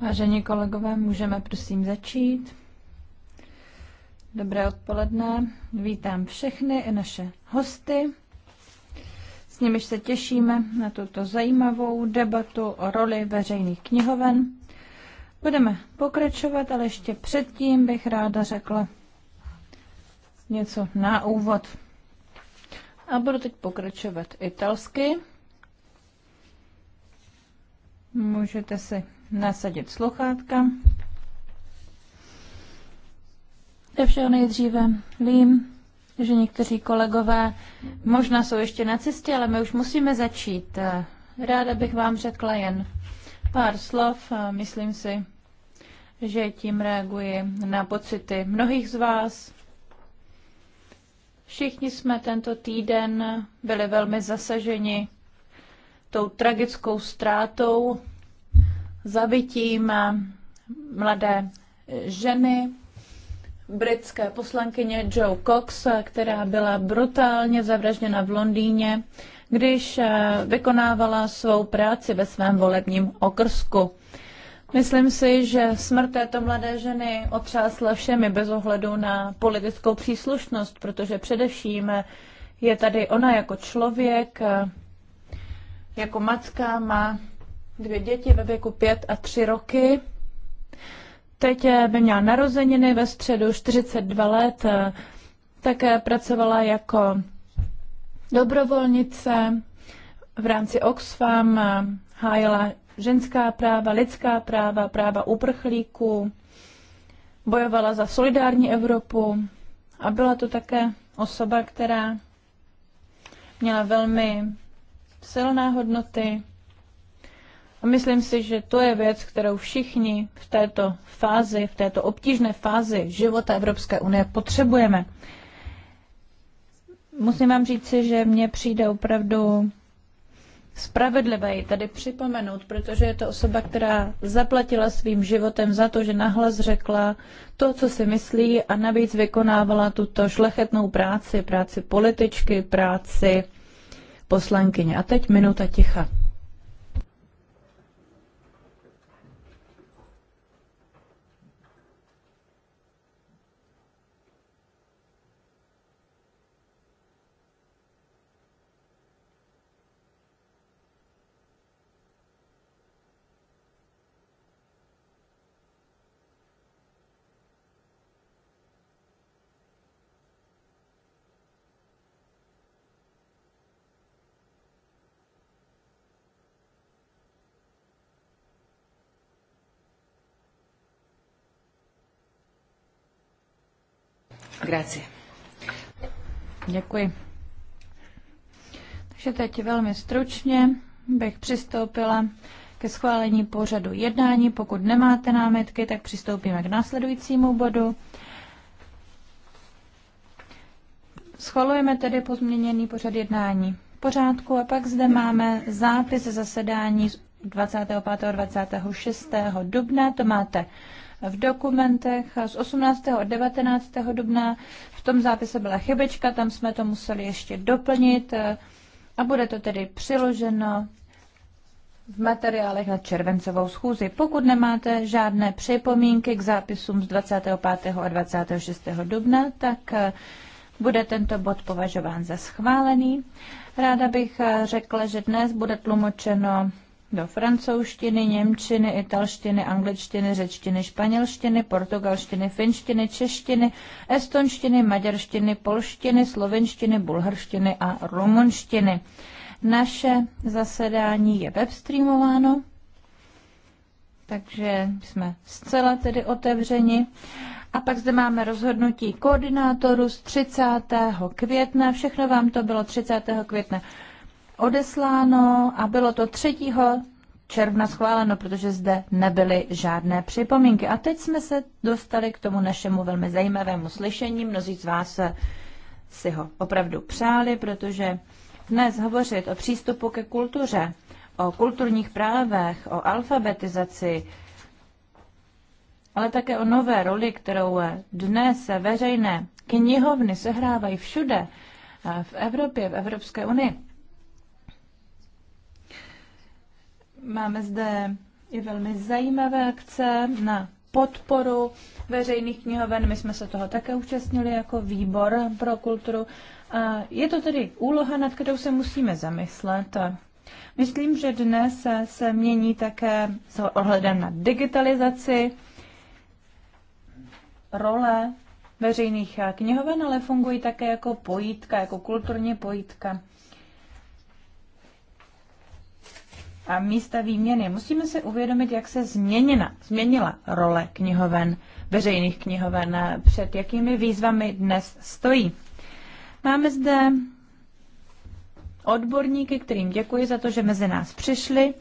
Vážení kolegové, můžeme prosím začít. Dobré odpoledne. Vítám všechny i naše hosty. S nimiž se těšíme na tuto zajímavou debatu o roli veřejných knihoven. Budeme pokračovat, ale ještě předtím bych ráda řekla něco na úvod. A budu teď pokračovat italsky. Můžete si nasadit sluchátka. Je všeho nejdříve vím, že někteří kolegové možná jsou ještě na cestě, ale my už musíme začít. Ráda bych vám řekla jen pár slov. Myslím si, že tím reaguji na pocity mnohých z vás, Všichni jsme tento týden byli velmi zasaženi tou tragickou ztrátou, zabitím mladé ženy, britské poslankyně Joe Cox, která byla brutálně zavražděna v Londýně, když vykonávala svou práci ve svém volebním okrsku. Myslím si, že smrt této mladé ženy otřásla všemi bez ohledu na politickou příslušnost, protože především je tady ona jako člověk, jako matka, má dvě děti ve věku pět a tři roky. Teď by měla narozeniny ve středu 42 let, také pracovala jako dobrovolnice v rámci Oxfam, hájila ženská práva, lidská práva, práva uprchlíků, bojovala za solidární Evropu a byla to také osoba, která měla velmi silné hodnoty. A myslím si, že to je věc, kterou všichni v této fázi, v této obtížné fázi života Evropské unie potřebujeme. Musím vám říci, že mně přijde opravdu spravedlivé ji tady připomenout, protože je to osoba, která zaplatila svým životem za to, že nahlas řekla to, co si myslí a navíc vykonávala tuto šlechetnou práci, práci političky, práci poslankyně. A teď minuta ticha. Grazie. Děkuji. Takže teď velmi stručně bych přistoupila ke schválení pořadu jednání. Pokud nemáte námitky, tak přistoupíme k následujícímu bodu. Schvalujeme tedy pozměněný pořad jednání v pořádku a pak zde máme zápis zasedání 25. a 26. dubna. To máte v dokumentech z 18. a 19. dubna. V tom zápise byla chybečka, tam jsme to museli ještě doplnit eh, a bude to tedy přiloženo v materiálech na červencovou schůzi. Pokud nemáte žádné připomínky k zápisům z 25. a 26. dubna, tak eh, bude tento bod považován za schválený. Ráda bych eh, řekla, že dnes bude tlumočeno do francouzštiny, němčiny, italštiny, angličtiny, řečtiny, španělštiny, portugalštiny, finštiny, češtiny, estonštiny, maďarštiny, polštiny, slovenštiny, bulharštiny a rumunštiny. Naše zasedání je webstreamováno, takže jsme zcela tedy otevřeni. A pak zde máme rozhodnutí koordinátoru z 30. května. Všechno vám to bylo 30. května odesláno a bylo to 3. června schváleno, protože zde nebyly žádné připomínky. A teď jsme se dostali k tomu našemu velmi zajímavému slyšení. Mnozí z vás si ho opravdu přáli, protože dnes hovořit o přístupu ke kultuře, o kulturních právech, o alfabetizaci, ale také o nové roli, kterou dnes veřejné knihovny sehrávají všude v Evropě, v Evropské unii. Máme zde i velmi zajímavé akce na podporu veřejných knihoven. My jsme se toho také účastnili jako výbor pro kulturu. A je to tedy úloha, nad kterou se musíme zamyslet. Myslím, že dnes se mění také s ohledem na digitalizaci role veřejných knihoven, ale fungují také jako pojítka, jako kulturní pojítka. a místa výměny. Musíme si uvědomit, jak se změnila, změnila role knihoven, veřejných knihoven, před jakými výzvami dnes stojí. Máme zde odborníky, kterým děkuji za to, že mezi nás přišli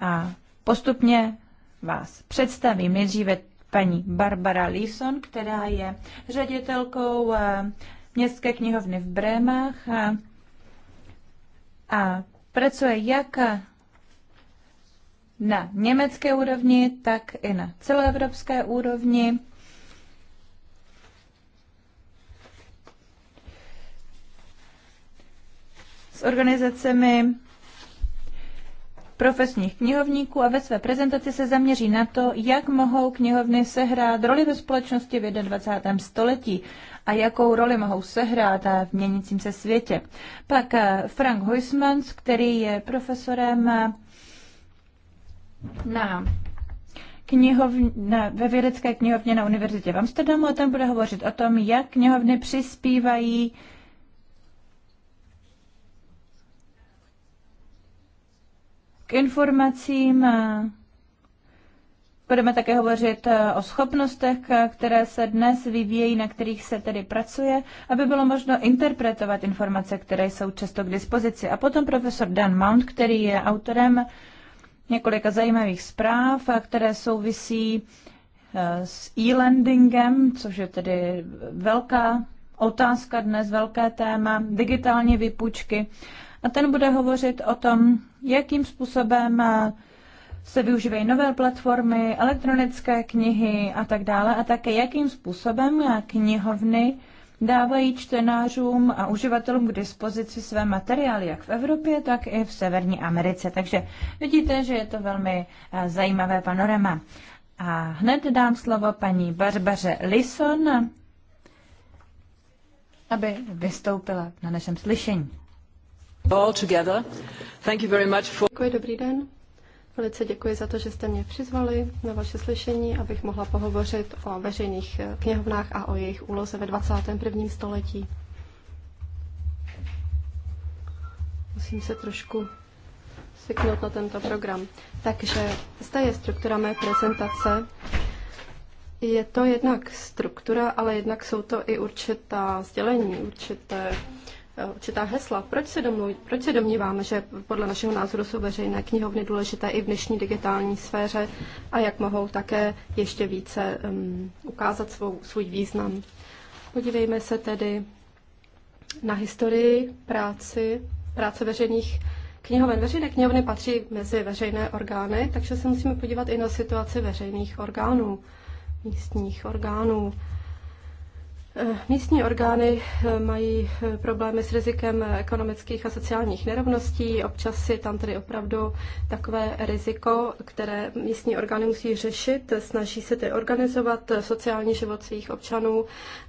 a postupně vás představím. Nejdříve paní Barbara Lison, která je ředitelkou eh, městské knihovny v Brémách a, eh, a pracuje jak na německé úrovni, tak i na celoevropské úrovni. S organizacemi profesních knihovníků a ve své prezentaci se zaměří na to, jak mohou knihovny sehrát roli ve společnosti v 21. století a jakou roli mohou sehrát v měnícím se světě. Pak eh, Frank Huismans, který je profesorem eh, na knihovně, na, ve vědecké knihovně na univerzitě v Amsterdamu a tam bude hovořit o tom, jak knihovny přispívají k informacím. Budeme také hovořit eh, o schopnostech, eh, které se dnes vyvíjejí, na kterých se tedy pracuje, aby bylo možno interpretovat informace, které jsou často k dispozici. A potom profesor Dan Mount, který je autorem několika zajímavých zpráv, které souvisí eh, s e-lendingem, což je tedy velká otázka dnes, velké téma, digitální výpůjčky. A ten bude hovořit o tom, jakým způsobem eh, se využívají nové platformy, elektronické knihy a tak dále, a také jakým způsobem eh, knihovny dávají čtenářům a uživatelům k dispozici své materiály, jak v Evropě, tak i v Severní Americe. Takže vidíte, že je to velmi eh, zajímavé panorama. A hned dám slovo paní Barbaře Lison, aby vystoupila na našem slyšení. All together. Thank you very much for... Děkuji, dobrý den. Velice děkuji za to, že jste mě přizvali na vaše slyšení, abych mohla pohovořit o veřejných eh, knihovnách a o jejich úloze ve 21. století. Musím se trošku zvyknout na tento program. Takže zde je struktura mé prezentace. Je to jednak struktura, ale jednak jsou to i určitá sdělení, určité Eh, určitá hesla. Proč se, domluv, proč se domníváme, že podle našeho názoru jsou veřejné knihovny důležité i v dnešní digitální sféře a jak mohou také ještě více um, ukázat svou, svůj význam? Podívejme se tedy na historii práci, práce veřejných knihoven. Veřejné knihovny patří mezi veřejné orgány, takže se musíme podívat i na situaci veřejných orgánů, místních orgánů. Místní orgány eh, mají eh, problémy s rizikem ekonomických a sociálních nerovností. Občas je tam tedy opravdu takové riziko, které místní orgány musí řešit. Snaží se tedy organizovat sociální život svých občanů.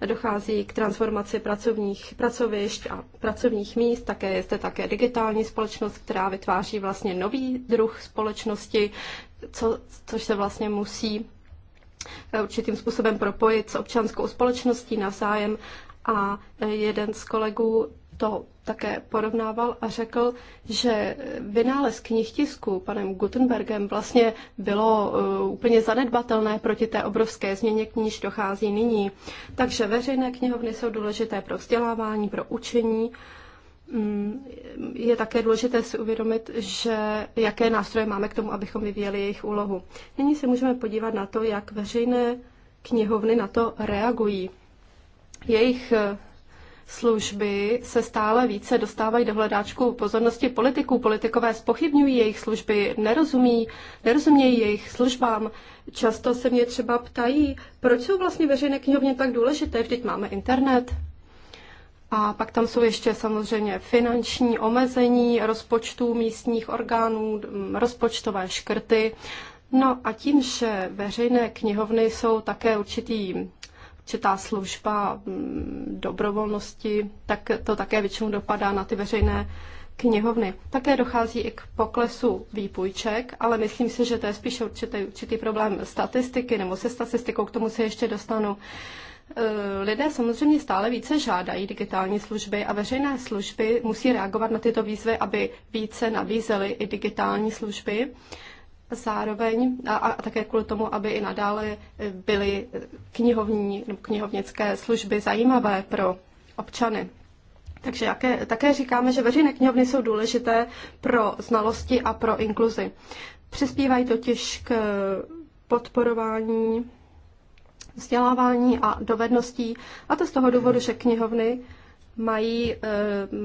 Dochází k transformaci pracovních pracovišť a pracovních míst. Také je zde také digitální společnost, která vytváří vlastně nový druh společnosti, co, což se vlastně musí určitým způsobem propojit s občanskou společností navzájem. A jeden z kolegů to také porovnával a řekl, že vynález knih tisku panem Gutenbergem vlastně bylo eh, úplně zanedbatelné proti té obrovské změně kníž dochází nyní. Takže veřejné knihovny jsou důležité pro vzdělávání, pro učení Mm, je také důležité si uvědomit, že jaké nástroje máme k tomu, abychom vyvíjeli jejich úlohu. Nyní se můžeme podívat na to, jak veřejné knihovny na to reagují. Jejich eh, služby se stále více dostávají do hledáčku pozornosti politiků. Politikové spochybňují jejich služby, nerozumí, nerozumějí jejich službám. Často se mě třeba ptají, proč jsou vlastně veřejné knihovny tak důležité, vždyť máme internet. A pak tam jsou ještě samozřejmě finanční omezení rozpočtů místních orgánů, rozpočtové škrty. No a tím, že veřejné knihovny jsou také určitý určitá služba dobrovolnosti, tak to také většinou dopadá na ty veřejné knihovny. Také dochází i k poklesu výpůjček, ale myslím si, že to je spíše určitý, určitý problém statistiky nebo se statistikou, k tomu se ještě dostanu. Eh, lidé samozřejmě stále více žádají digitální služby a veřejné služby musí reagovat na tyto výzvy, aby více nabízely i digitální služby. Zároveň a, a také kvůli tomu, aby i nadále eh, byly eh, knihovní nebo knihovnické služby zajímavé pro občany. Takže jaké, také říkáme, že veřejné knihovny jsou důležité pro znalosti a pro inkluzi. Přispívají totiž k podporování vzdělávání a dovedností. A to z toho důvodu, že knihovny mají e,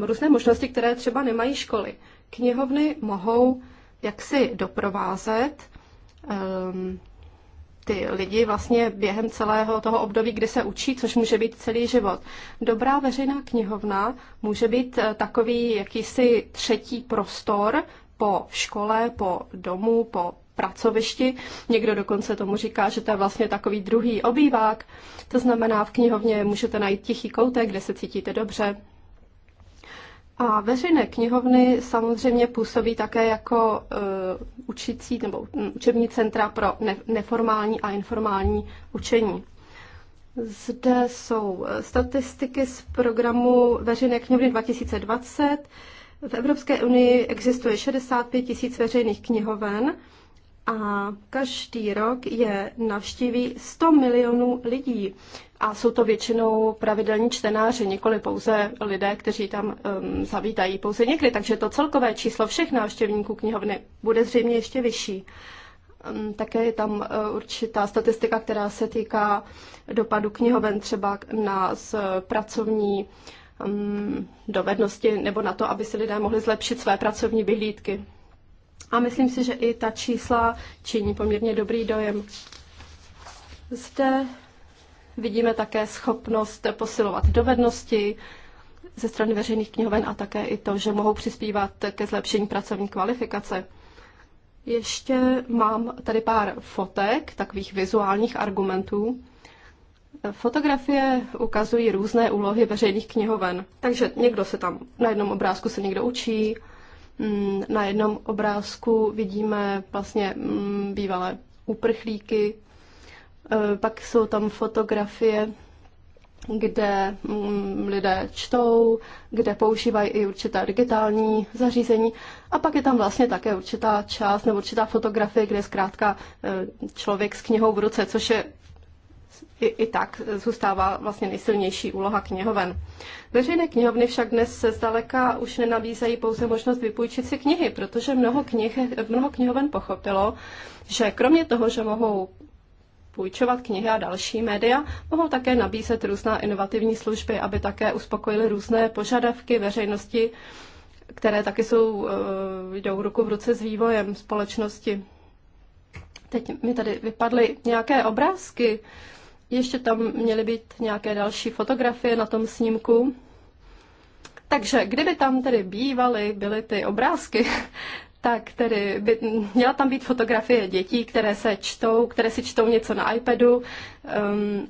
různé možnosti, které třeba nemají školy. Knihovny mohou jaksi doprovázet e, ty lidi vlastně během celého toho období, kdy se učí, což může být celý život. Dobrá veřejná knihovna může být eh, takový jakýsi třetí prostor po škole, po domu, po pracovišti. Někdo dokonce tomu říká, že to je vlastně takový druhý obývák. To znamená, v knihovně můžete najít tichý koutek, kde se cítíte dobře. A veřejné knihovny samozřejmě působí také jako uh, učící nebo učební centra pro ne- neformální a informální učení. Zde jsou e, statistiky z programu Veřejné knihovny 2020. V Evropské unii existuje 65 tisíc veřejných knihoven a každý rok je navštíví 100 milionů lidí. A jsou to většinou pravidelní čtenáři, nikoli pouze lidé, kteří tam um, zavítají pouze někdy. Takže to celkové číslo všech návštěvníků knihovny bude zřejmě ještě vyšší. Um, také je tam uh, určitá statistika, která se týká dopadu knihoven třeba na z, pracovní um, dovednosti nebo na to, aby si lidé mohli zlepšit své pracovní vyhlídky. A myslím si, že i ta čísla činí poměrně dobrý dojem. Zde vidíme také schopnost posilovat dovednosti ze strany veřejných knihoven a také i to, že mohou přispívat ke zlepšení pracovní kvalifikace. Ještě mám tady pár fotek, takových vizuálních argumentů. Fotografie ukazují různé úlohy veřejných knihoven, takže někdo se tam, na jednom obrázku se někdo učí, Mm, na jednom obrázku vidíme vlastně mm, bývalé uprchlíky, e, pak jsou tam fotografie, kde mm, lidé čtou, kde používají i určitá digitální zařízení. A pak je tam vlastně také určitá část nebo určitá fotografie, kde je zkrátka e, člověk s knihou v ruce, což je i, i tak zůstává vlastně nejsilnější úloha knihoven. Veřejné knihovny však dnes se zdaleka už nenabízejí pouze možnost vypůjčit si knihy, protože mnoho, knih, mnoho knihoven pochopilo, že kromě toho, že mohou půjčovat knihy a další média, mohou také nabízet různá inovativní služby, aby také uspokojily různé požadavky veřejnosti, které taky jsou, eh, jdou ruku v ruce s vývojem společnosti. Teď mi tady vypadly nějaké obrázky ještě tam měly být nějaké další fotografie na tom snímku. Takže kdyby tam tedy bývaly, byly ty obrázky, tak tedy by, měla tam být fotografie dětí, které se čtou, které si čtou něco na iPadu um,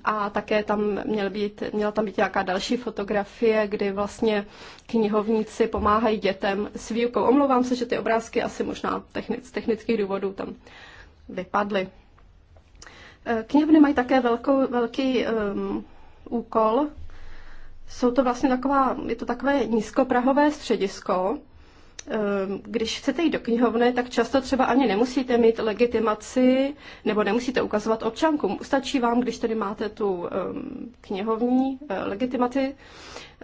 a také tam měl být, měla tam být nějaká další fotografie, kdy vlastně knihovníci pomáhají dětem s výukou. Omlouvám se, že ty obrázky asi možná technic, technických důvodů tam vypadly. Eh, knihovny mají také velkou, velký um, úkol. Jsou to vlastně taková, je to takové nízkoprahové středisko. Um, když chcete jít do knihovny, tak často třeba ani nemusíte mít legitimaci nebo nemusíte ukazovat občankům. Stačí vám, když tedy máte tu um, knihovní uh, legitimaci,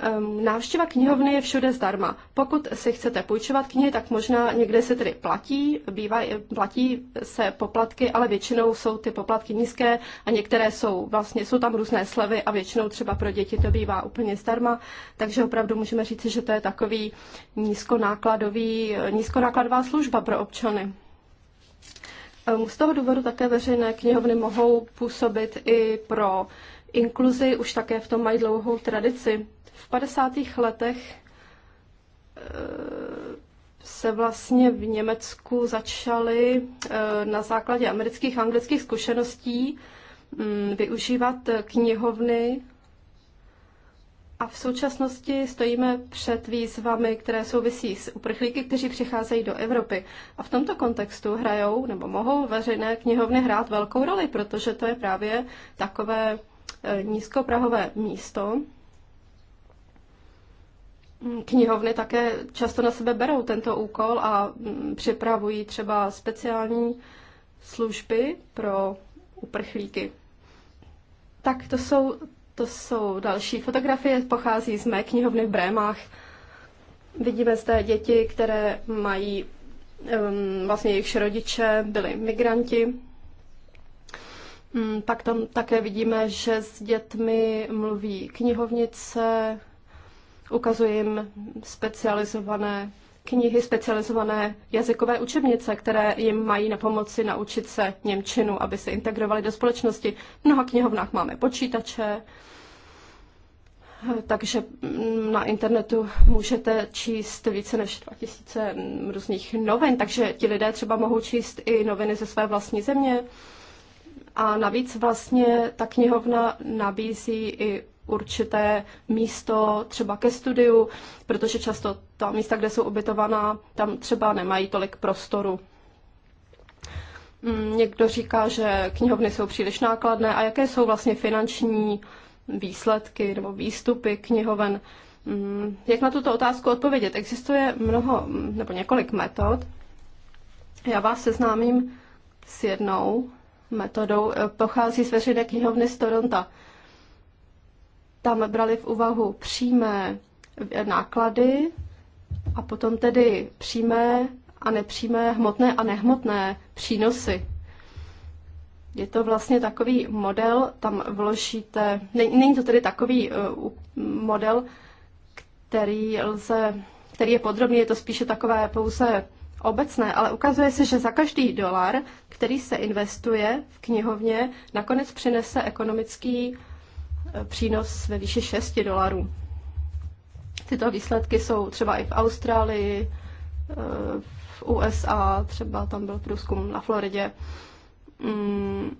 Ehm, návštěva knihovny je všude zdarma. Pokud si chcete půjčovat knihy, tak možná někde se tedy platí, bývá, platí se poplatky, ale většinou jsou ty poplatky nízké a některé jsou, vlastně jsou tam různé slevy a většinou třeba pro děti to bývá úplně zdarma, takže opravdu můžeme říci, že to je takový nízkonákladový, nízkonákladová služba pro občany. Ehm, z toho důvodu také veřejné knihovny mohou působit i pro inkluzi, už také v tom mají dlouhou tradici. V 50. letech eh, se vlastně v Německu začaly eh, na základě amerických a anglických zkušeností mm, využívat knihovny a v současnosti stojíme před výzvami, které souvisí s uprchlíky, kteří přicházejí do Evropy. A v tomto kontextu hrajou nebo mohou veřejné knihovny hrát velkou roli, protože to je právě takové eh, nízkoprahové místo, knihovny také často na sebe berou tento úkol a mm, připravují třeba speciální služby pro uprchlíky. Tak to jsou, to jsou další fotografie, pochází z mé knihovny v Brémách. Vidíme zde děti, které mají, vlastně jejich rodiče byli migranti. Pak mm, tam také vidíme, že s dětmi mluví knihovnice, ukazuje jim specializované knihy, specializované jazykové učebnice, které jim mají na pomoci naučit se Němčinu, aby se integrovali do společnosti. V mnoha knihovnách máme počítače, takže na internetu můžete číst více než 2000 různých novin, takže ti lidé třeba mohou číst i noviny ze své vlastní země. A navíc vlastně ta knihovna nabízí i určité místo třeba ke studiu, protože často ta místa, kde jsou ubytovaná, tam třeba nemají tolik prostoru. Mm, někdo říká, že knihovny jsou příliš nákladné a jaké jsou vlastně finanční výsledky nebo výstupy knihoven. Mm, jak na tuto otázku odpovědět? Existuje mnoho mm, nebo několik metod. Já vás seznámím s jednou metodou. Pochází z veřejné knihovny z Toronto tam brali v úvahu přímé náklady a potom tedy přímé a nepřímé, hmotné a nehmotné přínosy. Je to vlastně takový model, tam vložíte, není to tedy takový eh, model, který lze, který je podrobný, je to spíše takové pouze obecné, ale ukazuje se, že za každý dolar, který se investuje v knihovně, nakonec přinese ekonomický přínos ve výši 6 dolarů. Tyto výsledky jsou třeba i v Austrálii, e, v USA, třeba tam byl průzkum na Floridě. Mm,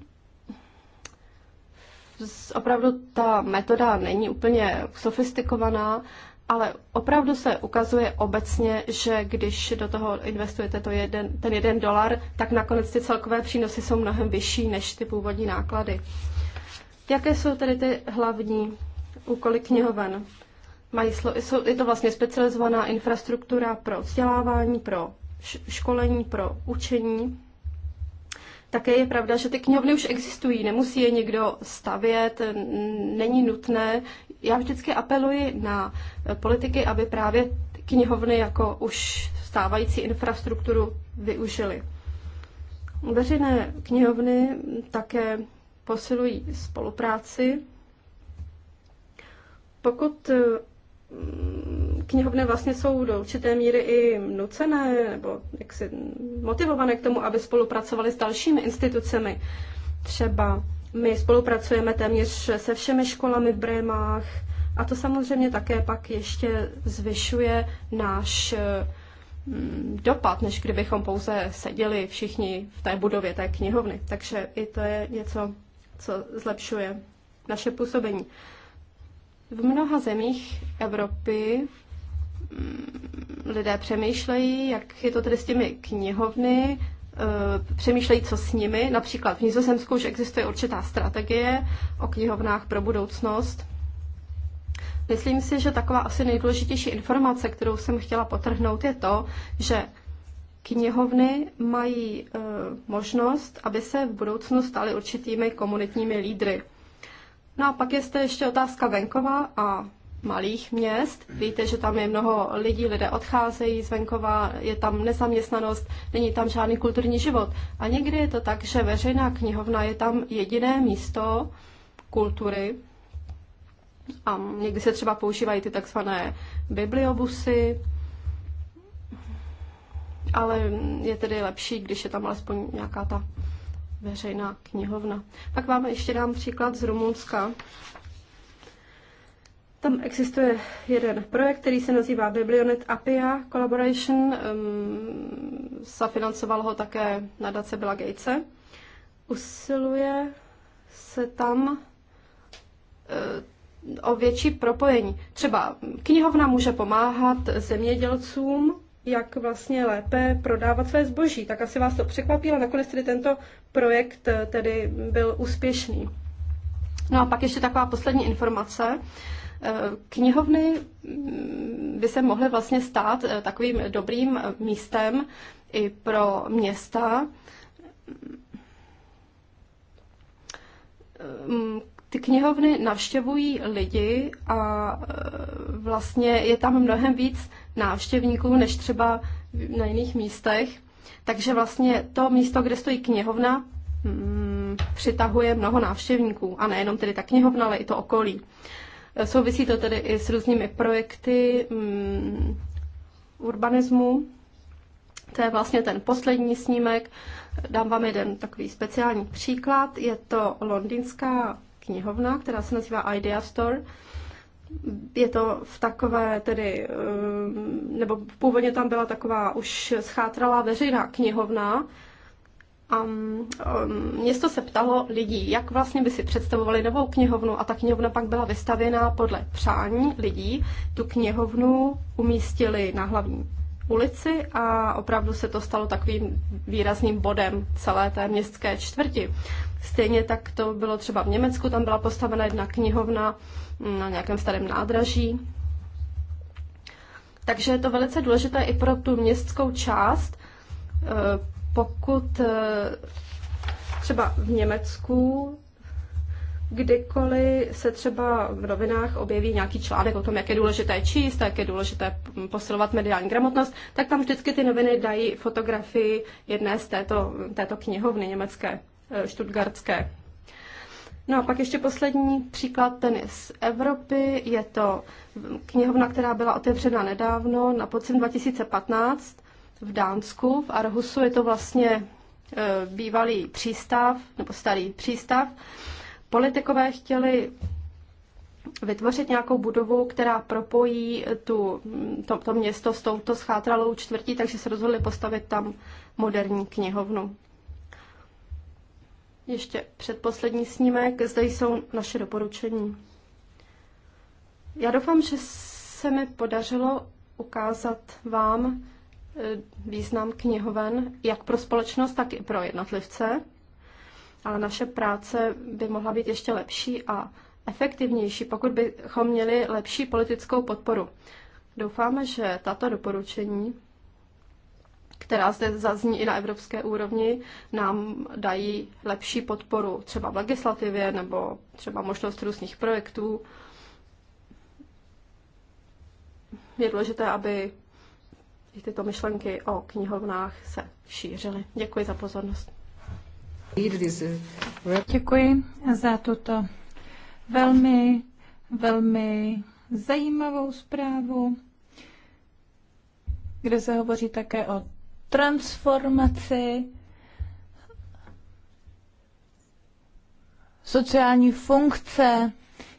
opravdu ta metoda není úplně sofistikovaná, ale opravdu se ukazuje obecně, že když do toho investujete to jeden, ten jeden dolar, tak nakonec ty celkové přínosy jsou mnohem vyšší než ty původní náklady. Jaké jsou tedy ty hlavní úkoly knihoven? Mají slo, jsou, je to vlastně specializovaná infrastruktura pro vzdělávání, pro školení, pro učení. Také je pravda, že ty knihovny už existují, nemusí je někdo stavět, není nutné. Já vždycky apeluji na politiky, aby právě knihovny jako už stávající infrastrukturu využily. Veřejné knihovny také posilují spolupráci. Pokud mm, knihovny vlastně jsou do určité míry i nucené nebo jaksi motivované k tomu, aby spolupracovaly s dalšími institucemi. Třeba my spolupracujeme téměř se všemi školami v Brémách a to samozřejmě také pak ještě zvyšuje náš mm, dopad, než kdybychom pouze seděli všichni v té budově té knihovny. Takže i to je něco, co zlepšuje naše působení. V mnoha zemích Evropy mm, lidé přemýšlejí, jak je to tedy s těmi knihovny, eh, přemýšlejí, co s nimi. Například v Nizozemsku už existuje určitá strategie o knihovnách pro budoucnost. Myslím si, že taková asi nejdůležitější informace, kterou jsem chtěla potrhnout, je to, že knihovny mají e, možnost, aby se v budoucnu staly určitými komunitními lídry. No a pak je zde ještě otázka venkova a malých měst. Víte, že tam je mnoho lidí, lidé odcházejí z venkova, je tam nezaměstnanost, není tam žádný kulturní život. A někdy je to tak, že veřejná knihovna je tam jediné místo kultury. A někdy se třeba používají ty takzvané bibliobusy, ale je tedy lepší, když je tam alespoň nějaká ta veřejná knihovna. Pak vám ještě dám příklad z Rumunska. Tam existuje jeden projekt, který se nazývá Biblionet Apia Collaboration. Um, zafinancovalo ho také nadace Bela Gatese. Usiluje se tam uh, o větší propojení. Třeba knihovna může pomáhat zemědělcům jak vlastně lépe prodávat své zboží. Tak asi vás to překvapilo, nakonec tedy tento projekt eh, tedy byl úspěšný. No a pak ještě taková poslední informace. Eh, knihovny mm, by se mohly vlastně stát eh, takovým dobrým místem i pro města. Mm, ty knihovny navštěvují lidi a vlastně je tam mnohem víc návštěvníků než třeba na jiných místech. Takže vlastně to místo, kde stojí knihovna, mm, přitahuje mnoho návštěvníků. A nejenom tedy ta knihovna, ale i to okolí. Souvisí to tedy i s různými projekty mm, urbanismu. To je vlastně ten poslední snímek. Dám vám jeden takový speciální příklad. Je to londýnská knihovna, která se nazývá Idea Store je to v takové tedy, eh, nebo původně tam byla taková už schátralá veřejná knihovna, a eh, město se ptalo lidí, jak vlastně by si představovali novou knihovnu a ta knihovna pak byla vystavěná podle přání lidí. Tu knihovnu umístili na hlavní ulici a opravdu se to stalo takovým výrazným bodem celé té městské čtvrti. Stejně tak to bylo třeba v Německu, tam byla postavena jedna knihovna na nějakém starém nádraží. Takže je to velice důležité i pro tu městskou část. Eh, pokud eh, třeba v Německu kdykoliv se třeba v novinách objeví nějaký článek o tom, jak je důležité číst, jak je důležité posilovat mediální gramotnost, tak tam vždycky ty noviny dají fotografii jedné z této, této knihovny německé. Eh, štutgardské. No a pak ještě poslední příklad, ten je z Evropy. Je to knihovna, která byla otevřena nedávno, na podzim 2015 v Dánsku, v Arhusu. Je to vlastně eh, bývalý přístav, nebo starý přístav. Politikové chtěli vytvořit nějakou budovu, která propojí eh, tu, to, to město s touto schátralou čtvrtí, takže se rozhodli postavit tam moderní knihovnu. Ještě předposlední snímek, zde jsou naše doporučení. Já doufám, že se mi podařilo ukázat vám eh, význam knihoven jak pro společnost, tak i pro jednotlivce. Ale naše práce by mohla být ještě lepší a efektivnější, pokud bychom měli lepší politickou podporu. Doufáme, že tato doporučení která zde zazní i na evropské úrovni, nám dají lepší podporu třeba v legislativě nebo třeba možnost různých projektů. Je důležité, aby tyto myšlenky o knihovnách se šířily. Děkuji za pozornost. Děkuji za tuto velmi, velmi zajímavou zprávu, kde se hovoří také o transformaci sociální funkce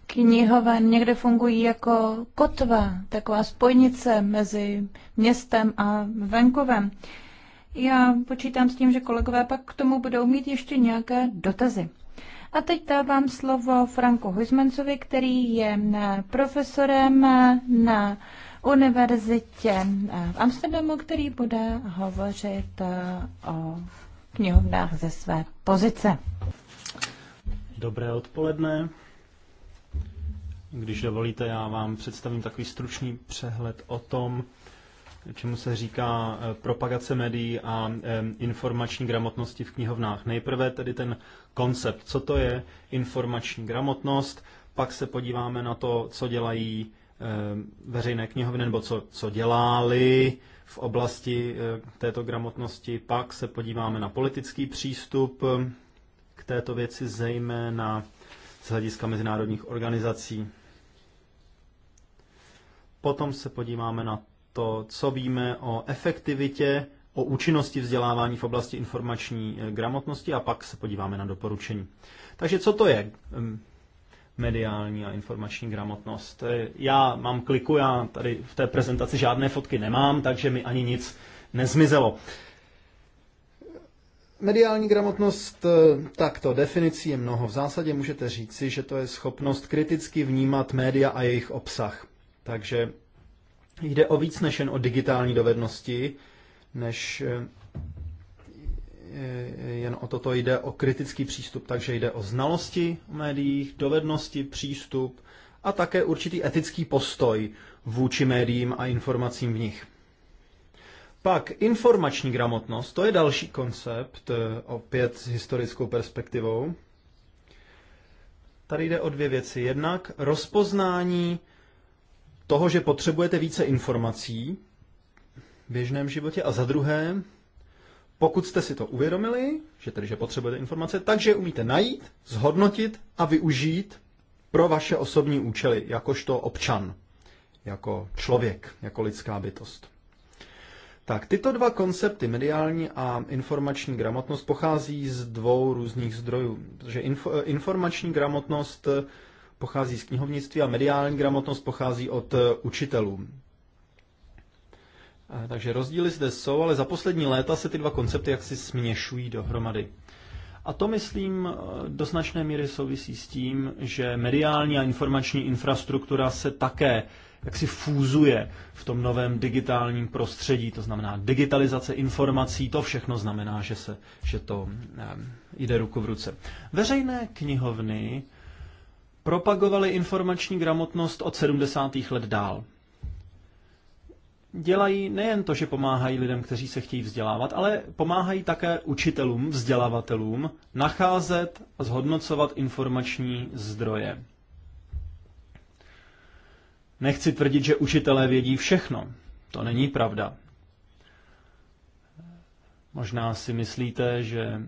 knihoven někde fungují jako kotva, taková spojnice mezi městem a venkovem. Já počítám s tím, že kolegové pak k tomu budou mít ještě nějaké dotazy. A teď dávám slovo Franku Hojzmancovi, který je profesorem na univerzitě eh, v Amsterdamu, který bude hovořit eh, o knihovnách ze své pozice. Dobré odpoledne. Když dovolíte, já vám představím takový stručný přehled o tom, čemu se říká eh, propagace médií a informační gramotnosti v knihovnách. Nejprve tedy ten koncept, co to je informační gramotnost, pak se podíváme na to, co dělají Eh, veřejné knihovny, nebo co, co dělali v oblasti eh, této gramotnosti. Pak se podíváme na politický přístup eh, k této věci, zejména z hlediska mezinárodních organizací. Potom se podíváme na to, co víme o efektivitě, o účinnosti vzdělávání v oblasti informační gramotnosti a pak se podíváme na doporučení. Takže co to je mediální a informační gramotnost. Eh, já mám kliku, já tady v té prezentaci žádné fotky nemám, takže mi ani nic nezmizelo. Mediální gramotnost, eh, takto definicí je mnoho. V zásadě můžete říci, že to je schopnost kriticky vnímat média a jejich obsah. Takže jde o víc než jen o digitální dovednosti, než eh, jen o toto, jde o kritický přístup, takže jde o znalosti o médiích, dovednosti, přístup a také určitý etický postoj vůči médiím a informacím v nich. Pak informační gramotnost, to je další koncept, eh, opět s historickou perspektivou. Tady jde o dvě věci. Jednak rozpoznání toho, že potřebujete více informací v běžném životě a za druhé pokud jste si to uvědomili, že tedy že potřebujete informace, takže umíte najít, zhodnotit a využít pro vaše osobní účely, jakožto občan, jako člověk, jako lidská bytost. Tak, tyto dva koncepty, mediální a informační gramotnost, pochází z dvou různých zdrojů. Protože info, informační gramotnost pochází z knihovnictví a mediální gramotnost pochází od učitelů. Takže rozdíly zde jsou, ale za poslední léta se ty dva koncepty jaksi směšují dohromady. A to, myslím, e, do značné míry souvisí s tím, že mediální a informační infrastruktura se také jaksi fúzuje v tom novém digitálním prostředí, to znamená digitalizace informací, to všechno znamená, že, se, že to e, jde ruku v ruce. Veřejné knihovny propagovaly informační gramotnost od 70. let dál dělají nejen to, že pomáhají lidem, kteří se chtějí vzdělávat, ale pomáhají také učitelům, vzdělavatelům nacházet a zhodnocovat informační zdroje. Nechci tvrdit, že učitelé vědí všechno. To není pravda. Možná si myslíte, že eh,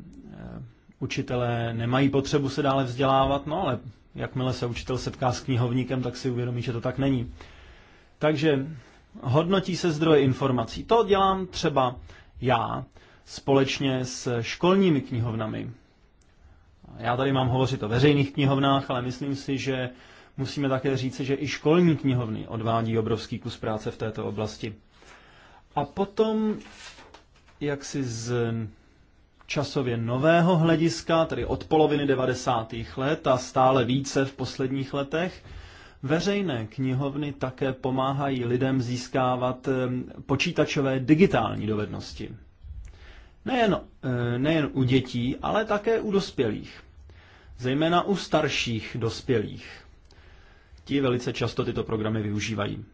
učitelé nemají potřebu se dále vzdělávat, no ale jakmile se učitel setká s knihovníkem, tak si uvědomí, že to tak není. Takže hodnotí se zdroje informací. To dělám třeba já společně s školními knihovnami. Já tady mám hovořit o veřejných knihovnách, ale myslím si, že musíme také říci, že i školní knihovny odvádí obrovský kus práce v této oblasti. A potom, jak si z časově nového hlediska, tedy od poloviny 90. let a stále více v posledních letech, Veřejné knihovny také pomáhají lidem získávat eh, počítačové digitální dovednosti. Nejen, eh, nejen u dětí, ale také u dospělých. Zejména u starších dospělých. Ti velice často tyto programy využívají.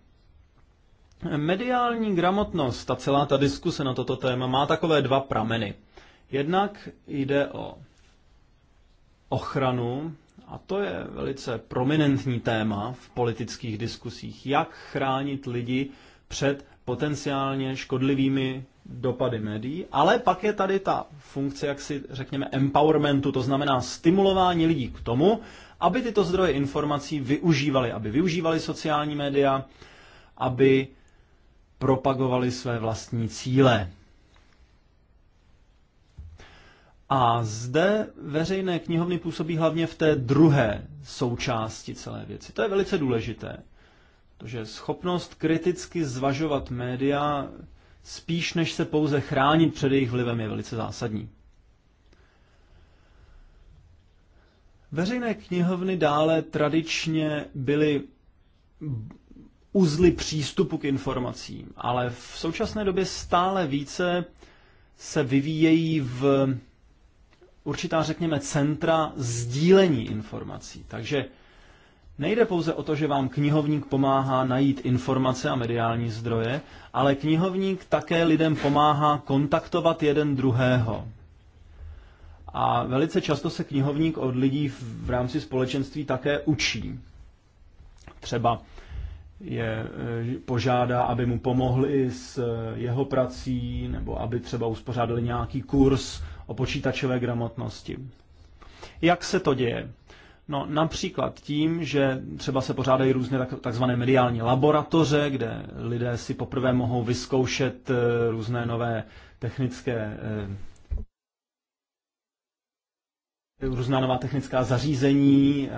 Mediální gramotnost a celá ta diskuse na toto téma má takové dva prameny. Jednak jde o ochranu a to je velice prominentní téma v politických diskusích. Jak chránit lidi před potenciálně škodlivými dopady médií, ale pak je tady ta funkce, jak si řekněme, empowermentu, to znamená stimulování lidí k tomu, aby tyto zdroje informací využívali, aby využívali sociální média, aby propagovali své vlastní cíle. A zde veřejné knihovny působí hlavně v té druhé součásti celé věci. To je velice důležité, protože schopnost kriticky zvažovat média spíš než se pouze chránit před jejich vlivem je velice zásadní. Veřejné knihovny dále tradičně byly uzly přístupu k informacím, ale v současné době stále více se vyvíjejí v určitá, řekněme, centra sdílení informací. Takže nejde pouze o to, že vám knihovník pomáhá najít informace a mediální zdroje, ale knihovník také lidem pomáhá kontaktovat jeden druhého. A velice často se knihovník od lidí v rámci společenství také učí. Třeba je e, požádá, aby mu pomohli s jeho prací, nebo aby třeba uspořádali nějaký kurz o počítačové gramotnosti. Jak se to děje? No například tím, že třeba se pořádají různé takzvané mediální laboratoře, kde lidé si poprvé mohou vyzkoušet eh, různé nové technické eh, různá nová technická zařízení,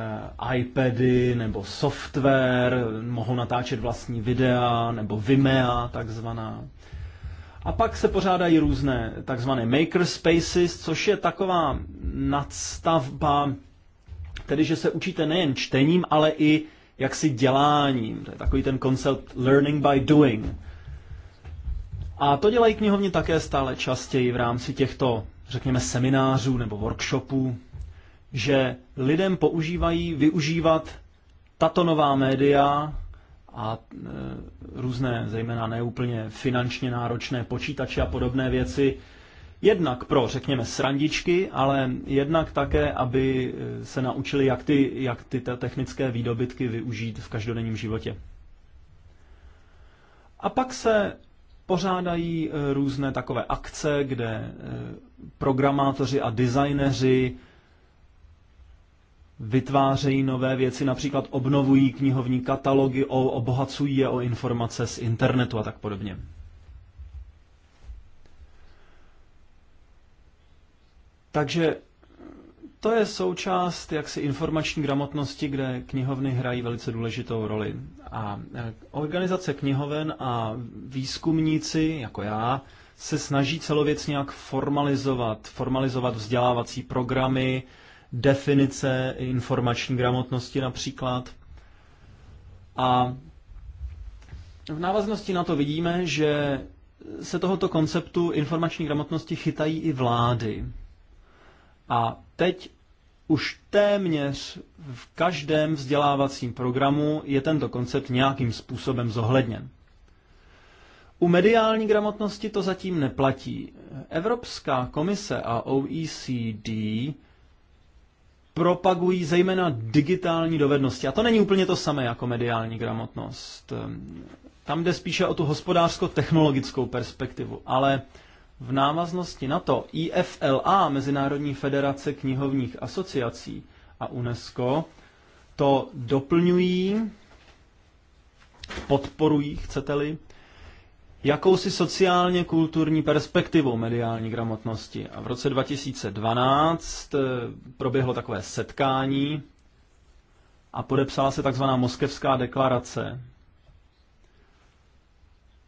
eh, iPady nebo software, mohou natáčet vlastní videa nebo Vimea takzvaná. A pak se pořádají různé takzvané makerspaces, což je taková nadstavba, tedy že se učíte nejen čtením, ale i jaksi děláním. To je takový ten koncept learning by doing. A to dělají knihovně také stále častěji v rámci těchto, řekněme, seminářů nebo workshopů, že lidem používají využívat tato nová média a e, různé, zejména neúplně finančně náročné počítače a podobné věci, jednak pro, řekněme, srandičky, ale jednak také, aby e, se naučili, jak ty, jak ty technické výdobytky využít v každodenním životě. A pak se pořádají e, různé takové akce, kde programátoři a designéři vytvářejí nové věci, například obnovují knihovní katalogy, obohacují je o informace z internetu a tak podobně. Takže to je součást jaksi informační gramotnosti, kde knihovny hrají velice důležitou roli. A e, organizace knihoven a výzkumníci, jako já, se snaží celověc nějak formalizovat, formalizovat vzdělávací programy, definice informační gramotnosti například. A v návaznosti na to vidíme, že se tohoto konceptu informační gramotnosti chytají i vlády. A teď už téměř v každém vzdělávacím programu je tento koncept nějakým způsobem zohledněn. U mediální gramotnosti to zatím neplatí. Evropská komise a OECD propagují zejména digitální dovednosti. A to není úplně to samé jako mediální gramotnost. Ehm, tam jde spíše o tu hospodářsko-technologickou perspektivu, ale v návaznosti na to IFLA, Mezinárodní federace knihovních asociací a UNESCO, to doplňují, podporují, chcete-li, jakousi sociálně kulturní perspektivou mediální gramotnosti. A v roce 2012 eh, proběhlo takové setkání a podepsala se takzvaná Moskevská deklarace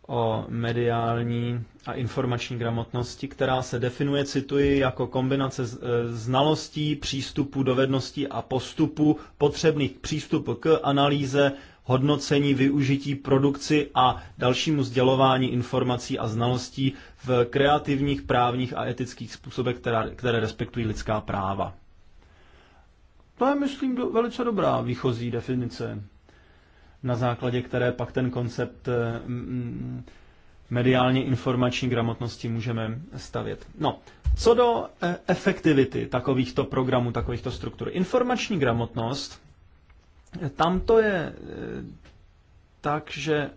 o mediální a informační gramotnosti, která se definuje, cituji, jako kombinace eh, znalostí, přístupu, dovedností a postupu potřebných k přístupu k analýze, hodnocení, využití, produkci a dalšímu sdělování informací a znalostí v kreativních, právních a etických způsobech, která, které respektují lidská práva. To je, myslím, do, velice dobrá výchozí definice, na základě které pak ten koncept mm, mediálně informační gramotnosti můžeme stavět. No, co do eh, efektivity takovýchto programů, takovýchto struktur. Informační gramotnost tam to je eh, tak, že eh,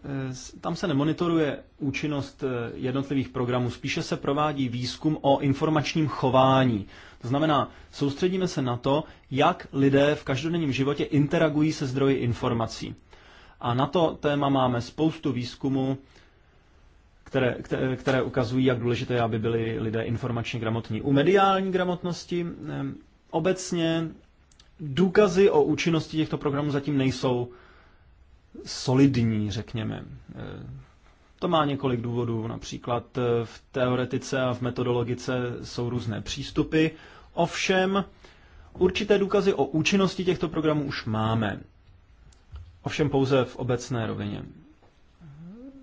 tam se nemonitoruje účinnost eh, jednotlivých programů, spíše se provádí výzkum o informačním chování. To znamená, soustředíme se na to, jak lidé v každodenním životě interagují se zdroji informací. A na to téma máme spoustu výzkumu, které, které, které ukazují, jak důležité je, aby byli lidé informačně gramotní. U mediální gramotnosti obecně důkazy o účinnosti těchto programů zatím nejsou solidní, řekněme. Eh, to má několik důvodů. Například eh, v teoretice a v metodologice jsou různé přístupy. Ovšem, určité důkazy o účinnosti těchto programů už máme. Ovšem pouze v obecné rovině.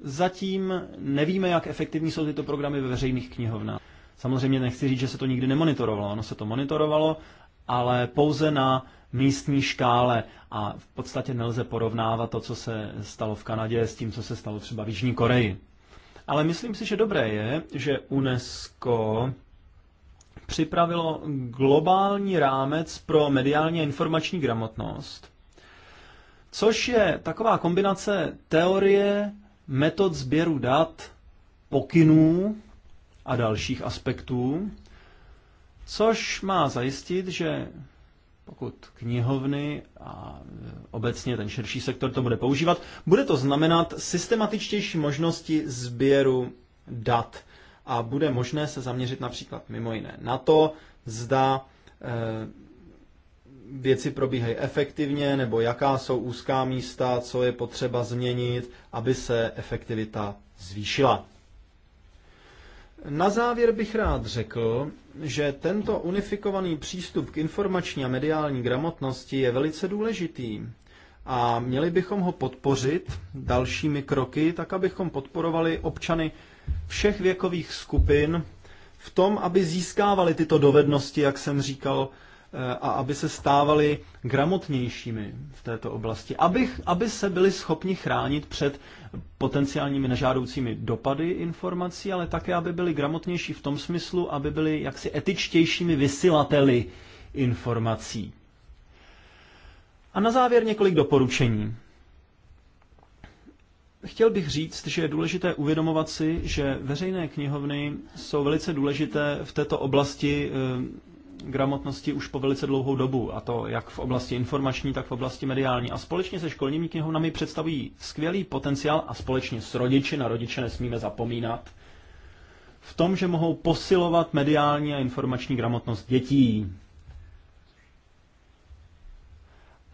Zatím nevíme, jak efektivní jsou tyto programy ve veřejných knihovnách. Samozřejmě nechci říct, že se to nikdy nemonitorovalo. Ono se to monitorovalo, ale pouze na místní škále a v podstatě nelze porovnávat to, co se stalo v Kanadě s tím, co se stalo třeba v Jižní Koreji. Ale myslím si, že dobré je, že UNESCO připravilo globální rámec pro mediální a informační gramotnost, což je taková kombinace teorie, metod sběru dat, pokynů a dalších aspektů, což má zajistit, že pokud knihovny a e, obecně ten širší sektor to bude používat, bude to znamenat systematičtější možnosti sběru dat a bude možné se zaměřit například mimo jiné na to, zda e, věci probíhají efektivně, nebo jaká jsou úzká místa, co je potřeba změnit, aby se efektivita zvýšila. Na závěr bych rád řekl, že tento unifikovaný přístup k informační a mediální gramotnosti je velice důležitý a měli bychom ho podpořit dalšími kroky, tak abychom podporovali občany všech věkových skupin v tom, aby získávali tyto dovednosti, jak jsem říkal, eh, a aby se stávali gramotnějšími v této oblasti, aby, aby se byli schopni chránit před potenciálními nežádoucími dopady informací, ale také, aby byly gramotnější v tom smyslu, aby byly jaksi etičtějšími vysilateli informací. A na závěr několik doporučení. Chtěl bych říct, že je důležité uvědomovat si, že veřejné knihovny jsou velice důležité v této oblasti eh, gramotnosti už po velice dlouhou dobu, a to jak v oblasti informační, tak v oblasti mediální. A společně se školními knihovnami představují skvělý potenciál a společně s rodiči, na rodiče nesmíme zapomínat, v tom, že mohou posilovat mediální a informační gramotnost dětí.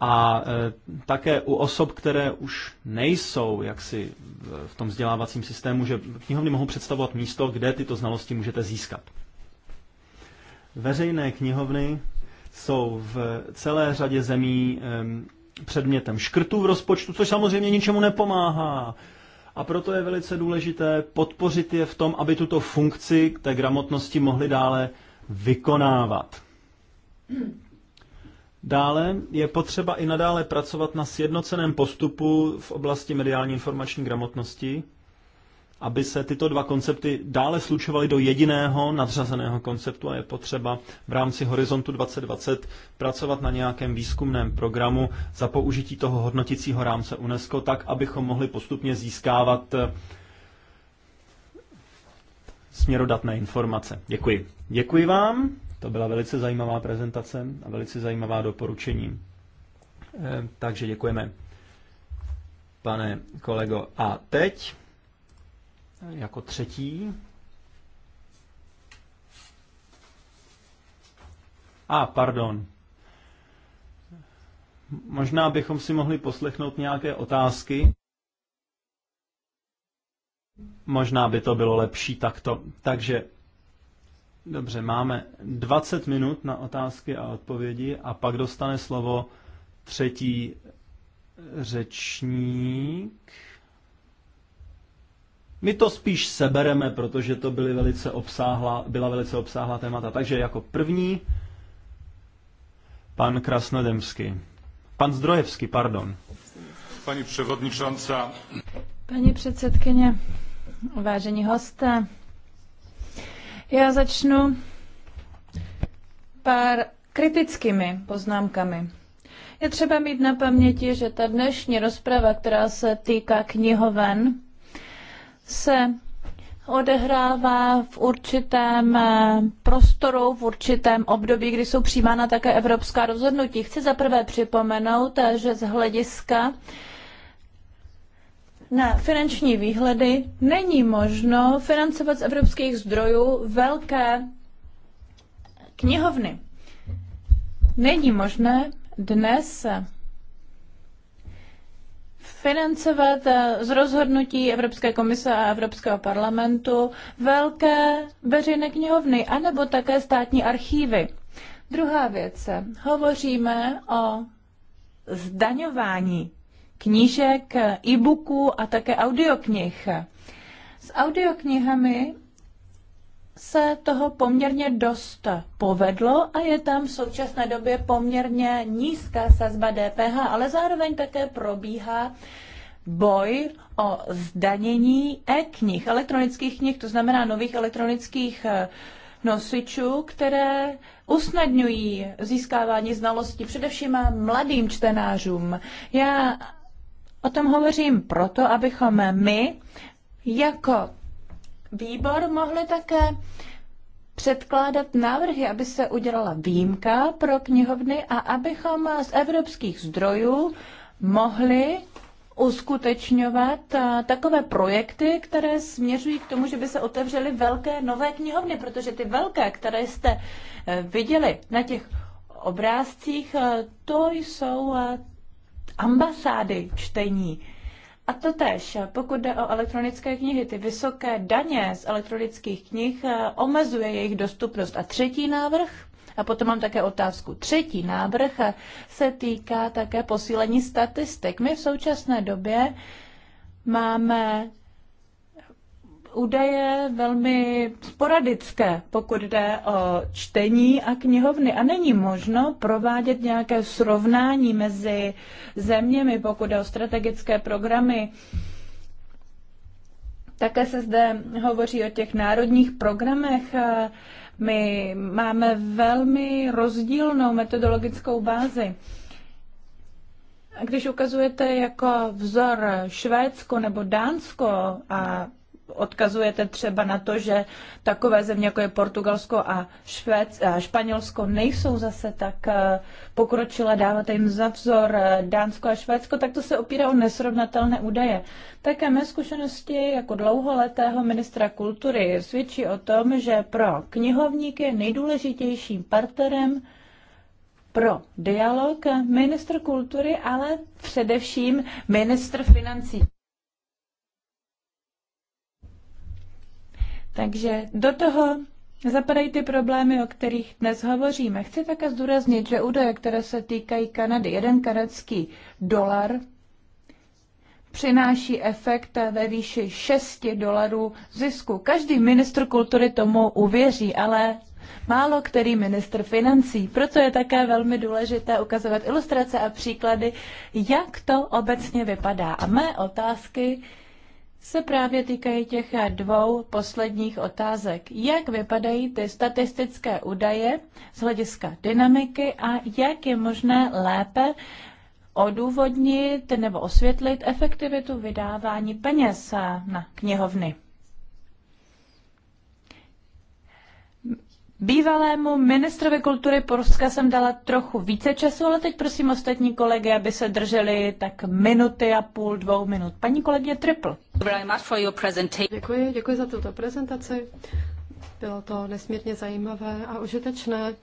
A e, také u osob, které už nejsou jaksi v, v tom vzdělávacím systému, že knihovny mohou představovat místo, kde tyto znalosti můžete získat. Veřejné knihovny jsou v celé řadě zemí předmětem škrtů v rozpočtu, což samozřejmě ničemu nepomáhá. A proto je velice důležité podpořit je v tom, aby tuto funkci té gramotnosti mohli dále vykonávat. Dále je potřeba i nadále pracovat na sjednoceném postupu v oblasti mediální informační gramotnosti, aby se tyto dva koncepty dále slučovaly do jediného nadřazeného konceptu a je potřeba v rámci Horizontu 2020 pracovat na nějakém výzkumném programu za použití toho hodnoticího rámce UNESCO, tak abychom mohli postupně získávat eh, směrodatné informace. Děkuji. Děkuji vám. To byla velice zajímavá prezentace a velice zajímavá doporučení. Eh, takže děkujeme, pane kolego. A teď jako třetí. A, ah, pardon. Možná bychom si mohli poslechnout nějaké otázky. Možná by to bylo lepší takto. Takže, dobře, máme 20 minut na otázky a odpovědi a pak dostane slovo třetí řečník. My to spíš sebereme, protože to byly velice obsáhla, byla velice obsáhlá témata. Takže jako první pan Krasnodemský. Pan Zdrojevský, pardon. Paní převodničanca. Paní předsedkyně, vážení hosté, já začnu pár kritickými poznámkami. Je třeba mít na paměti, že ta dnešní rozprava, která se týká knihoven, se odehrává v určitém eh, prostoru, v určitém období, kdy jsou přijímána také evropská rozhodnutí. Chci zaprvé připomenout, eh, že z hlediska na finanční výhledy není možno financovat z evropských zdrojů velké knihovny. Není možné dnes financovat eh, z rozhodnutí Evropské komise a Evropského parlamentu velké veřejné knihovny anebo také státní archívy. Druhá věc. Hovoříme o zdaňování knížek, e-booků a také audioknih. S audioknihami se toho poměrně dost povedlo a je tam v současné době poměrně nízká sazba DPH, ale zároveň také probíhá boj o zdanění e-knih, elektronických knih, to znamená nových elektronických eh, nosičů, které usnadňují získávání znalostí především mladým čtenářům. Já o tom hovořím proto, abychom my jako výbor mohli také předkládat návrhy, aby se udělala výjimka pro knihovny a abychom z evropských zdrojů mohli uskutečňovat eh, takové projekty, které směřují k tomu, že by se otevřely velké nové knihovny, protože ty velké, které jste eh, viděli na těch obrázcích, eh, to jsou ambasády čtení. A to tež, pokud jde o elektronické knihy, ty vysoké daně z elektronických knih eh, omezuje jejich dostupnost. A třetí návrh, a potom mám také otázku. Třetí návrh eh, se týká také posílení statistik. My v současné době máme údaje velmi sporadické, pokud jde o čtení a knihovny. A není možno provádět nějaké srovnání mezi zeměmi, pokud jde o strategické programy. Také se zde hovoří o těch národních programech. My máme velmi rozdílnou metodologickou bázi. Když ukazujete jako vzor Švédsko nebo Dánsko a odkazujete třeba na to, že takové země, jako je Portugalsko a, Švéd, a Španělsko, nejsou zase tak eh, pokročilé, dáváte jim za vzor eh, Dánsko a Švédsko, tak to se opírá o nesrovnatelné údaje. Také mé zkušenosti jako dlouholetého ministra kultury svědčí o tom, že pro knihovníky je nejdůležitějším partnerem pro dialog ministr kultury, ale především ministr financí. Takže do toho Zapadají ty problémy, o kterých dnes hovoříme. Chci také zdůraznit, že údaje, které se týkají Kanady, jeden kanadský dolar přináší efekt ve výši 6 dolarů zisku. Každý ministr kultury tomu uvěří, ale málo který ministr financí. Proto je také velmi důležité ukazovat ilustrace a příklady, jak to obecně vypadá. A mé otázky se právě týkají těch dvou posledních otázek. Jak vypadají ty statistické údaje z hlediska dynamiky a jak je možné lépe odůvodnit nebo osvětlit efektivitu vydávání peněz na knihovny? Bývalému ministrovi kultury Polska jsem dala trochu více času, ale teď prosím ostatní kolegy, aby se drželi tak minuty a půl, dvou minut. Paní kolegyně Triple. Děkuji, děkuji za tuto prezentaci. Bylo to nesmírně zajímavé a užitečné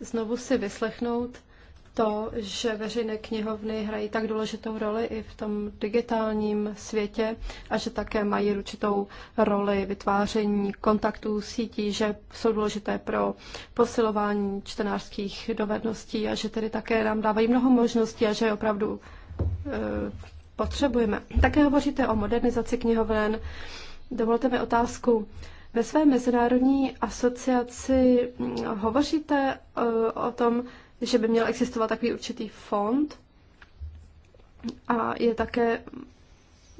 znovu si vyslechnout to, že veřejné knihovny hrají tak důležitou roli i v tom digitálním světě a že také mají určitou roli vytváření kontaktů, sítí, že jsou důležité pro posilování čtenářských dovedností a že tedy také nám dávají mnoho možností a že je opravdu e, potřebujeme. Také hovoříte o modernizaci knihoven. Dovolte mi otázku. Ve své mezinárodní asociaci hm, hovoříte e, o tom, že by měl existovat takový určitý fond a je také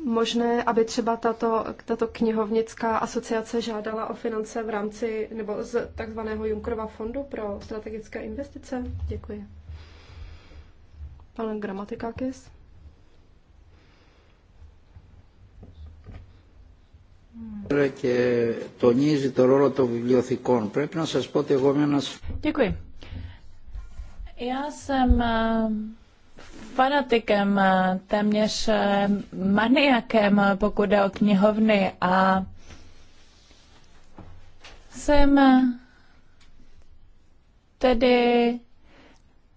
možné, aby třeba tato, tato knihovnická asociace žádala o finance v rámci nebo z takzvaného Junkerova fondu pro strategické investice? Děkuji. Pan Gramatikakis. και Děkuji. Já jsem eh, fanatikem, eh, téměř eh, maniakem, pokud jde o knihovny a jsem tedy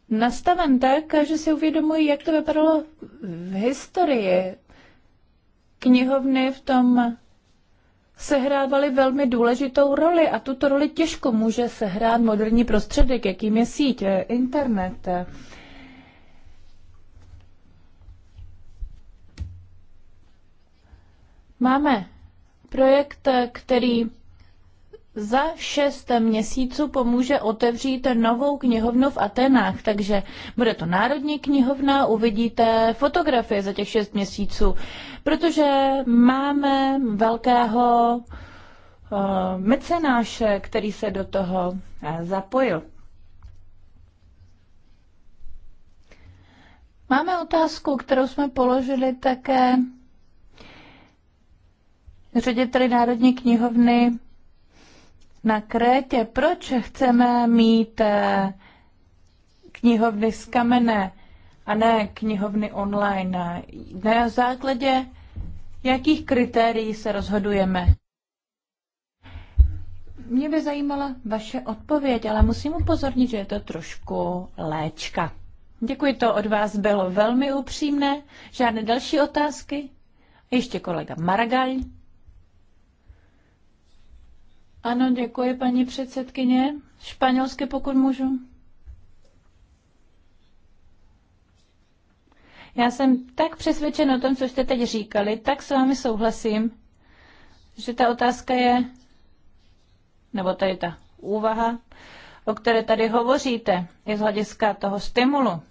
nastaven tak, že si uvědomuji, jak to vypadalo v historii. Knihovny v tom sehrávaly velmi důležitou roli a tuto roli těžko může sehrát moderní prostředek, jakým je síť, eh, internet. Máme projekt, eh, který za šest měsíců pomůže otevřít novou knihovnu v Atenách. Takže bude to Národní knihovna, uvidíte fotografie za těch šest měsíců, protože máme velkého uh, mecenáše, který se do toho uh, zapojil. Máme otázku, kterou jsme položili také řediteli Národní knihovny na Krétě, proč chceme mít eh, knihovny z kamene a ne knihovny online? Na základě jakých kritérií se rozhodujeme? Mě by zajímala vaše odpověď, ale musím upozornit, že je to trošku léčka. Děkuji, to od vás bylo velmi upřímné. Žádné další otázky? Ještě kolega Maragal. Ano, děkuji, paní předsedkyně. Španělsky, pokud můžu. Já jsem tak přesvědčen o tom, co jste teď říkali, tak s vámi souhlasím, že ta otázka je, nebo tady ta úvaha, o které tady hovoříte, je z hlediska toho stimulu.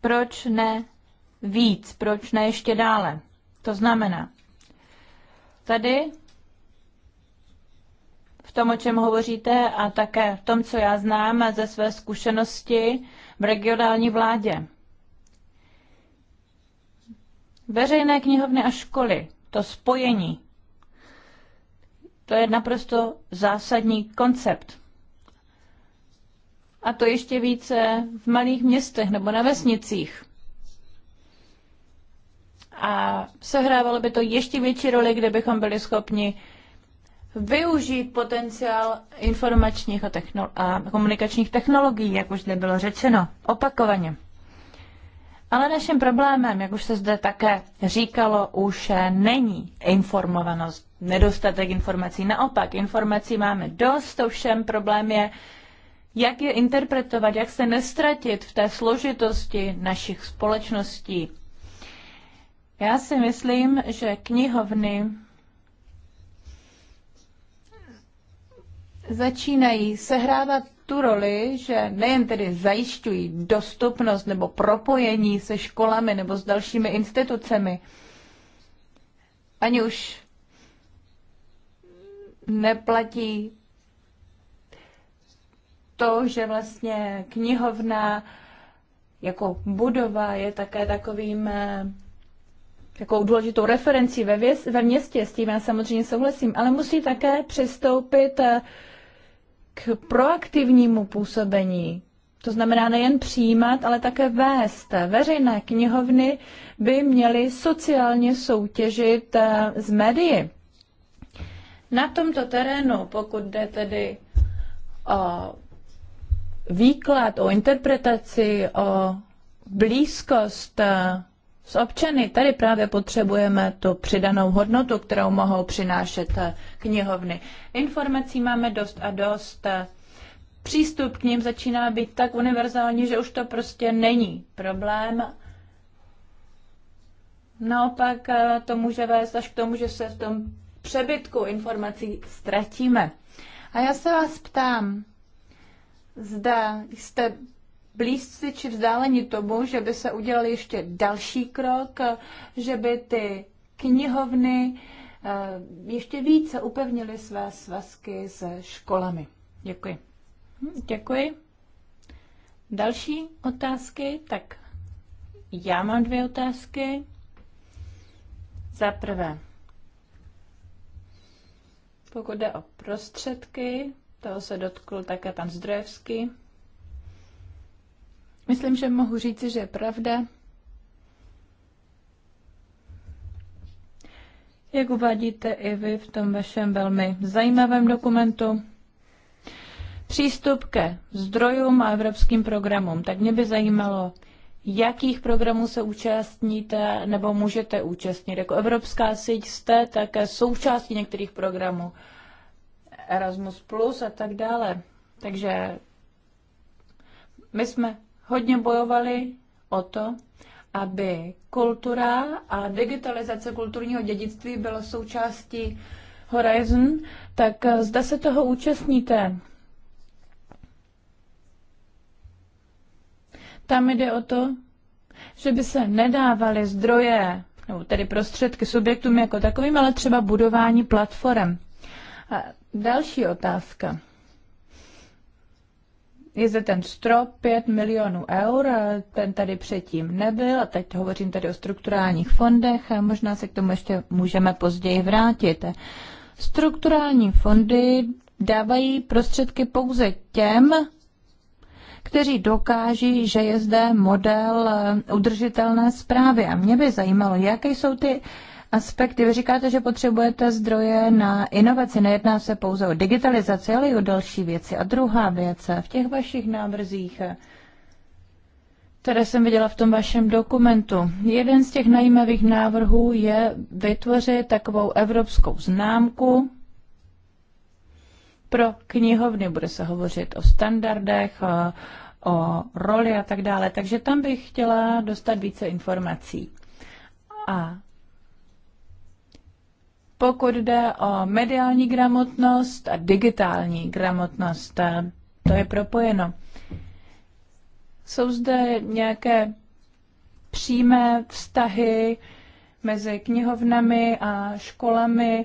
Proč ne víc, proč ne ještě dále? To znamená, Tady v tom, o čem hovoříte a také v tom, co já znám ze své zkušenosti v regionální vládě. Veřejné knihovny a školy, to spojení, to je naprosto zásadní koncept. A to ještě více v malých městech nebo na vesnicích a sehrávalo by to ještě větší roli, kdybychom byli schopni využít potenciál informačních a, technolo- a komunikačních technologií, jak už zde bylo řečeno, opakovaně. Ale naším problémem, jak už se zde také říkalo, už není informovanost, nedostatek informací. Naopak, informací máme dost, ovšem problém je, jak je interpretovat, jak se nestratit v té složitosti našich společností, já si myslím, že knihovny začínají sehrávat tu roli, že nejen tedy zajišťují dostupnost nebo propojení se školami nebo s dalšími institucemi, ani už neplatí to, že vlastně knihovna jako budova je také takovým eh, jako důležitou referenci ve, věc, ve městě, s tím já samozřejmě souhlasím, ale musí také přistoupit eh, k proaktivnímu působení. To znamená nejen přijímat, ale také vést. Veřejné knihovny by měly sociálně soutěžit eh, s médii. Na tomto terénu, pokud jde tedy o výklad, o interpretaci, o blízkost eh, s občany. Tady právě potřebujeme tu přidanou hodnotu, kterou mohou přinášet eh, knihovny. Informací máme dost a dost. Přístup k ním začíná být tak univerzální, že už to prostě není problém. Naopak eh, to může vést až k tomu, že se v tom přebytku informací ztratíme. A já se vás ptám, zda jste blízci či vzdáleni tomu, že by se udělal ještě další krok, že by ty knihovny eh, ještě více upevnily své svazky se školami. Děkuji. Hm, děkuji. Další otázky? Tak já mám dvě otázky. Za prvé, pokud jde o prostředky, toho se dotkl také pan Zdrojevský, Myslím, že mohu říci, že je pravda. Jak uvádíte i vy v tom vašem velmi zajímavém dokumentu, přístup ke zdrojům a evropským programům. Tak mě by zajímalo, jakých programů se účastníte nebo můžete účastnit. Jako Evropská síť jste také součástí některých programů Erasmus Plus a tak dále. Takže my jsme hodně bojovali o to, aby kultura a digitalizace kulturního dědictví byla součástí Horizon, tak eh, zda se toho účastníte. Tam jde o to, že by se nedávaly zdroje, nebo tedy prostředky subjektům jako takovým, ale třeba budování platform. A další otázka je zde ten strop 5 milionů eur, ten tady předtím nebyl a teď hovořím tady o strukturálních fondech a možná se k tomu ještě můžeme později vrátit. Strukturální fondy dávají prostředky pouze těm, kteří dokáží, že je zde model eh, udržitelné zprávy. A mě by zajímalo, jaké jsou ty uh, aspekty. Vy říkáte, že potřebujete zdroje na inovaci. Nejedná se pouze o digitalizaci, ale i o další věci. A druhá věc, v těch vašich návrzích, které jsem viděla v tom vašem dokumentu, jeden z těch najímavých návrhů je vytvořit takovou evropskou známku pro knihovny. Bude se hovořit o standardech, o roli a tak dále. Takže tam bych chtěla dostat více informací. A pokud jde o mediální gramotnost a digitální gramotnost, to je propojeno. Jsou zde nějaké přímé vztahy mezi knihovnami a školami.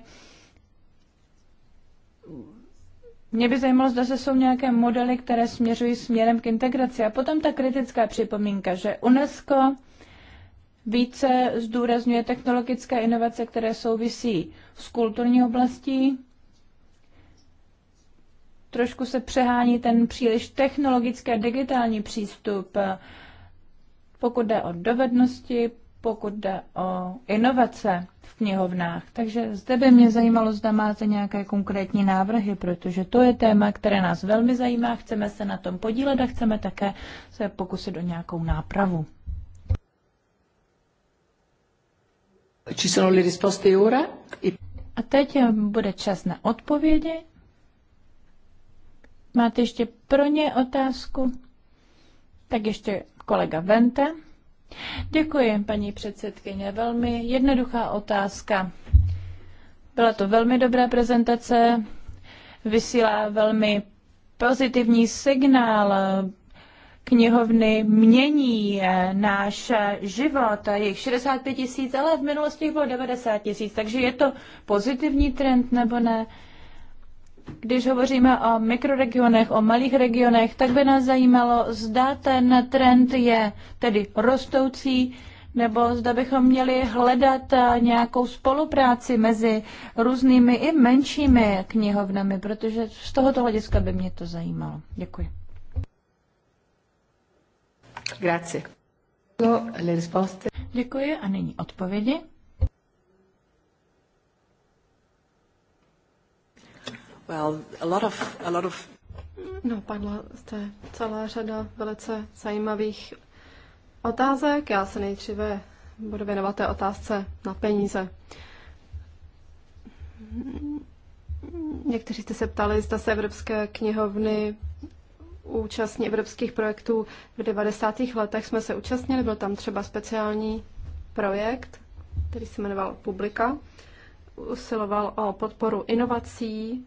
Mě by zajímalo, zda se jsou nějaké modely, které směřují směrem k integraci. A potom ta kritická připomínka, že UNESCO více zdůrazňuje technologické inovace, které souvisí s kulturní oblastí. Trošku se přehání ten příliš technologický a digitální přístup, pokud jde o dovednosti, pokud jde o inovace v knihovnách. Takže zde by mě zajímalo, zda máte nějaké konkrétní návrhy, protože to je téma, které nás velmi zajímá, chceme se na tom podílet a chceme také se pokusit o nějakou nápravu. Ci sono le risposte ora? A teď eh, bude čas na odpovědi. Máte ještě pro ně otázku? Tak ještě kolega Vente. Děkuji, paní předsedkyně. Velmi jednoduchá otázka. Byla to velmi dobrá prezentace, vysílá velmi pozitivní signál knihovny mění eh, náš eh, život. Eh, jich 65 tisíc, ale v minulosti jich bylo 90 tisíc, takže je to pozitivní trend nebo ne? Když hovoříme o mikroregionech, o malých regionech, tak by nás zajímalo, zda ten trend je tedy rostoucí, nebo zda bychom měli hledat nějakou spolupráci mezi různými i menšími knihovnami, protože z tohoto hlediska by mě to zajímalo. Děkuji. Grazie. Le risposte. Děkuji a nyní odpovědi. Well, a lot of, a lot of... No, padla jste celá řada velice zajímavých otázek. Já se nejdříve budu věnovat té otázce na peníze. Někteří jste se ptali, zda se evropské knihovny účastní evropských projektů v 90. letech jsme se účastnili. Byl tam třeba speciální projekt, který se jmenoval Publika. Usiloval o podporu inovací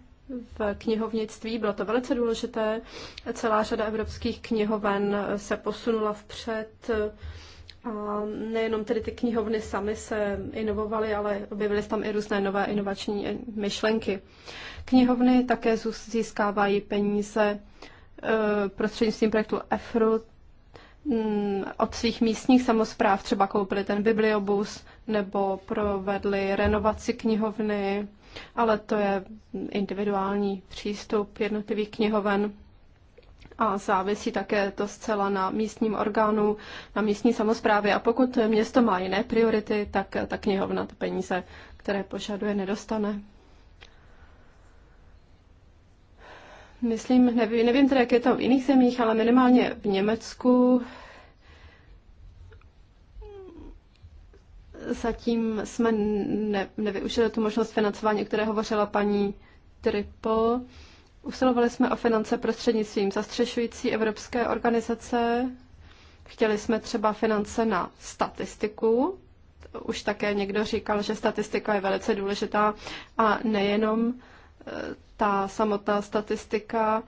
v knihovnictví. Bylo to velice důležité. Celá řada evropských knihoven se posunula vpřed. A nejenom tedy ty knihovny samy se inovovaly, ale objevily se tam i různé nové inovační myšlenky. Knihovny také získávají peníze Eh, prostřednictvím projektu EFRU mm, od svých místních samozpráv třeba koupili ten bibliobus nebo provedli renovaci knihovny, ale to je individuální přístup jednotlivých knihoven a závisí také to zcela na místním orgánu, na místní samozprávě. A pokud město má jiné priority, tak ta knihovna ty peníze, které požaduje, nedostane. myslím, nevím, nevím teda, jak je to v jiných zemích, ale minimálně v Německu zatím jsme ne, nevyužili tu možnost financování, o které hovořila paní Triple. Usilovali jsme o finance prostřednictvím zastřešující evropské organizace. Chtěli jsme třeba finance na statistiku. Už také někdo říkal, že statistika je velice důležitá a nejenom eh, ta samotná statistika,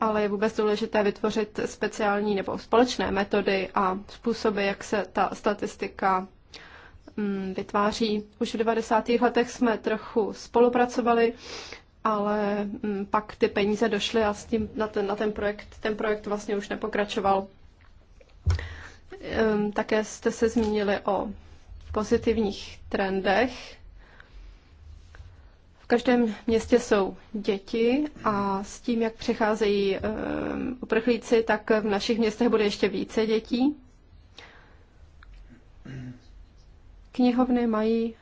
ale je vůbec důležité vytvořit speciální nebo společné metody a způsoby, jak se ta statistika mm, vytváří. Už v 90. letech jsme trochu spolupracovali, ale mm, pak ty peníze došly a s tím na ten, na ten projekt, ten projekt vlastně už nepokračoval. Ehm, také jste se zmínili o pozitivních trendech každém městě jsou děti a s tím, jak přicházejí ehm, uprchlíci, tak v našich městech bude ještě více dětí. Knihovny mají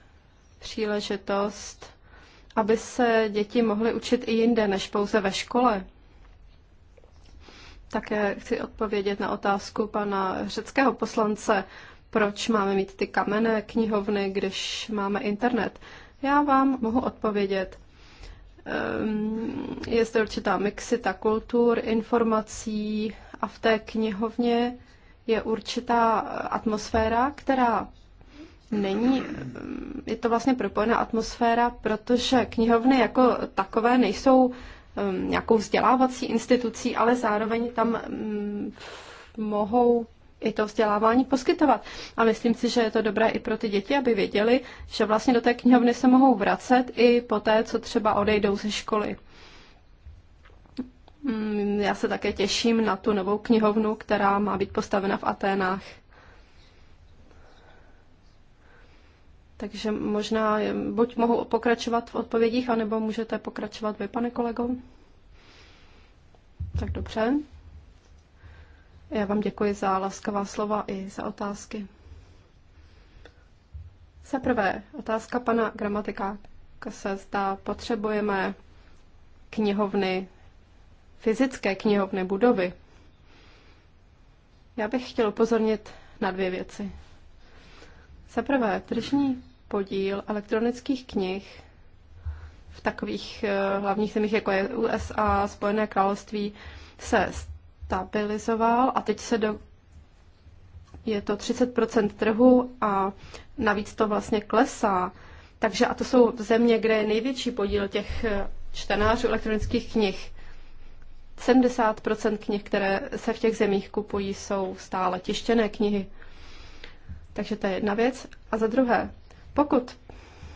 příležitost, aby se děti mohly učit i jinde než pouze ve škole. Také chci odpovědět na otázku pana řeckého poslance, proč máme mít ty kamenné knihovny, když máme internet. Já vám mohu odpovědět. Ehm, je zde určitá mixita kultur, informací a v té knihovně je určitá eh, atmosféra, která není, ehm, je to vlastně propojená atmosféra, protože knihovny jako takové nejsou ehm, nějakou vzdělávací institucí, ale zároveň tam mohou i to vzdělávání poskytovat. A myslím si, že je to dobré i pro ty děti, aby věděli, že vlastně do té knihovny se mohou vracet i po té, co třeba odejdou ze školy. Mm, já se také těším na tu novou knihovnu, která má být postavena v Aténách. Takže možná buď mohu pokračovat v odpovědích, anebo můžete pokračovat vy, pane kolego. Tak dobře. Já vám děkuji za laskavá slova i za otázky. Za prvé, otázka pana gramatika se zdá, potřebujeme knihovny, fyzické knihovny, budovy. Já bych chtěl upozornit na dvě věci. Za prvé, tržní podíl elektronických knih v takových eh, hlavních zemích, jako je USA, Spojené království, se stabilizoval a teď se do, je to 30% trhu a navíc to vlastně klesá. Takže a to jsou země, kde je největší podíl těch eh, čtenářů elektronických knih. 70% knih, které se v těch zemích kupují, jsou stále tištěné knihy. Takže to je jedna věc. A za druhé, pokud,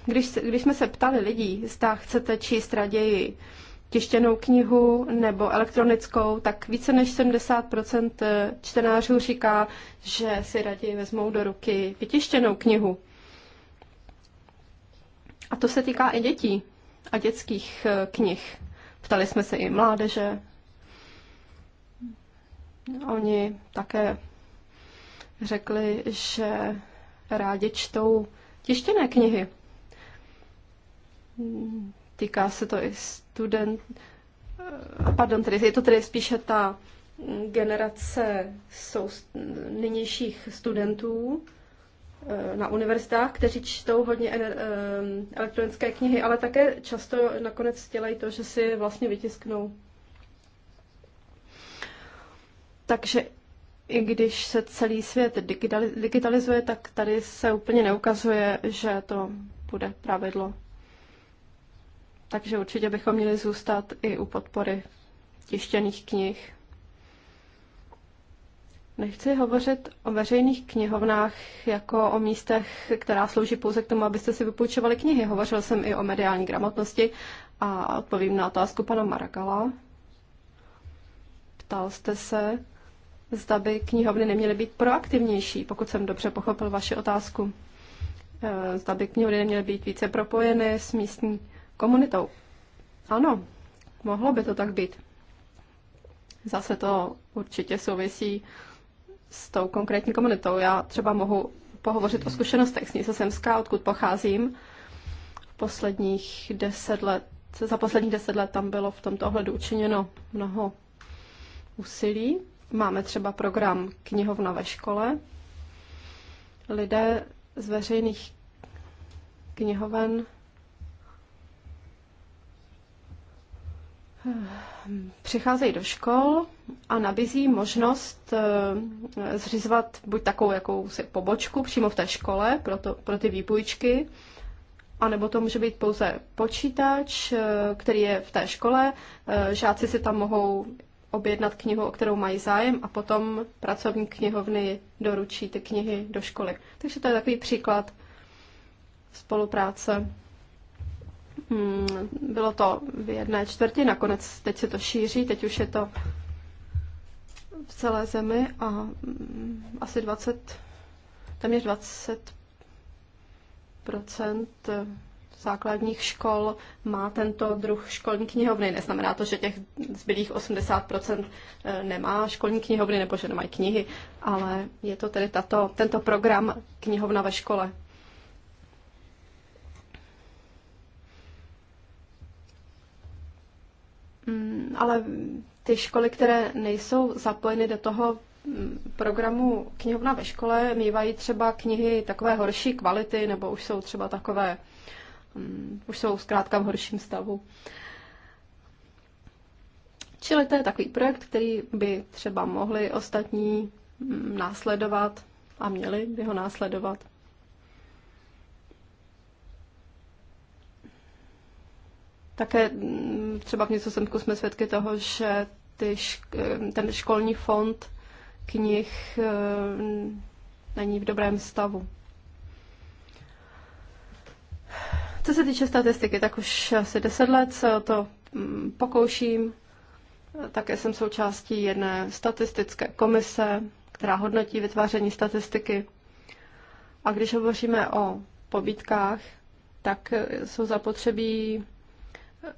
když, když jsme se ptali lidí, zda chcete číst raději tištěnou knihu nebo elektronickou, tak více než 70 eh, čtenářů říká, že si raději vezmou do ruky vytištěnou knihu. A to se týká i dětí a dětských eh, knih. Ptali jsme se i mládeže. Oni také řekli, že rádi čtou tištěné knihy týká se to i student, pardon, tedy je to tedy spíše ta generace sou nynějších studentů eh, na univerzitách, kteří čtou hodně eh, elektronické knihy, ale také často nakonec dělají to, že si vlastně vytisknou. Takže i když se celý svět digitalizuje, tak tady se úplně neukazuje, že to bude pravidlo takže určitě bychom měli zůstat i u podpory tištěných knih. Nechci hovořit o veřejných knihovnách jako o místech, která slouží pouze k tomu, abyste si vypůjčovali knihy. Hovořil jsem i o mediální gramotnosti a odpovím na otázku pana Marakala. Ptal jste se, zda by knihovny neměly být proaktivnější, pokud jsem dobře pochopil vaši otázku. E, zda by knihovny neměly být více propojeny s místní komunitou. Ano, mohlo by to tak být. Zase to určitě souvisí s tou konkrétní komunitou. Já třeba mohu pohovořit o zkušenostech z Nizozemska, odkud pocházím. V posledních deset let, za posledních deset let tam bylo v tomto ohledu učiněno mnoho úsilí. Máme třeba program Knihovna ve škole. Lidé z veřejných knihoven přicházejí do škol a nabízí možnost eh, zřizovat buď takovou jakousi pobočku přímo v té škole pro, to, pro ty výpůjčky, anebo to může být pouze počítač, eh, který je v té škole. Eh, žáci si tam mohou objednat knihu, o kterou mají zájem a potom pracovní knihovny doručí ty knihy do školy. Takže to je takový příklad spolupráce Hmm, bylo to v jedné čtvrti, nakonec teď se to šíří, teď už je to v celé zemi a mm, asi 20, téměř 20 eh, základních škol má tento druh školní knihovny. Neznamená to, že těch zbylých 80 eh, nemá školní knihovny nebo že nemají knihy, ale je to tedy tato, tento program knihovna ve škole. Mm, ale ty školy, které nejsou zapojeny do toho mm, programu knihovna ve škole, mývají třeba knihy takové horší kvality, nebo už jsou třeba takové, um, už jsou zkrátka v horším stavu. Čili to je takový projekt, který by třeba mohli ostatní následovat a měli by ho následovat. Také mm, třeba v Nizozemsku jsme svědky toho, že ty šk- eh, ten školní fond knih eh, není v dobrém stavu. Co se týče statistiky, tak už asi deset let se o to mm, pokouším. Také jsem součástí jedné statistické komise, která hodnotí vytváření statistiky. A když hovoříme o pobítkách, tak jsou zapotřebí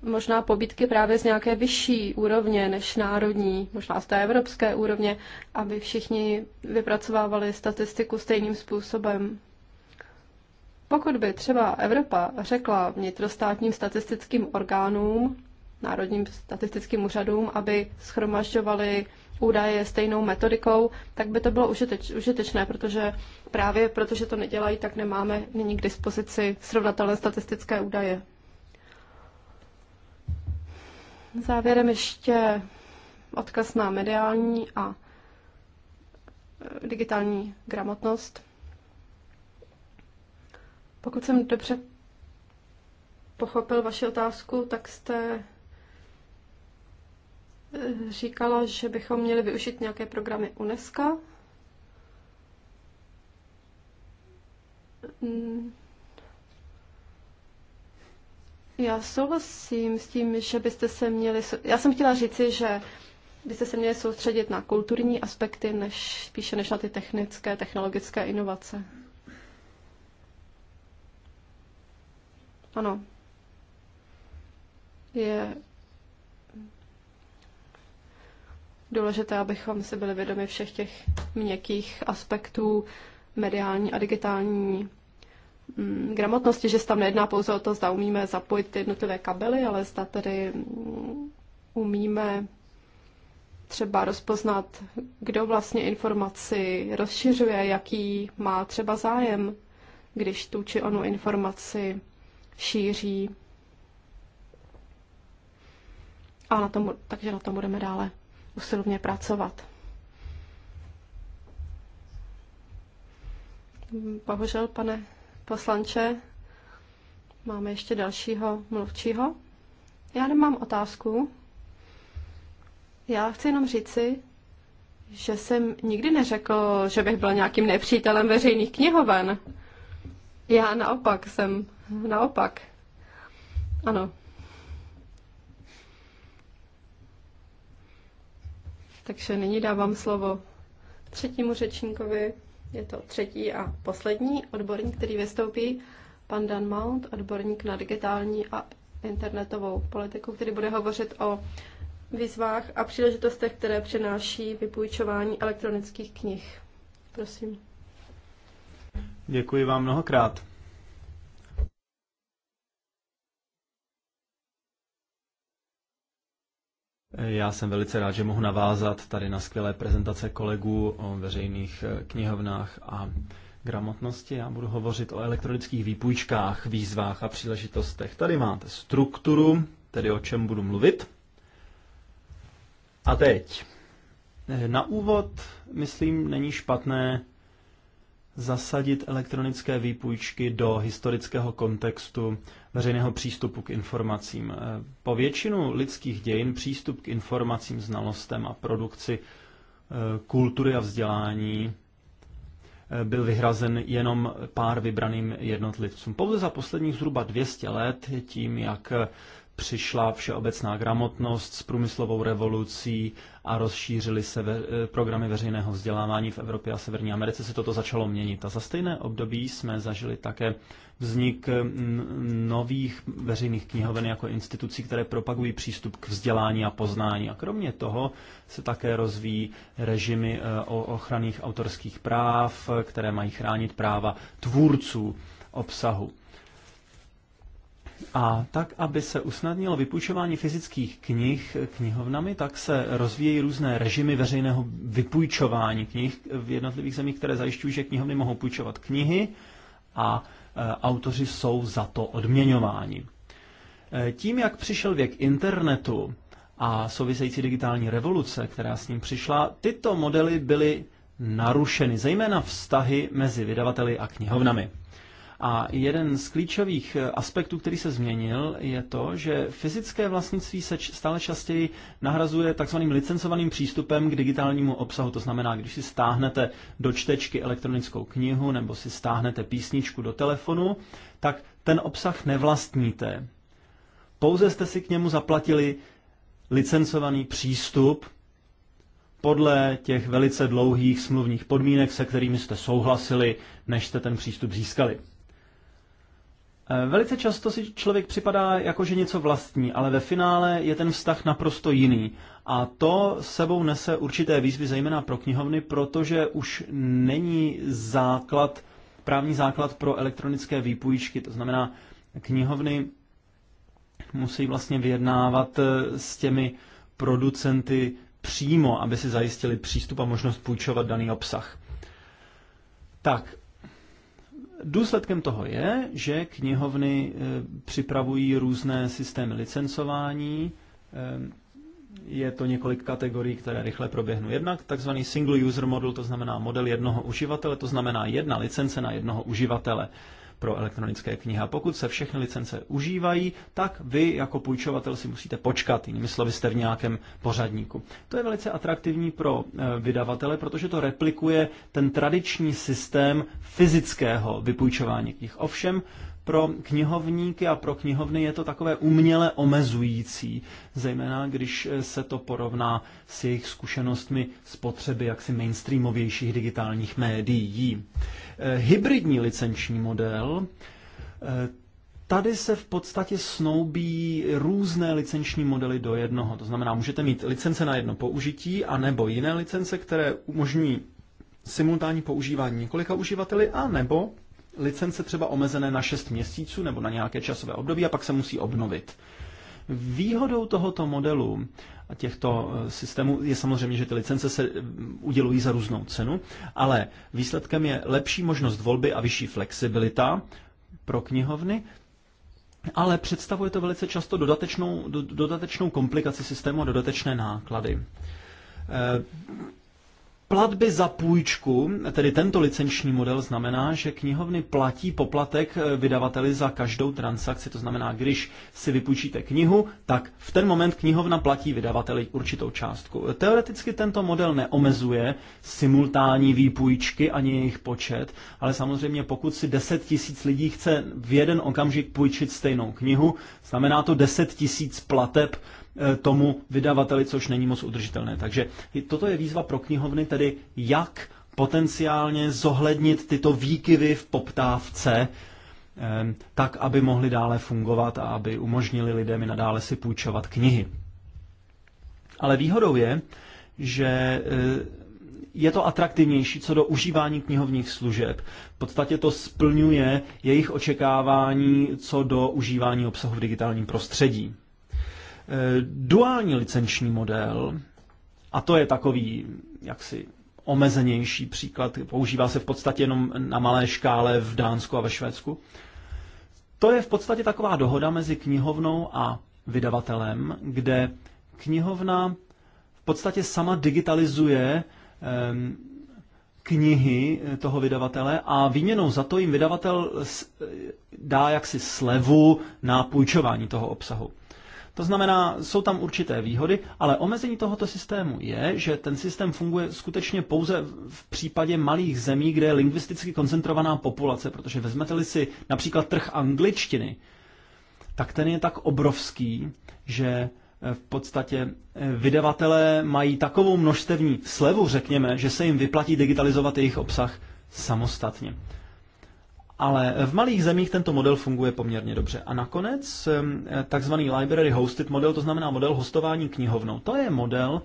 možná pobytky právě z nějaké vyšší úrovně než národní, možná z té evropské úrovně, aby všichni vypracovávali statistiku stejným způsobem. Pokud by třeba Evropa řekla vnitrostátním statistickým orgánům, národním statistickým úřadům, aby schromažďovali údaje stejnou metodikou, tak by to bylo užiteč, užitečné, protože právě protože to nedělají, tak nemáme nyní k dispozici srovnatelné statistické údaje. Závěrem ještě odkaz na mediální a e, digitální gramotnost. Pokud jsem dobře pochopil vaši otázku, tak jste e, říkala, že bychom měli využít nějaké programy UNESCO. Hmm. Já souhlasím s tím, že byste se měli... Já jsem chtěla říci, že byste se měli soustředit na kulturní aspekty, než spíše než na ty technické, technologické inovace. Ano. Je důležité, abychom si byli vědomi všech těch měkkých aspektů mediální a digitální Mm, gramotnosti, že se tam nejedná pouze o to, zda umíme zapojit ty jednotlivé kabely, ale zda tedy mm, umíme třeba rozpoznat, kdo vlastně informaci rozšiřuje, jaký má třeba zájem, když tu či onu informaci šíří. A na tom, takže na tom budeme dále usilovně pracovat. Bohužel, pane poslanče. Máme ještě dalšího mluvčího. Já nemám otázku. Já chci jenom říci, že jsem nikdy neřekl, že bych byl nějakým nepřítelem veřejných knihoven. Já naopak jsem, naopak. Ano. Takže nyní dávám slovo třetímu řečníkovi. Je to třetí a poslední odborník, který vystoupí, pan Dan Mount, odborník na digitální a internetovou politiku, který bude hovořit o výzvách a příležitostech, které přináší vypůjčování elektronických knih. Prosím. Děkuji vám mnohokrát. Já jsem velice rád, že mohu navázat tady na skvělé prezentace kolegů o veřejných eh, knihovnách a gramotnosti. Já budu hovořit o elektronických výpůjčkách, výzvách a příležitostech. Tady máte strukturu, tedy o čem budu mluvit. A teď. Eh, na úvod, myslím, není špatné zasadit elektronické výpůjčky do historického kontextu veřejného přístupu k informacím. Eh, po většinu lidských dějin přístup k informacím, znalostem a produkci eh, kultury a vzdělání eh, byl vyhrazen jenom pár vybraným jednotlivcům. Pouze za posledních zhruba 200 let tím, jak přišla všeobecná gramotnost s průmyslovou revolucí a rozšířily se ve, e, programy veřejného vzdělávání v Evropě a Severní Americe, se toto začalo měnit. A za stejné období jsme zažili také vznik nových veřejných knihoven jako institucí, které propagují přístup k vzdělání a poznání. A kromě toho se také rozvíjí režimy e, o ochranných autorských práv, které mají chránit práva tvůrců obsahu. A tak, aby se usnadnilo vypůjčování fyzických knih knihovnami, tak se rozvíjejí různé režimy veřejného vypůjčování knih v jednotlivých zemích, které zajišťují, že knihovny mohou půjčovat knihy a e, autoři jsou za to odměňováni. E, tím, jak přišel věk internetu a související digitální revoluce, která s ním přišla, tyto modely byly narušeny, zejména vztahy mezi vydavateli a knihovnami. A jeden z klíčových eh, aspektů, který se změnil, je to, že fyzické vlastnictví se stále častěji nahrazuje takzvaným licencovaným přístupem k digitálnímu obsahu. To znamená, když si stáhnete do čtečky elektronickou knihu nebo si stáhnete písničku do telefonu, tak ten obsah nevlastníte. Pouze jste si k němu zaplatili licencovaný přístup podle těch velice dlouhých smluvních podmínek, se kterými jste souhlasili, než jste ten přístup získali. Eh, velice často si člověk připadá jako, že něco vlastní, ale ve finále je ten vztah naprosto jiný. A to sebou nese určité výzvy, zejména pro knihovny, protože už není základ, právní základ pro elektronické výpůjčky. To znamená, knihovny musí vlastně vyjednávat eh, s těmi producenty přímo, aby si zajistili přístup a možnost půjčovat daný obsah. Tak, Důsledkem toho je, že knihovny eh, připravují různé systémy licencování. Eh, je to několik kategorií, které rychle proběhnu. Jednak takzvaný single user model, to znamená model jednoho uživatele, to znamená jedna licence na jednoho uživatele pro elektronické knihy. A pokud se všechny licence užívají, tak vy jako půjčovatel si musíte počkat, jinými slovy jste v nějakém pořadníku. To je velice atraktivní pro e, vydavatele, protože to replikuje ten tradiční systém fyzického vypůjčování knih. Ovšem, pro knihovníky a pro knihovny je to takové uměle omezující, zejména když eh, se to porovná s jejich zkušenostmi z potřeby jaksi mainstreamovějších digitálních médií. Eh, hybridní licenční model eh, Tady se v podstatě snoubí různé licenční modely do jednoho. To znamená, můžete mít licence na jedno použití, anebo jiné licence, které umožní simultánní používání několika uživateli, a nebo licence třeba omezené na 6 měsíců nebo na nějaké časové období a pak se musí obnovit. Výhodou tohoto modelu a těchto eh, systémů je samozřejmě, že ty licence se mm, udělují za různou cenu, ale výsledkem je lepší možnost volby a vyšší flexibilita pro knihovny, ale představuje to velice často dodatečnou, do, dodatečnou komplikaci systému a dodatečné náklady. Eh, Platby za půjčku, tedy tento licenční model, znamená, že knihovny platí poplatek eh, vydavateli za každou transakci. To znamená, když si vypůjčíte knihu, tak v ten moment knihovna platí vydavateli určitou částku. Teoreticky tento model neomezuje simultánní výpůjčky ani jejich počet, ale samozřejmě pokud si 10 tisíc lidí chce v jeden okamžik půjčit stejnou knihu, znamená to 10 tisíc plateb Eh, tomu vydavateli, což není moc udržitelné. Takže toto je výzva pro knihovny, tedy jak potenciálně zohlednit tyto výkyvy v poptávce, eh, tak, aby mohly dále fungovat a aby umožnili lidem i nadále si půjčovat knihy. Ale výhodou je, že eh, je to atraktivnější co do užívání knihovních služeb. V podstatě to splňuje jejich očekávání co do užívání obsahu v digitálním prostředí. Eh, duální licenční model, a to je takový jaksi omezenější příklad, používá se v podstatě jenom na malé škále v Dánsku a ve Švédsku, to je v podstatě taková dohoda mezi knihovnou a vydavatelem, kde knihovna v podstatě sama digitalizuje ehm, knihy eh, toho vydavatele a výměnou za to jim vydavatel eh, dá jaksi slevu na půjčování toho obsahu. To znamená, jsou tam určité výhody, ale omezení tohoto systému je, že ten systém funguje skutečně pouze v případě malých zemí, kde je lingvisticky koncentrovaná populace, protože vezmete-li si například trh angličtiny, tak ten je tak obrovský, že eh, v podstatě eh, vydavatelé mají takovou množstevní slevu, řekněme, že se jim vyplatí digitalizovat jejich obsah samostatně. Ale v malých zemích tento model funguje poměrně dobře. A nakonec takzvaný library hosted model, to znamená model hostování knihovnou. To je model,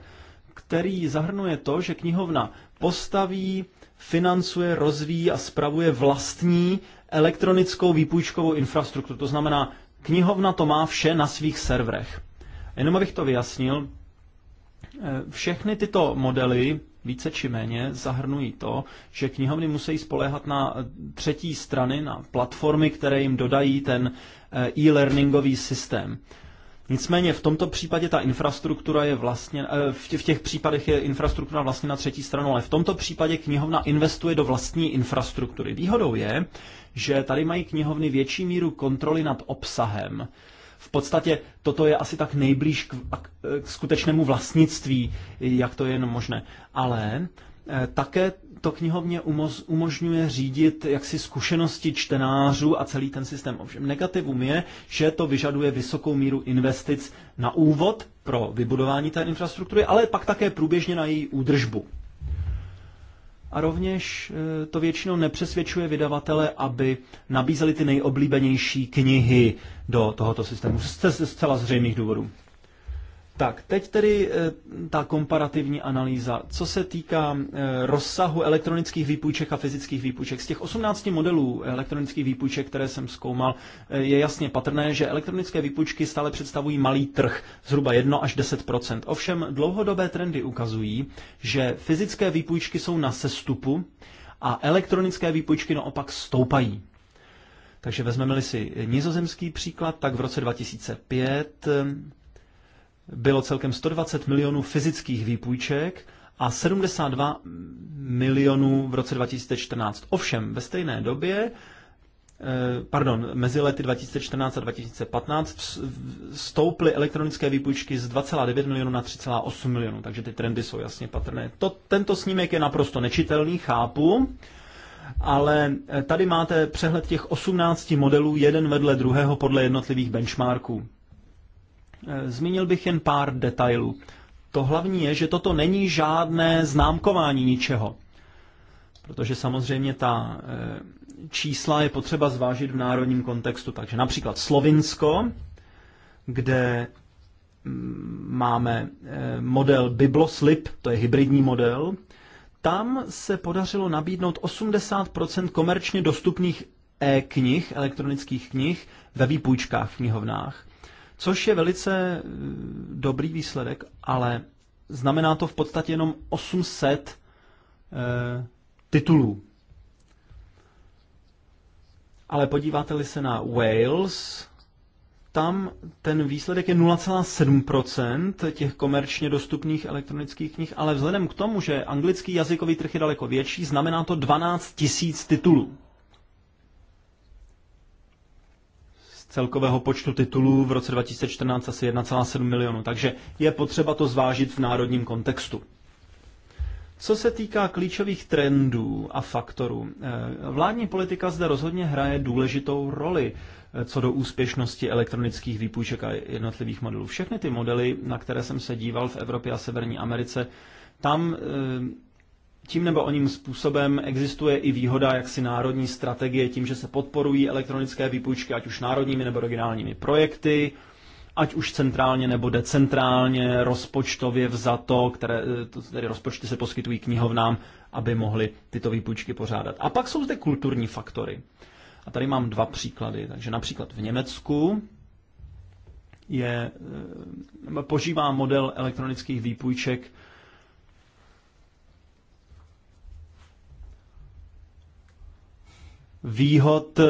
který zahrnuje to, že knihovna postaví, financuje, rozvíjí a spravuje vlastní elektronickou výpůjčkovou infrastrukturu. To znamená, knihovna to má vše na svých serverech. Jenom abych to vyjasnil, eh, všechny tyto modely více či méně zahrnují to, že knihovny musí spoléhat na třetí strany, na platformy, které jim dodají ten eh, e-learningový systém. Nicméně v tomto případě ta infrastruktura je vlastně, eh, v těch případech je infrastruktura vlastně na třetí stranu, ale v tomto případě knihovna investuje do vlastní infrastruktury. Výhodou je, že tady mají knihovny větší míru kontroly nad obsahem v podstatě toto je asi tak nejblíž k, e, k skutečnému vlastnictví, jak to je jen možné. Ale e, také to knihovně umožňuje řídit jaksi zkušenosti čtenářů a celý ten systém. Ovšem negativum je, že to vyžaduje vysokou míru investic na úvod pro vybudování té infrastruktury, ale pak také průběžně na její údržbu. A rovněž e, to většinou nepřesvědčuje vydavatele, aby nabízeli ty nejoblíbenější knihy do tohoto systému. Z zcela zřejmých důvodů. Tak, teď tedy eh, ta komparativní analýza. Co se týká eh, rozsahu elektronických výpůjček a fyzických výpůjček, z těch 18 modelů elektronických výpůjček, které jsem zkoumal, eh, je jasně patrné, že elektronické výpůjčky stále představují malý trh, zhruba 1 až 10 Ovšem dlouhodobé trendy ukazují, že fyzické výpůjčky jsou na sestupu a elektronické výpůjčky naopak stoupají. Takže vezmeme-li si nizozemský příklad, tak v roce 2005 bylo celkem 120 milionů fyzických výpůjček a 72 milionů v roce 2014. Ovšem, ve stejné době, eh, pardon, mezi lety 2014 a 2015 stouply elektronické výpůjčky z 2,9 milionů na 3,8 milionů, takže ty trendy jsou jasně patrné. To, tento snímek je naprosto nečitelný, chápu, ale eh, tady máte přehled těch 18 modelů jeden vedle druhého podle jednotlivých benchmarků. Eh, zmínil bych jen pár detailů. To hlavní je, že toto není žádné známkování ničeho, protože samozřejmě ta eh, čísla je potřeba zvážit v národním kontextu. Takže například Slovinsko, kde mm, máme eh, model BibloSlip, to je hybridní model, tam se podařilo nabídnout 80% komerčně dostupných e-knih, elektronických knih, ve výpůjčkách v knihovnách což je velice eh, dobrý výsledek, ale znamená to v podstatě jenom 800 eh, titulů. Ale podíváte-li se na Wales, tam ten výsledek je 0,7% těch komerčně dostupných elektronických knih, ale vzhledem k tomu, že anglický jazykový trh je daleko větší, znamená to 12 000 titulů. celkového počtu titulů v roce 2014 asi 1,7 milionu, takže je potřeba to zvážit v národním kontextu. Co se týká klíčových trendů a faktorů, eh, vládní politika zde rozhodně hraje důležitou roli eh, co do úspěšnosti elektronických výpůjček a jednotlivých modelů. Všechny ty modely, na které jsem se díval v Evropě a Severní Americe, tam eh, tím nebo oním způsobem existuje i výhoda jaksi národní strategie tím, že se podporují elektronické výpůjčky, ať už národními nebo regionálními projekty, ať už centrálně nebo decentrálně, rozpočtově vzato, které, eh, tedy rozpočty se poskytují knihovnám, aby mohly tyto výpůjčky pořádat. A pak jsou zde kulturní faktory. A tady mám dva příklady. Takže například v Německu je, eh, požívá model elektronických výpůjček výhod eh,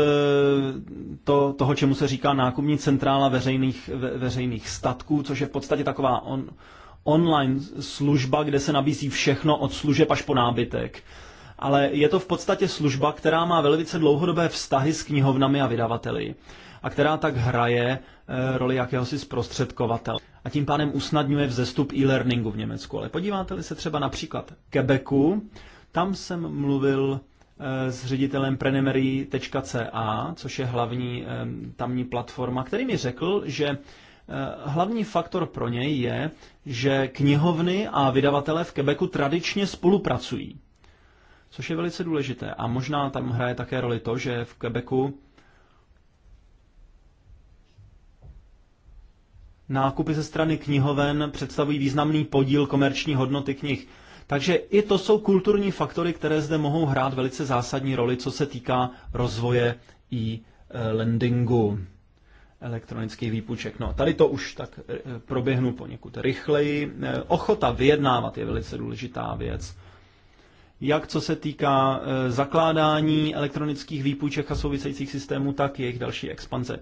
to, toho, čemu se říká nákupní centrála veřejných, ve, veřejných statků, což je v podstatě taková on, online služba, kde se nabízí všechno od služeb až po nábytek. Ale je to v podstatě služba, která má velice dlouhodobé vztahy s knihovnami a vydavateli a která tak hraje e, roli jakéhosi zprostředkovatele. A tím pádem usnadňuje vzestup e-learningu v Německu. Ale podíváte-li se třeba například Quebecu, tam jsem mluvil Eh, s ředitelem prenemery.ca, což je hlavní eh, tamní platforma, který mi řekl, že eh, hlavní faktor pro něj je, že knihovny a vydavatele v Quebecu tradičně spolupracují, což je velice důležité. A možná tam hraje také roli to, že v Quebecu nákupy ze strany knihoven představují významný podíl komerční hodnoty knih. Takže i to jsou kulturní faktory, které zde mohou hrát velice zásadní roli, co se týká rozvoje i lendingu elektronických výpůjček. No, tady to už tak e, proběhnu poněkud rychleji. E, ochota vyjednávat je velice důležitá věc. Jak co se týká e, zakládání elektronických výpůjček a souvisejících systémů, tak jejich další expanze.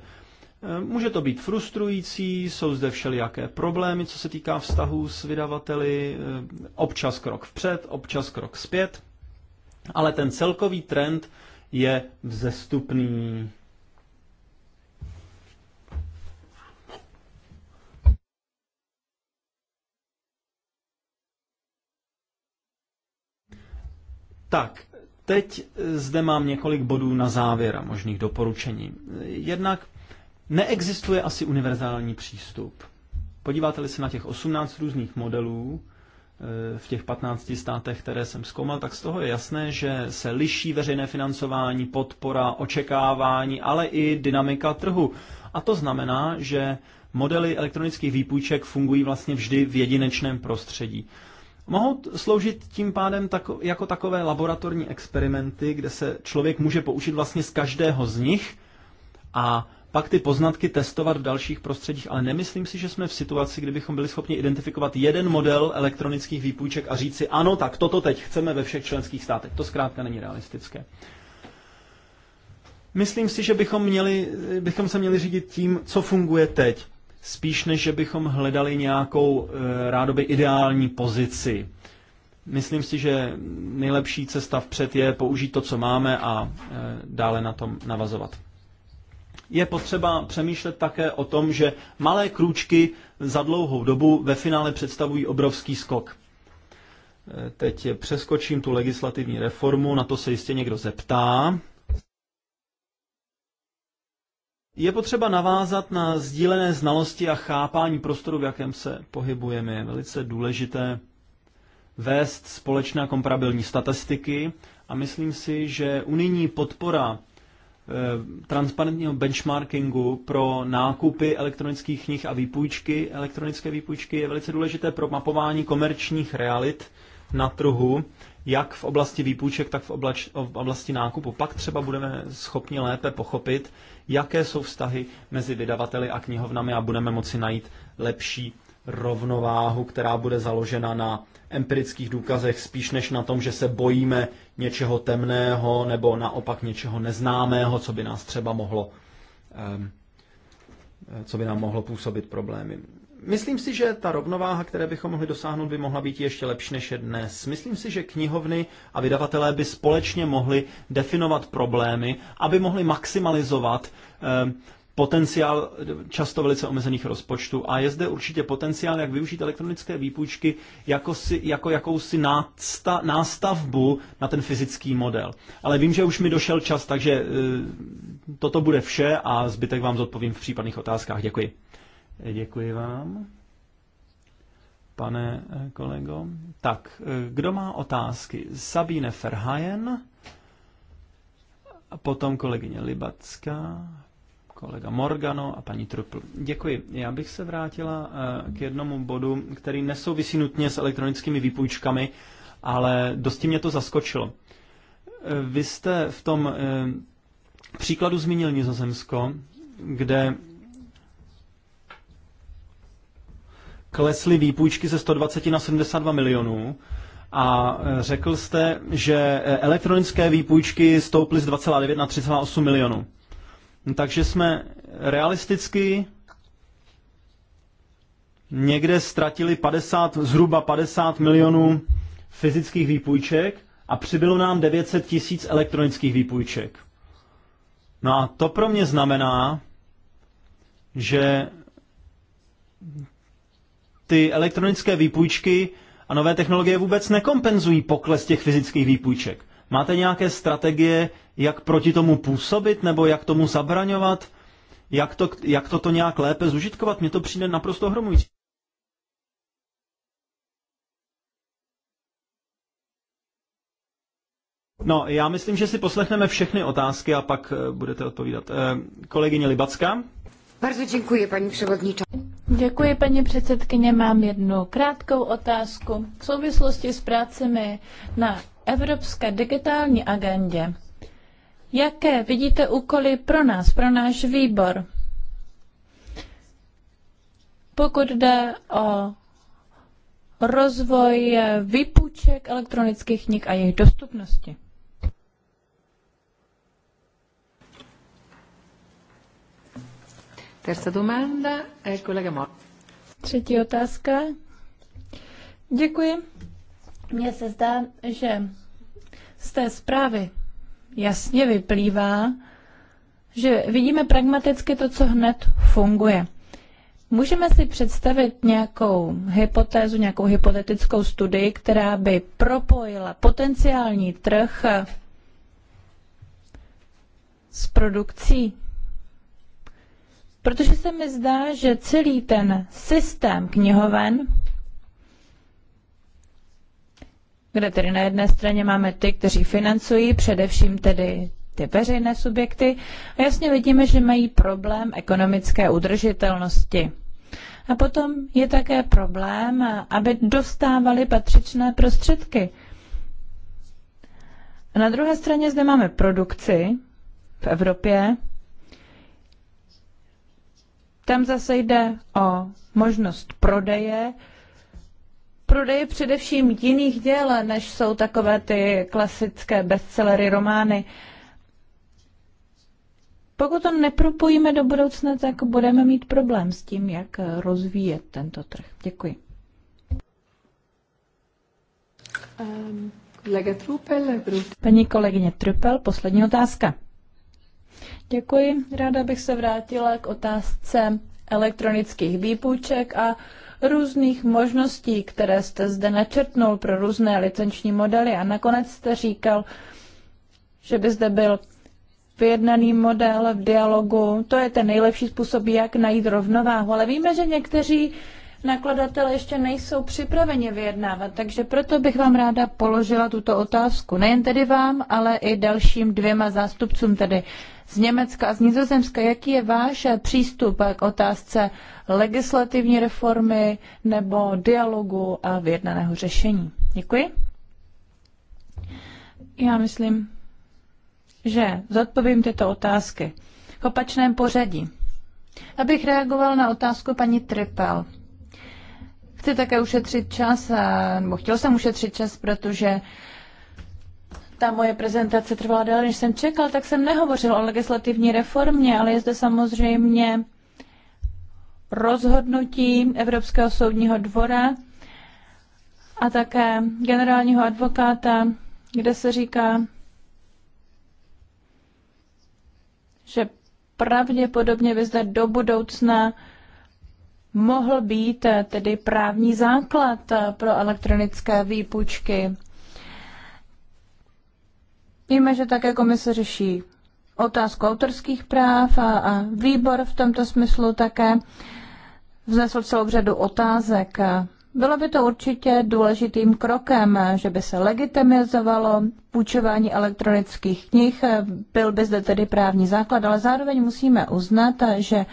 Může to být frustrující, jsou zde všelijaké problémy, co se týká vztahů s vydavateli, eh, občas krok vpřed, občas krok zpět, ale ten celkový trend je vzestupný. Tak, teď zde mám několik bodů na závěr a možných doporučení. Jednak Neexistuje asi univerzální přístup. Podíváte-li se na těch 18 různých modelů eh, v těch 15 státech, které jsem zkoumal, tak z toho je jasné, že se liší veřejné financování, podpora, očekávání, ale i dynamika trhu. A to znamená, že modely elektronických výpůjček fungují vlastně vždy v jedinečném prostředí. Mohou sloužit tím pádem tako, jako takové laboratorní experimenty, kde se člověk může poučit vlastně z každého z nich a pak ty poznatky testovat v dalších prostředích, ale nemyslím si, že jsme v situaci, kdybychom byli schopni identifikovat jeden model elektronických výpůjček a říci, ano, tak toto teď chceme ve všech členských státech. To zkrátka není realistické. Myslím si, že bychom, měli, bychom se měli řídit tím, co funguje teď, spíš než že bychom hledali nějakou e, rádoby ideální pozici. Myslím si, že nejlepší cesta vpřed je použít to, co máme a e, dále na tom navazovat je potřeba přemýšlet také o tom, že malé krůčky za dlouhou dobu ve finále představují obrovský skok. E, teď přeskočím tu legislativní reformu, na to se jistě někdo zeptá. Je potřeba navázat na sdílené znalosti a chápání prostoru, v jakém se pohybujeme. Je velice důležité vést společné komparabilní statistiky a myslím si, že unijní podpora Eh, transparentního benchmarkingu pro nákupy elektronických knih a výpůjčky, elektronické výpůjčky je velice důležité pro mapování komerčních realit na trhu, jak v oblasti výpůjček, tak v, oblasti nákupu. Pak třeba budeme schopni lépe pochopit, jaké jsou vztahy mezi vydavateli a knihovnami a budeme moci najít lepší rovnováhu, která bude založena na empirických důkazech spíš než na tom, že se bojíme něčeho temného nebo naopak něčeho neznámého, co by nás třeba mohlo, co by nám mohlo působit problémy. Myslím si, že ta rovnováha, které bychom mohli dosáhnout, by mohla být ještě lepší než je dnes. Myslím si, že knihovny a vydavatelé by společně mohli definovat problémy, aby mohli maximalizovat potenciál často velice omezených rozpočtů a je zde určitě potenciál, jak využít elektronické výpůjčky jako, si, jako jakousi násta, nástavbu na ten fyzický model. Ale vím, že už mi došel čas, takže e, toto bude vše a zbytek vám zodpovím v případných otázkách. Děkuji. Děkuji vám, pane e, kolego. Tak, e, kdo má otázky? Sabine Ferhajen, potom kolegyně Libacká, kolega Morgano a paní Trupl. Děkuji. Já bych se vrátila eh, k jednomu bodu, který nesouvisí nutně s elektronickými výpůjčkami, ale dosti mě to zaskočilo. Eh, vy jste v tom eh, příkladu zmínil Nizozemsko, kde klesly výpůjčky ze 120 na 72 milionů a řekl jste, že elektronické výpůjčky stouply z 2,9 na 3,8 milionů. No, takže jsme realisticky někde ztratili 50, zhruba 50 milionů fyzických výpůjček a přibylo nám 900 tisíc elektronických výpůjček. No a to pro mě znamená, že ty elektronické výpůjčky a nové technologie vůbec nekompenzují pokles těch fyzických výpůjček. Máte nějaké strategie, jak proti tomu působit nebo jak tomu zabraňovat? Jak to, jak to, to nějak lépe zužitkovat? Mně to přijde naprosto hromující. No, já myslím, že si poslechneme všechny otázky a pak eh, budete odpovídat. Eh, kolegyně Libacká. Bardzo děkuji, paní předsedkyně. Děkuji, paní předsedkyně. Mám jednu krátkou otázku. V souvislosti s prácemi na evropské digitální agendě, jaké vidíte úkoly pro nás, pro náš výbor, pokud jde o rozvoj výpůjček elektronických knih a jejich dostupnosti? Eh, Třetí otázka. Děkuji. Mně se zdá, že z té zprávy jasně vyplývá, že vidíme pragmaticky to, co hned funguje. Můžeme si představit nějakou hypotézu, nějakou hypotetickou studii, která by propojila potenciální trh s produkcí? Protože se mi zdá, že celý ten systém knihoven kde tedy na jedné straně máme ty, kteří financují, především tedy ty veřejné subjekty, a jasně vidíme, že mají problém ekonomické udržitelnosti. A potom je také problém, aby dostávali patřičné prostředky. A na druhé straně zde máme produkci v Evropě. Tam zase jde o možnost prodeje, prodeji především jiných děl, než jsou takové ty klasické bestsellery, romány. Pokud to nepropojíme do budoucna, tak budeme mít problém s tím, jak rozvíjet tento trh. Děkuji. Ehm, kolega Trupel, Paní kolegyně Trupel, poslední otázka. Děkuji. Ráda bych se vrátila k otázce elektronických výpůjček a různých možností, které jste zde načrtnul pro různé licenční modely a nakonec jste říkal, že by zde byl vyjednaný model v dialogu. To je ten nejlepší způsob, jak najít rovnováhu. Ale víme, že někteří nakladatelé ještě nejsou připraveni vyjednávat, takže proto bych vám ráda položila tuto otázku. Nejen tedy vám, ale i dalším dvěma zástupcům, tedy z Německa a z Nizozemska. Jaký je váš přístup k otázce legislativní reformy nebo dialogu a vyjednaného řešení? Děkuji. Já myslím, že zodpovím tyto otázky v opačném pořadí. Abych reagoval na otázku paní Tripel. Chci také ušetřit čas, nebo chtěl jsem ušetřit čas, protože ta moje prezentace trvala déle, než jsem čekal, tak jsem nehovořil o legislativní reformě, ale je zde samozřejmě rozhodnutí Evropského soudního dvora a také generálního advokáta, kde se říká, že pravděpodobně by zde do budoucna mohl být eh, tedy právní základ eh, pro elektronické výpučky. Víme, že také komise řeší otázku autorských práv a, a výbor v tomto smyslu také vznesl celou řadu otázek. Bylo by to určitě důležitým krokem, že by se legitimizovalo půjčování elektronických knih, byl by zde tedy právní základ, ale zároveň musíme uznat, že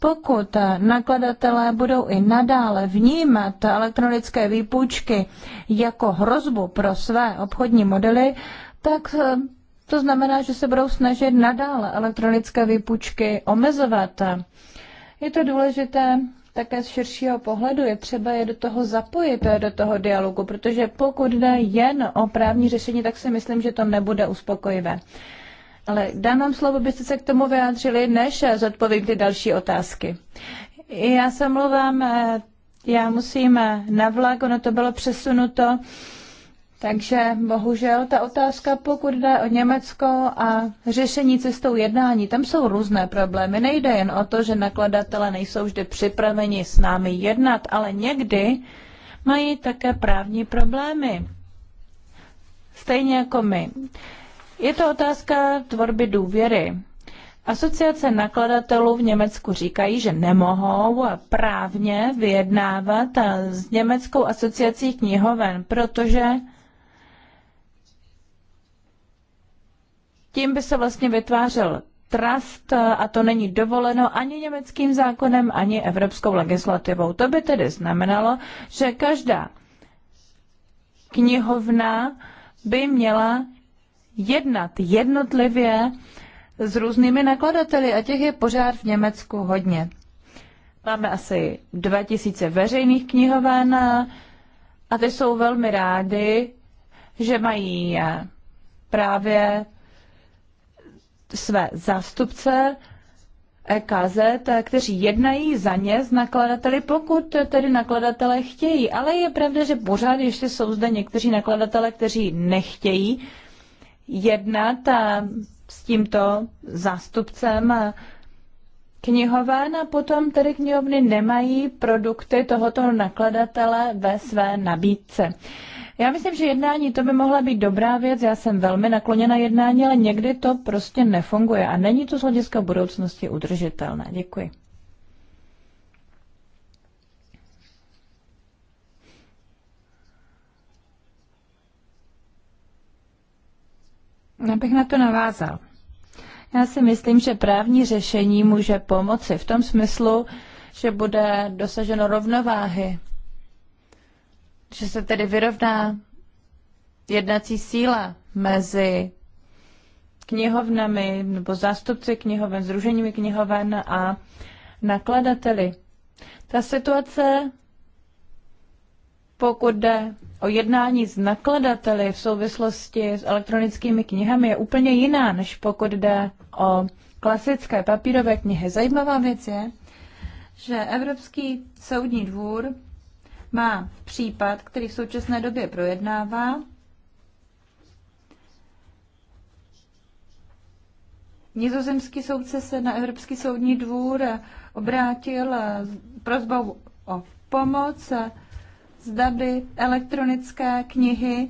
pokud nakladatelé budou i nadále vnímat elektronické výpůjčky jako hrozbu pro své obchodní modely, tak eh, to znamená, že se budou snažit nadále elektronické výpůjčky omezovat. Je to důležité také z širšího pohledu je třeba je do toho zapojit, eh, do toho dialogu, protože pokud jde jen o právní řešení, tak si myslím, že to nebude uspokojivé. Ale dám vám slovo, byste se k tomu vyjádřili, než zodpovím ty další otázky. Já se mluvám, já musím na vlak, ono to bylo přesunuto, takže bohužel ta otázka, pokud jde o Německo a řešení cestou jednání, tam jsou různé problémy. Nejde jen o to, že nakladatele nejsou vždy připraveni s námi jednat, ale někdy mají také právní problémy. Stejně jako my. Je to otázka tvorby důvěry. Asociace nakladatelů v Německu říkají, že nemohou právně vyjednávat s Německou asociací knihoven, protože tím by se vlastně vytvářel trust a to není dovoleno ani německým zákonem, ani evropskou legislativou. To by tedy znamenalo, že každá knihovna by měla jednat jednotlivě s různými nakladateli a těch je pořád v Německu hodně. Máme asi 2000 veřejných knihoven a ty jsou velmi rádi, že mají eh, právě své zástupce EKZ, eh, kteří jednají za ně s nakladateli, pokud tedy nakladatelé chtějí. Ale je pravda, že pořád ještě jsou zde někteří nakladatelé, kteří nechtějí jednat eh, s tímto zástupcem eh, knihoven no a potom tedy knihovny nemají produkty tohoto nakladatele ve své nabídce. Já myslím, že jednání to by mohla být dobrá věc. Já jsem velmi nakloněna jednání, ale někdy to prostě nefunguje a není to z hlediska budoucnosti udržitelné. Děkuji. bych na to navázal. Já si myslím, že právní řešení může pomoci v tom smyslu, že bude dosaženo rovnováhy, že se tedy vyrovná jednací síla mezi knihovnami nebo zástupci knihoven, združeními knihoven a nakladateli. Ta situace pokud jde o jednání s nakladateli v souvislosti s elektronickými knihami, je úplně jiná, než pokud jde o klasické papírové knihy. Zajímavá věc je, že Evropský soudní dvůr má případ, který v současné době projednává. Nizozemský soudce se na Evropský soudní dvůr obrátil eh, prozbou o pomoc zda by elektronické knihy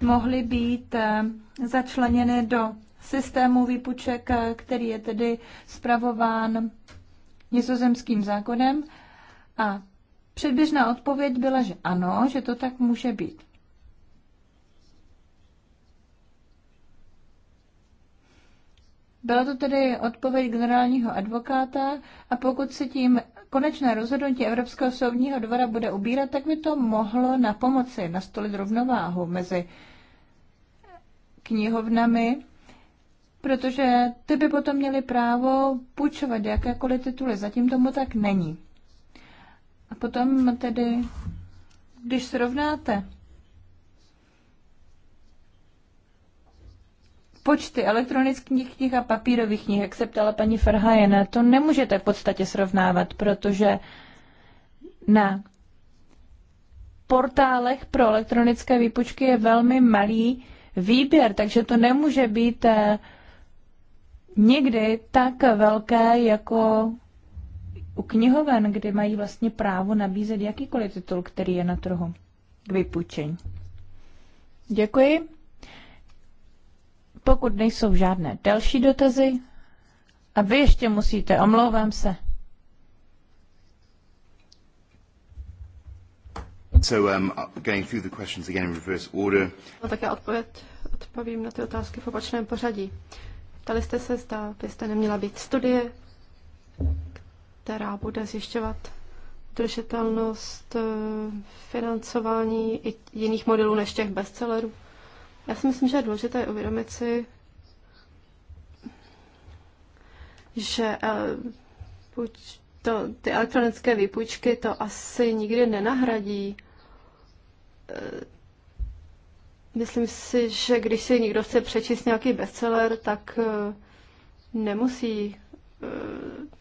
mohly být eh, začleněny do systému výpuček, eh, který je tedy spravován nizozemským zákonem. A předběžná odpověď byla, že ano, že to tak může být. Byla to tedy odpověď generálního advokáta a pokud se tím konečné rozhodnutí Evropského soudního dvora bude ubírat, tak by to mohlo na pomoci nastolit rovnováhu mezi knihovnami, protože ty by potom měly právo půjčovat jakékoliv tituly. Zatím tomu tak není. A potom tedy, když srovnáte počty elektronických knih a papírových knih, jak se ptala paní Ferhajena, to nemůžete v podstatě srovnávat, protože na portálech pro elektronické výpočky je velmi malý výběr, takže to nemůže být eh, někdy tak velké jako u knihoven, kdy mají vlastně právo nabízet jakýkoliv titul, který je na trhu k vypůjčení. Děkuji. Pokud nejsou žádné další dotazy, a vy ještě musíte, omlouvám se. So, um, going through the questions again in reverse order. No, tak já odpověd, odpovím na ty otázky v opačném pořadí. Ptali jste se, zda byste neměla být studie, která bude zjišťovat udržitelnost eh, financování i jiných modelů než těch bestsellerů. Já si myslím, že je důležité uvědomit si, že eh, to, ty elektronické výpůjčky to asi nikdy nenahradí. Eh, myslím si, že když si někdo chce přečíst nějaký bestseller, tak eh, nemusí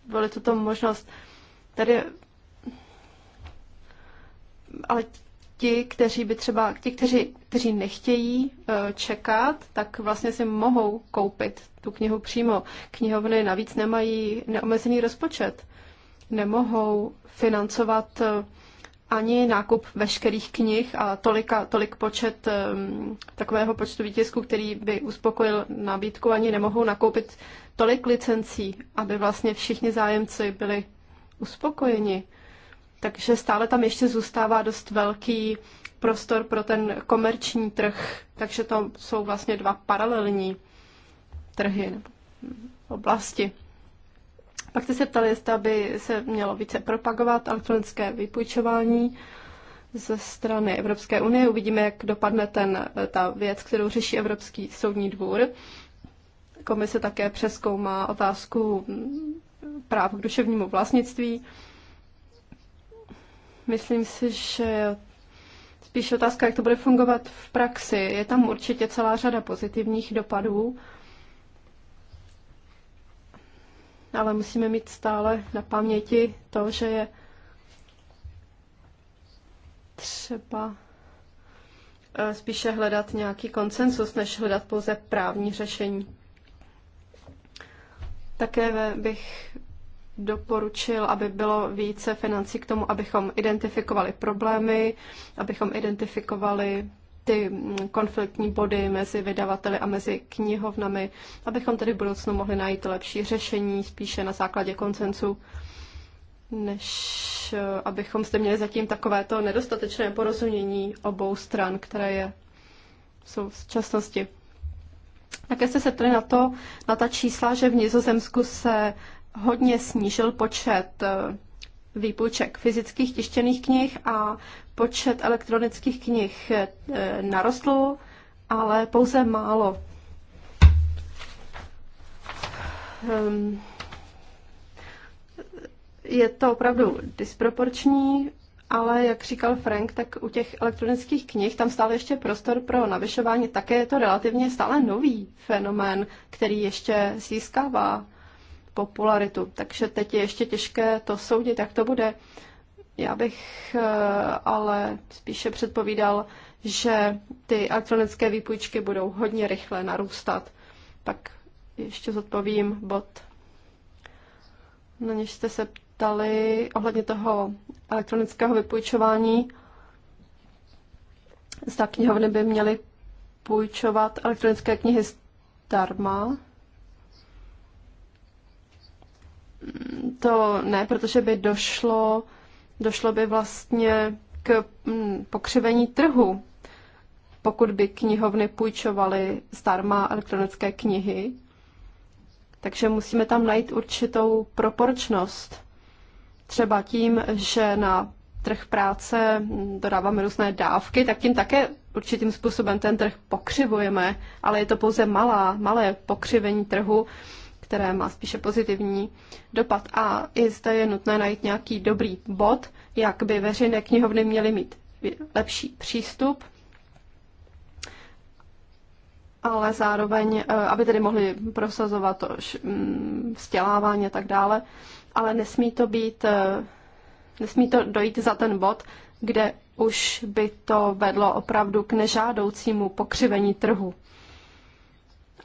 volit tuto možnost. Tady ale ti, kteří by třeba, ti, kteří, kteří nechtějí eh, čekat, tak vlastně si mohou koupit tu knihu přímo. Knihovny navíc nemají neomezený rozpočet. Nemohou financovat eh, ani nákup veškerých knih a tolika, tolik počet eh, takového počtu výtisků, který by uspokojil nabídku, ani nemohou nakoupit tolik licencí, aby vlastně všichni zájemci byli uspokojeni takže stále tam ještě zůstává dost velký prostor pro ten komerční trh, takže to jsou vlastně dva paralelní trhy nebo oblasti. Pak jste se ptali, jestli by se mělo více propagovat elektronické vypůjčování ze strany Evropské unie. Uvidíme, jak dopadne ten, ta věc, kterou řeší Evropský soudní dvůr. Komise také přeskoumá otázku práv k duševnímu vlastnictví. Myslím si, že spíš otázka, jak to bude fungovat v praxi. Je tam určitě celá řada pozitivních dopadů, ale musíme mít stále na paměti to, že je třeba eh, spíše hledat nějaký konsensus, než hledat pouze právní řešení. Také bych doporučil, aby bylo více financí k tomu, abychom identifikovali problémy, abychom identifikovali ty konfliktní body mezi vydavateli a mezi knihovnami, abychom tedy v budoucnu mohli najít lepší řešení spíše na základě koncensu, než eh, abychom zde měli zatím takovéto nedostatečné porozumění obou stran, které je jsou v současnosti. Také jste se tedy na to, na ta čísla, že v Nizozemsku se hodně snížil počet eh, výpůjček fyzických tištěných knih a počet elektronických knih eh, narostl, ale pouze málo. Ehm, je to opravdu disproporční, ale jak říkal Frank, tak u těch elektronických knih tam stále ještě prostor pro navyšování. Také je to relativně stále nový fenomén, který ještě získává popularitu. Takže teď je ještě těžké to soudit, jak to bude. Já bych eh, ale spíše předpovídal, že ty elektronické výpůjčky budou hodně rychle narůstat. Tak ještě zodpovím bod, na něž jste se ptali ohledně toho elektronického vypůjčování. Zda knihovny by měly půjčovat elektronické knihy zdarma. to ne, protože by došlo, došlo by vlastně k mm, pokřivení trhu, pokud by knihovny půjčovaly zdarma elektronické knihy. Takže musíme tam najít určitou proporčnost. Třeba tím, že na trh práce dodáváme různé dávky, tak tím také určitým způsobem ten trh pokřivujeme, ale je to pouze malá, malé pokřivení trhu které má spíše pozitivní dopad. A i zde je nutné najít nějaký dobrý bod, jak by veřejné knihovny měly mít lepší přístup, ale zároveň, eh, aby tedy mohli prosazovat to mm, vzdělávání a tak dále, ale nesmí to být, eh, nesmí to dojít za ten bod, kde už by to vedlo opravdu k nežádoucímu pokřivení trhu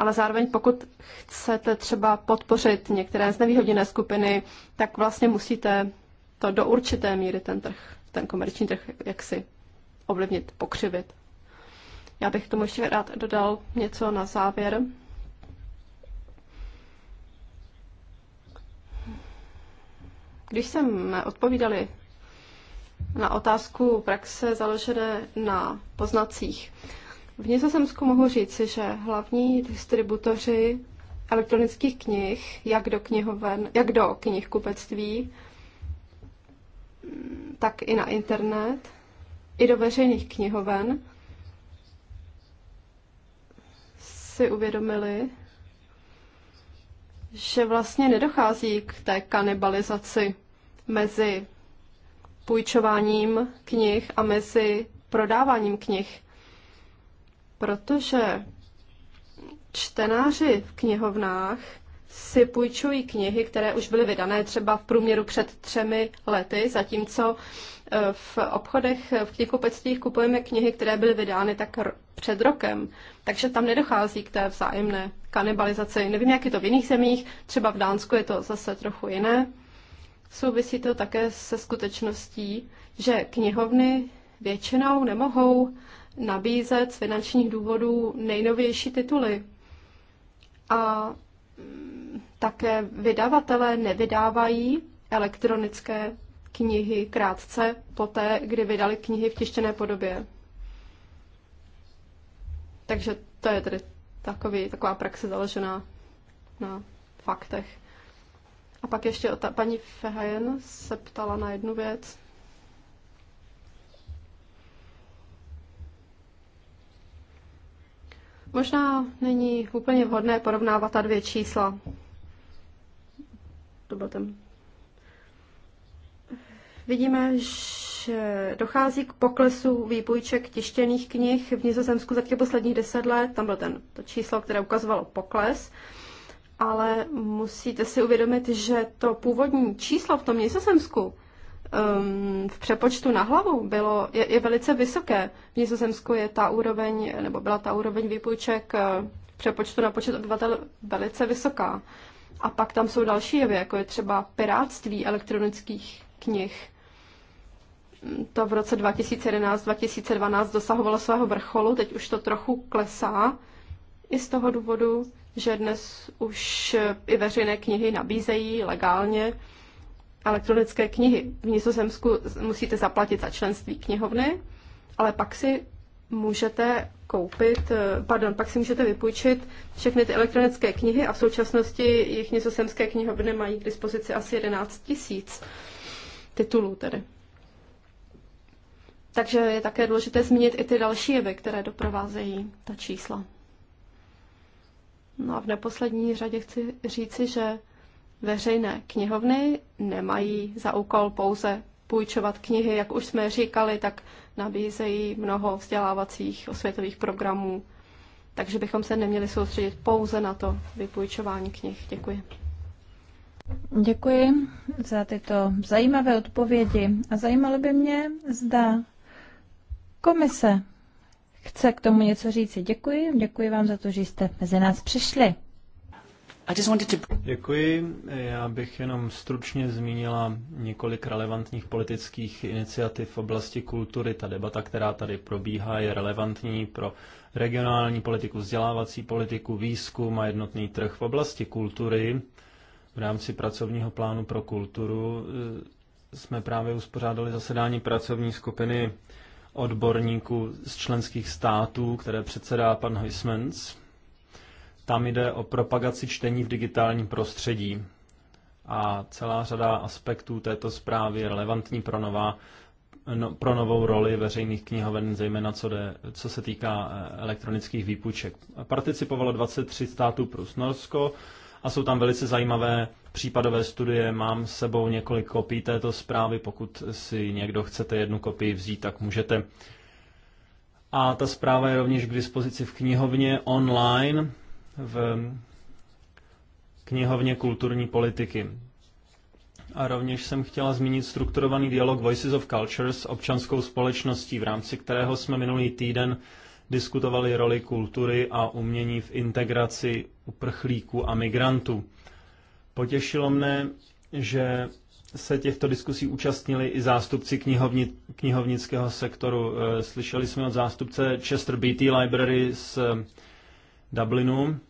ale zároveň pokud chcete třeba podpořit některé z nevýhodněné skupiny, tak vlastně musíte to do určité míry ten trh, ten komerční trh, jaksi ovlivnit, pokřivit. Já bych tomu ještě rád dodal něco na závěr. Když jsem odpovídali na otázku praxe založené na poznacích, v Nizozemsku mohu říci, že hlavní distributoři elektronických knih, jak do knihoven, jak do knihkupectví, tak i na internet, i do veřejných knihoven, si uvědomili, že vlastně nedochází k té kanibalizaci mezi půjčováním knih a mezi prodáváním knih protože čtenáři v knihovnách si půjčují knihy, které už byly vydané třeba v průměru před třemi lety, zatímco e, v obchodech, v knihkupectvích kupujeme knihy, které byly vydány tak před rokem. Takže tam nedochází k té vzájemné kanibalizaci. Nevím, jak je to v jiných zemích, třeba v Dánsku je to zase trochu jiné. Souvisí to také se skutečností, že knihovny většinou nemohou nabízet z finančních důvodů nejnovější tituly. A mm, také vydavatelé nevydávají elektronické knihy krátce poté, kdy vydali knihy v tištěné podobě. Takže to je tedy takový, taková praxe založená na faktech. A pak ještě ta paní Fehajen se ptala na jednu věc. Možná není úplně vhodné porovnávat ta dvě čísla. To byl ten. Vidíme, že dochází k poklesu výpůjček tištěných knih v Nizozemsku za těch posledních deset let. Tam byl ten, to číslo, které ukazovalo pokles. Ale musíte si uvědomit, že to původní číslo v tom Nizozemsku um, v přepočtu na hlavu bylo, je, je velice vysoké. V Nizozemsku je ta úroveň, nebo byla ta úroveň výpůjček uh, v přepočtu na počet obyvatel velice vysoká. A pak tam jsou další jevy, jako je třeba piráctví elektronických knih. To v roce 2011-2012 dosahovalo svého vrcholu, teď už to trochu klesá. I z toho důvodu, že dnes už i veřejné knihy nabízejí legálně elektronické knihy. V Nizozemsku musíte zaplatit za členství knihovny, ale pak si můžete koupit, eh, pardon, pak si můžete vypůjčit všechny ty elektronické knihy a v současnosti jejich nizozemské knihovny mají k dispozici asi 11 tisíc titulů tedy. Takže je také důležité zmínit i ty další jevy, které doprovázejí ta čísla. No a v neposlední řadě chci říci, že Veřejné knihovny nemají za úkol pouze půjčovat knihy, jak už jsme říkali, tak nabízejí mnoho vzdělávacích osvětových programů, takže bychom se neměli soustředit pouze na to vypůjčování knih. Děkuji. Děkuji za tyto zajímavé odpovědi a zajímalo by mě, zda komise chce k tomu něco říci. Děkuji, děkuji vám za to, že jste mezi nás přišli. Děkuji. Já bych jenom stručně zmínila několik relevantních politických iniciativ v oblasti kultury. Ta debata, která tady probíhá, je relevantní pro regionální politiku, vzdělávací politiku, výzkum a jednotný trh v oblasti kultury. V rámci pracovního plánu pro kulturu eh, jsme právě uspořádali zasedání pracovní skupiny odborníků z členských států, které předsedá pan Huysmans tam jde o propagaci čtení v digitálním prostředí. A celá řada aspektů této zprávy je relevantní pro, nová, no, pro novou roli veřejných knihoven, zejména co, jde, co se týká eh, elektronických výpůjček. Participovalo 23 států plus Norsko a jsou tam velice zajímavé případové studie. Mám s sebou několik kopií této zprávy. Pokud si někdo chcete jednu kopii vzít, tak můžete. A ta zpráva je rovněž k dispozici v knihovně online v knihovně kulturní politiky. A rovněž jsem chtěla zmínit strukturovaný dialog Voices of Culture s občanskou společností, v rámci kterého jsme minulý týden diskutovali roli kultury a umění v integraci uprchlíků a migrantů. Potěšilo mne, že se těchto diskusí účastnili i zástupci knihovni, knihovnického sektoru. E, slyšeli jsme od zástupce Chester Beatty Library z e, Dublinu,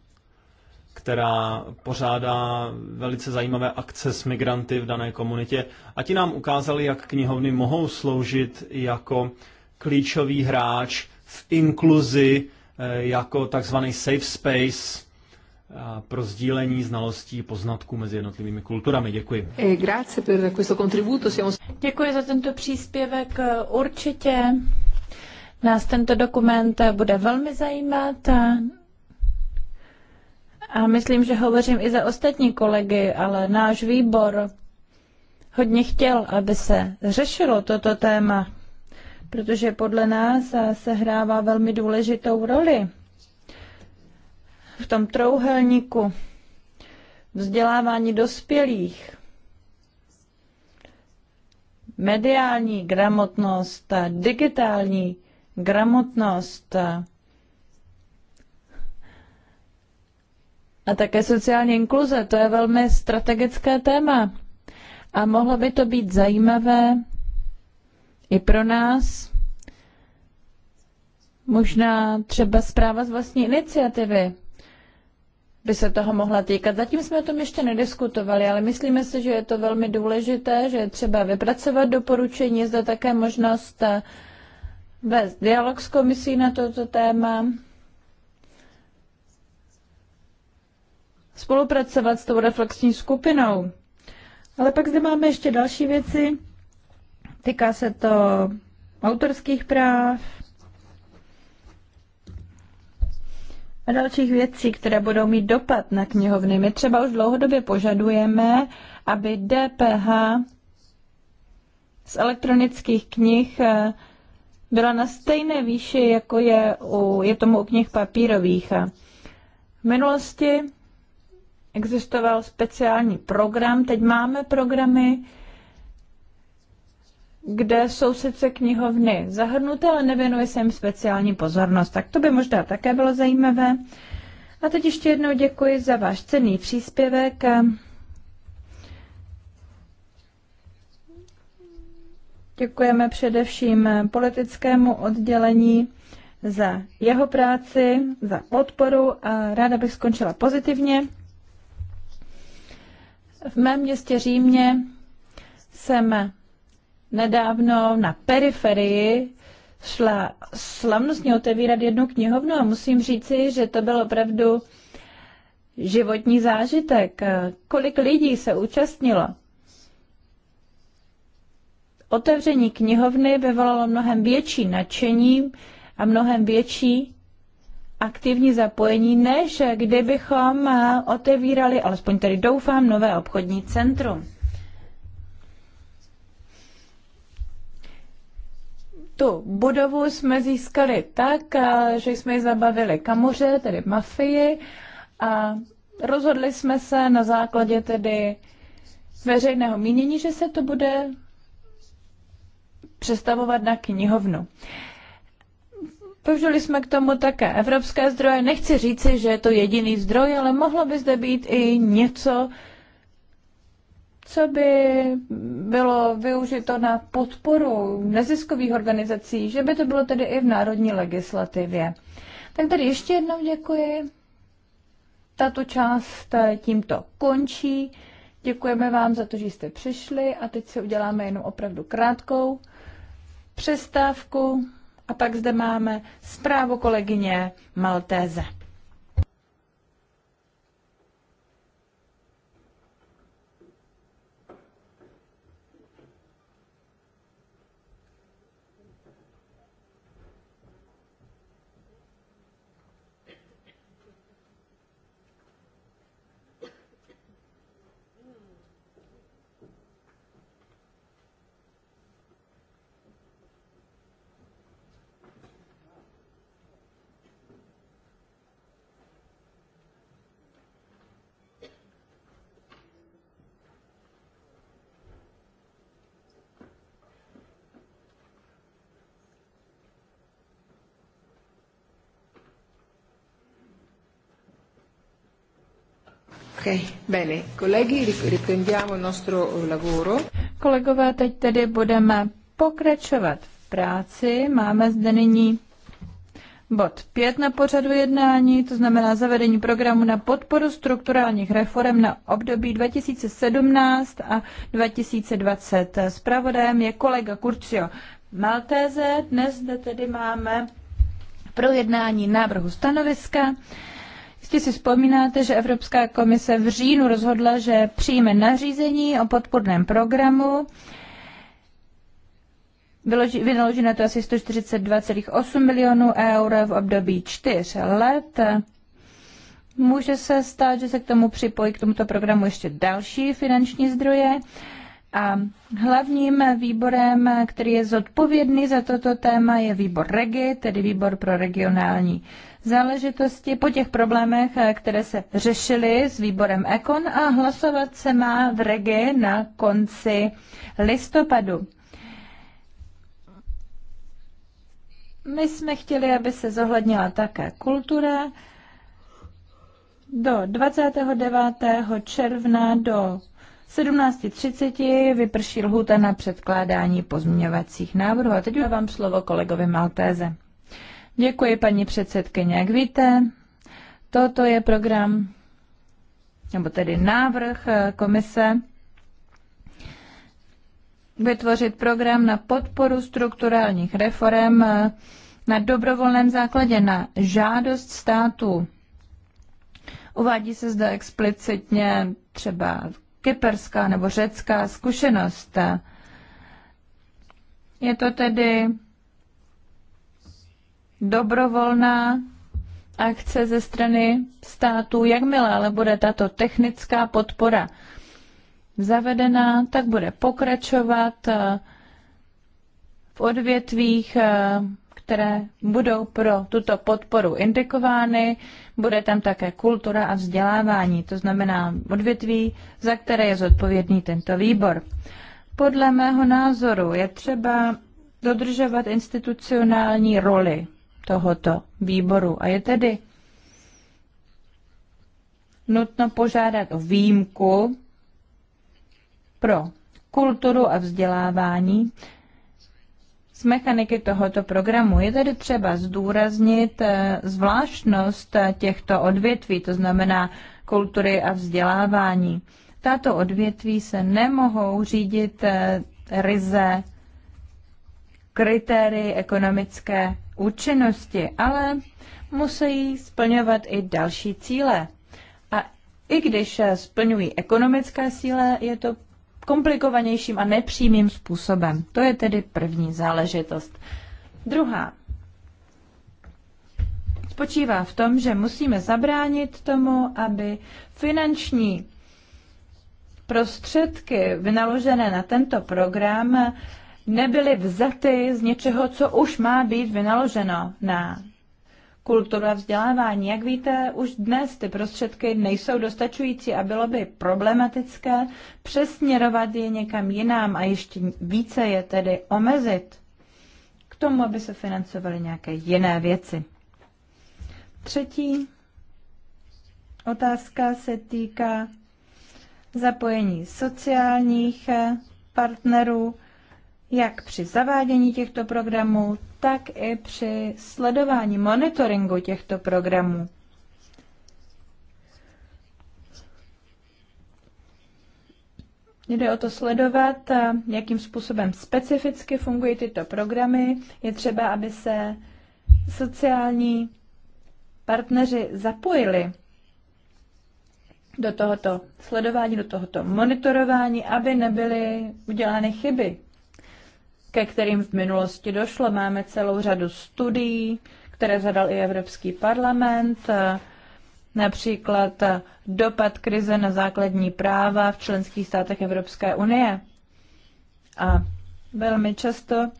která pořádá velice zajímavé akce s migranty v dané komunitě a ti nám ukázali, jak knihovny mohou sloužit jako klíčový hráč v inkluzi, eh, jako takzvaný safe space eh, pro sdílení znalostí poznatků mezi jednotlivými kulturami. Děkuji. E, Děkuji za tento příspěvek. Určitě nás tento dokument bude velmi zajímat a myslím, že hovořím i za ostatní kolegy, ale náš výbor hodně chtěl, aby se řešilo toto téma, protože podle nás se hrává velmi důležitou roli v tom trouhelníku vzdělávání dospělých, mediální gramotnost, digitální gramotnost, A také sociální inkluze, to je velmi strategické téma. A mohlo by to být zajímavé i pro nás. Možná třeba zpráva z vlastní iniciativy by se toho mohla týkat. Zatím jsme o tom ještě nediskutovali, ale myslíme si, že je to velmi důležité, že je třeba vypracovat doporučení, zda také možnost eh, vést dialog s komisí na toto téma spolupracovat s tou reflexní skupinou. Ale pak zde máme ještě další věci. Týká se to autorských práv a dalších věcí, které budou mít dopad na knihovny. My třeba už dlouhodobě požadujeme, aby DPH z elektronických knih eh, byla na stejné výši, jako je, u, je tomu u knih papírových. V minulosti existoval speciální program. Teď máme programy, kde jsou sice knihovny zahrnuté, ale nevěnuje se jim speciální pozornost. Tak to by možná také bylo zajímavé. A teď ještě jednou děkuji za váš cený příspěvek. Děkujeme především politickému oddělení za jeho práci, za podporu a ráda bych skončila pozitivně. V mém městě Římě jsem nedávno na periferii šla slavnostně otevírat jednu knihovnu a musím říci, že to byl opravdu životní zážitek. Kolik lidí se účastnilo? Otevření knihovny vyvolalo mnohem větší nadšení a mnohem větší aktivní zapojení, než kdybychom eh, otevírali, alespoň tedy doufám, nové obchodní centrum. Tu budovu jsme získali tak, eh, že jsme ji zabavili kamoře, tedy mafii, a rozhodli jsme se na základě tedy veřejného mínění, že se to bude přestavovat na knihovnu. Uh, Použili jsme k tomu také evropské zdroje. Nechci říci, že je to jediný zdroj, ale mohlo by zde být i něco, co by bylo využito na podporu neziskových organizací, že by to bylo tedy i v národní legislativě. Tak tady ještě jednou děkuji. Tato část eh, tímto končí. Děkujeme vám za to, že jste přišli a teď si uděláme jenom opravdu krátkou přestávku. A pak zde máme zprávu kolegyně Maltéze. Ok, bene. Colleghi, riprendiamo il nostro eh, lavoro. Kolegové, teď tedy budeme pokračovat v práci. Máme zde nyní bod 5 na pořadu jednání, to znamená zavedení programu na podporu strukturálních reform na období 2017 a 2020. Spravodajem je kolega Kurcio Maltéze. Dnes zde tedy máme projednání návrhu stanoviska. Jistě si vzpomínáte, že Evropská komise v říjnu rozhodla, že přijme nařízení o podporném programu. Vynaloženo to asi 142,8 milionů eur v období čtyř let. Může se stát, že se k tomu připojí k tomuto programu ještě další finanční zdroje. A hlavním výborem, který je zodpovědný za toto téma, je výbor REGI, tedy výbor pro regionální záležitosti, po těch problémech, eh, které se řešily s výborem Ekon a hlasovat se má v regi na konci listopadu. My jsme chtěli, aby se zohlednila také kultura. Do 29. června do 17.30 vyprší lhůta na předkládání pozměňovacích návrhů. A teď dávám slovo kolegovi Maltéze. Děkuji, paní předsedkyně. Jak víte, toto je program, nebo tedy návrh eh, komise vytvořit program na podporu strukturálních reform eh, na dobrovolném základě na žádost státu. Uvádí se zde explicitně třeba kyperská nebo řecká zkušenost. Je to tedy dobrovolná akce ze strany států. Jakmile ale bude tato technická podpora zavedena, tak bude pokračovat eh, v odvětvích, eh, které budou pro tuto podporu indikovány. Bude tam také kultura a vzdělávání, to znamená odvětví, za které je zodpovědný tento výbor. Podle mého názoru je třeba dodržovat institucionální roli tohoto výboru. A je tedy nutno požádat o výjimku pro kulturu a vzdělávání z mechaniky tohoto programu. Je tedy třeba zdůraznit eh, zvláštnost eh, těchto odvětví, to znamená kultury a vzdělávání. Tato odvětví se nemohou řídit eh, ryze kritérii ekonomické účinnosti, ale musí splňovat i další cíle. A i když splňují ekonomické cíle, je to komplikovanějším a nepřímým způsobem. To je tedy první záležitost. Druhá spočívá v tom, že musíme zabránit tomu, aby finanční prostředky vynaložené na tento program nebyly vzaty z něčeho, co už má být vynaloženo na kulturu a vzdělávání. Jak víte, už dnes ty prostředky nejsou dostačující a bylo by problematické přesměrovat je někam jinam a ještě více je tedy omezit k tomu, aby se financovaly nějaké jiné věci. Třetí otázka se týká zapojení sociálních partnerů jak při zavádění těchto programů, tak i při sledování, monitoringu těchto programů. Jde o to sledovat, eh, jakým způsobem specificky fungují tyto programy. Je třeba, aby se sociální partneři zapojili do tohoto sledování, do tohoto monitorování, aby nebyly udělány chyby, ke kterým v minulosti došlo. Máme celou řadu studií, které zadal i Evropský parlament, eh, například eh, dopad krize na základní práva v členských státech Evropské unie. A velmi často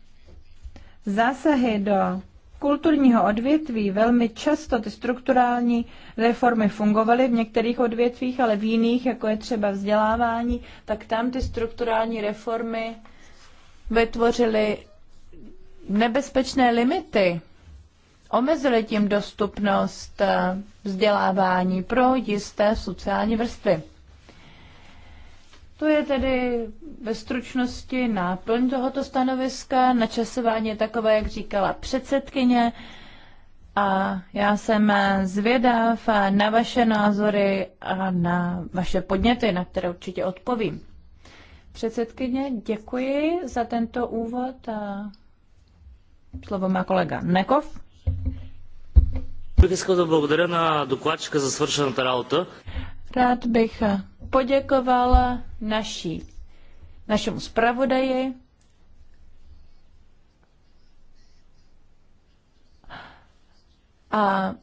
zásahy do kulturního odvětví velmi často ty strukturální reformy fungovaly v některých odvětvích, ale v jiných, jako je třeba vzdělávání, tak tam ty strukturální reformy vytvořili nebezpečné limity, omezili tím dostupnost eh, vzdělávání pro jisté sociální vrstvy. To je tedy ve stručnosti náplň tohoto stanoviska. Načasování je takové, jak říkala předsedkyně. A já jsem zvědav na vaše názory a na vaše podněty, na které určitě odpovím. Předsedkyně, děkuji za tento úvod. A slovo má kolega Nekov. Rád bych poděkoval naší, našemu zpravodaji. A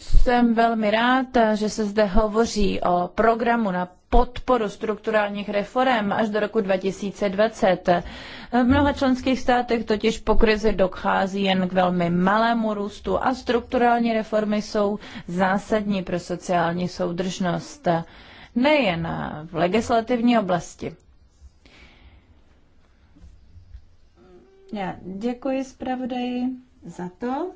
jsem velmi rád, že se zde hovoří o programu na podporu strukturálních reform až do roku 2020. V mnoha členských státech totiž po krizi dochází jen k velmi malému růstu a strukturální reformy jsou zásadní pro sociální soudržnost nejen v legislativní oblasti. Já děkuji zpravodaji za to,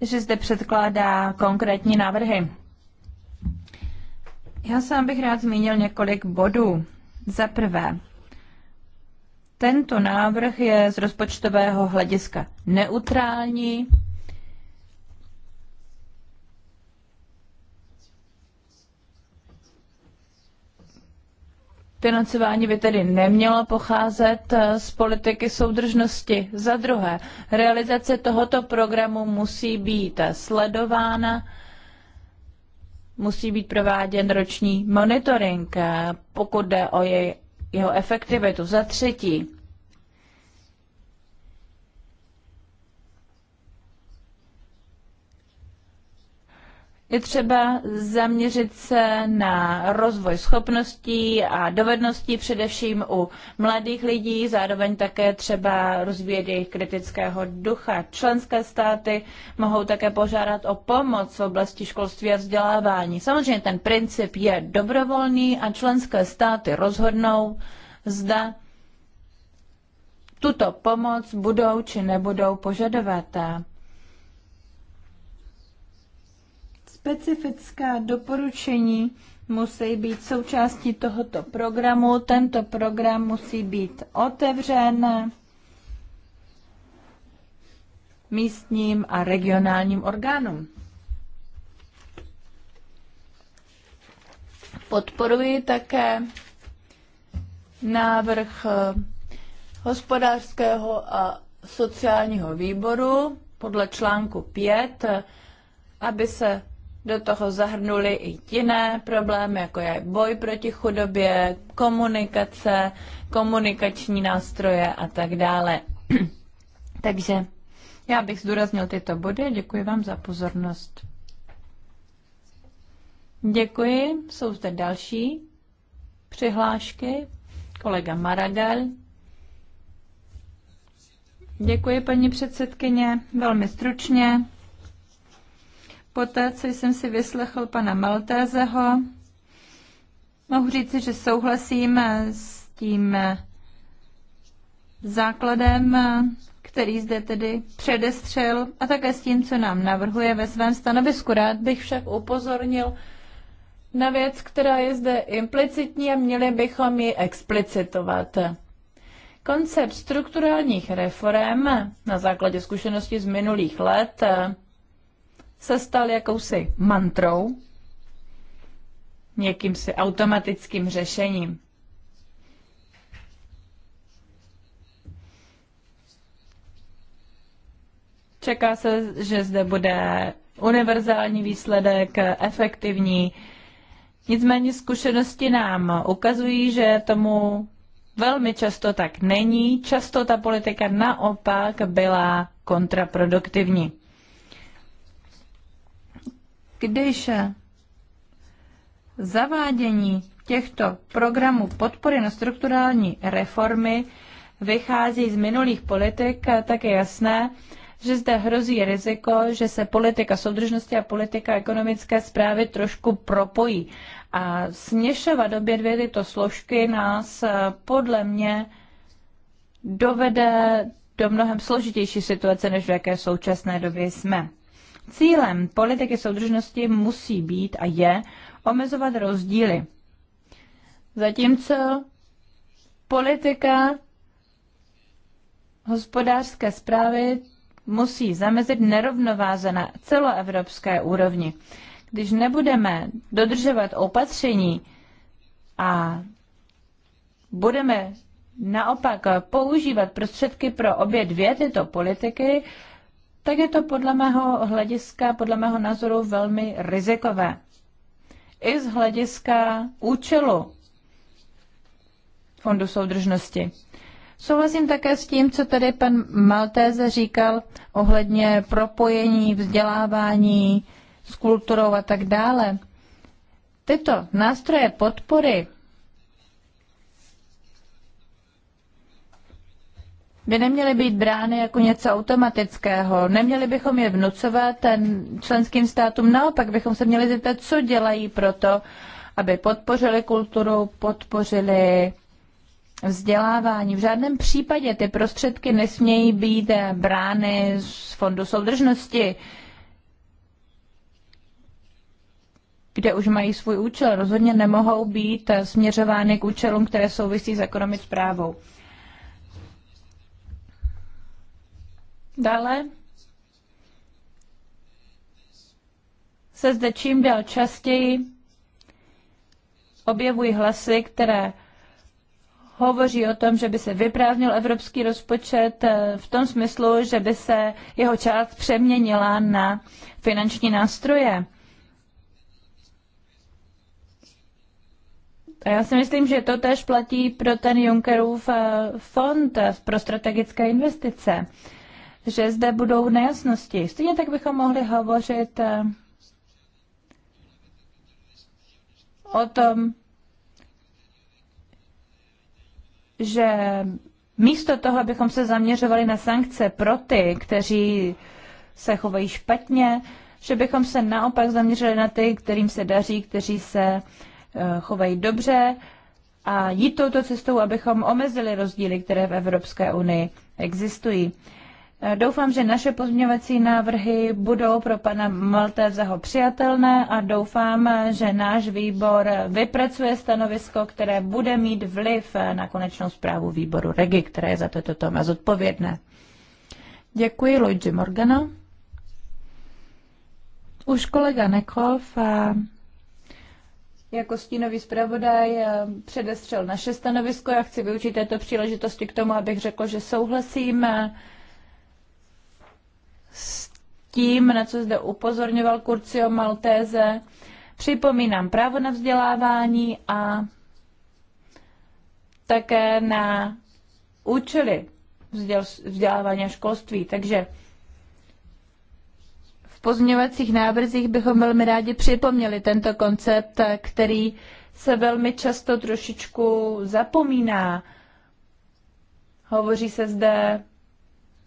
že zde předkládá konkrétní návrhy. Já sám bych rád zmínil několik bodů. Za prvé, tento návrh je z rozpočtového hlediska neutrální. Financování by tedy nemělo pocházet eh, z politiky soudržnosti. Za druhé, realizace tohoto programu musí být eh, sledována musí být prováděn roční monitoring, eh, pokud jde o jej, jeho efektivitu. Za třetí, Je třeba zaměřit se na rozvoj schopností a dovedností především u mladých lidí, zároveň také třeba rozvíjet jejich kritického ducha. Členské státy mohou také požádat o pomoc v oblasti školství a vzdělávání. Samozřejmě ten princip je dobrovolný a členské státy rozhodnou, zda tuto pomoc budou či nebudou požadovat. specifická doporučení musí být součástí tohoto programu. Tento program musí být otevřen místním a regionálním orgánům. Podporuji také návrh hospodářského a sociálního výboru podle článku 5, aby se do toho zahrnuli i jiné problémy, jako je boj proti chudobě, komunikace, komunikační nástroje a tak dále. Takže já bych zdůraznil tyto body. Děkuji vám za pozornost. Děkuji. Jsou zde další přihlášky. Kolega Maragal. Děkuji, paní předsedkyně. Velmi stručně. Poté, co jsem si vyslechl pana Maltézeho, mohu říci, že souhlasím s tím základem, který zde tedy předestřel a také s tím, co nám navrhuje ve svém stanovisku. Rád bych však upozornil na věc, která je zde implicitní a měli bychom ji explicitovat. Koncept strukturálních reform na základě zkušeností z minulých let se stal jakousi mantrou, si automatickým řešením. Čeká se, že zde bude univerzální výsledek, efektivní. Nicméně zkušenosti nám ukazují, že tomu velmi často tak není. Často ta politika naopak byla kontraproduktivní když zavádění těchto programů podpory na strukturální reformy vychází z minulých politik, tak je jasné, že zde hrozí riziko, že se politika soudržnosti a politika ekonomické zprávy trošku propojí. A směšovat obě dvě tyto složky nás eh, podle mě dovede do mnohem složitější situace, než v jaké současné době jsme. Cílem politiky soudržnosti musí být a je omezovat rozdíly. Zatímco politika hospodářské zprávy musí zamezit nerovnováze na celoevropské úrovni. Když nebudeme dodržovat opatření a budeme naopak používat prostředky pro obě dvě tyto politiky, tak je to podle mého hlediska, podle mého názoru velmi rizikové. I z hlediska účelu Fondu soudržnosti. Souhlasím také s tím, co tady pan Maltéze říkal ohledně propojení, vzdělávání s kulturou a tak dále. Tyto nástroje podpory by neměly být brány jako něco automatického. Neměli bychom je vnucovat ten členským státům. Naopak bychom se měli zeptat, co dělají proto, aby podpořili kulturu, podpořili vzdělávání. V žádném případě ty prostředky nesmějí být brány z fondu soudržnosti, kde už mají svůj účel. Rozhodně nemohou být směřovány k účelům, které souvisí s ekonomickou zprávou. Dále se zde čím dál častěji objevují hlasy, které hovoří o tom, že by se vyprávnil evropský rozpočet eh, v tom smyslu, že by se jeho část přeměnila na finanční nástroje. A já si myslím, že to tež platí pro ten Junckerův eh, fond eh, pro strategické investice že zde budou nejasnosti. Stejně tak bychom mohli hovořit eh, o tom, že místo toho, abychom se zaměřovali na sankce pro ty, kteří se chovají špatně, že bychom se naopak zaměřili na ty, kterým se daří, kteří se eh, chovají dobře a jít touto cestou, abychom omezili rozdíly, které v Evropské unii existují. Doufám, že naše pozměňovací návrhy budou pro pana Maltézeho přijatelné a doufám, že náš výbor vypracuje stanovisko, které bude mít vliv na konečnou zprávu výboru REGI, které je za toto téma zodpovědné. Děkuji Luigi Morgano. Už kolega Nekov a jako stínový zpravodaj předestřel naše stanovisko. Já chci využít této příležitosti k tomu, abych řekl, že souhlasím s tím, na co zde upozorňoval Curcio Maltese. Připomínám právo na vzdělávání a také na účely vzdělávání a školství. Takže v pozměňovacích návrzích bychom velmi rádi připomněli tento koncept, který se velmi často trošičku zapomíná. Hovoří se zde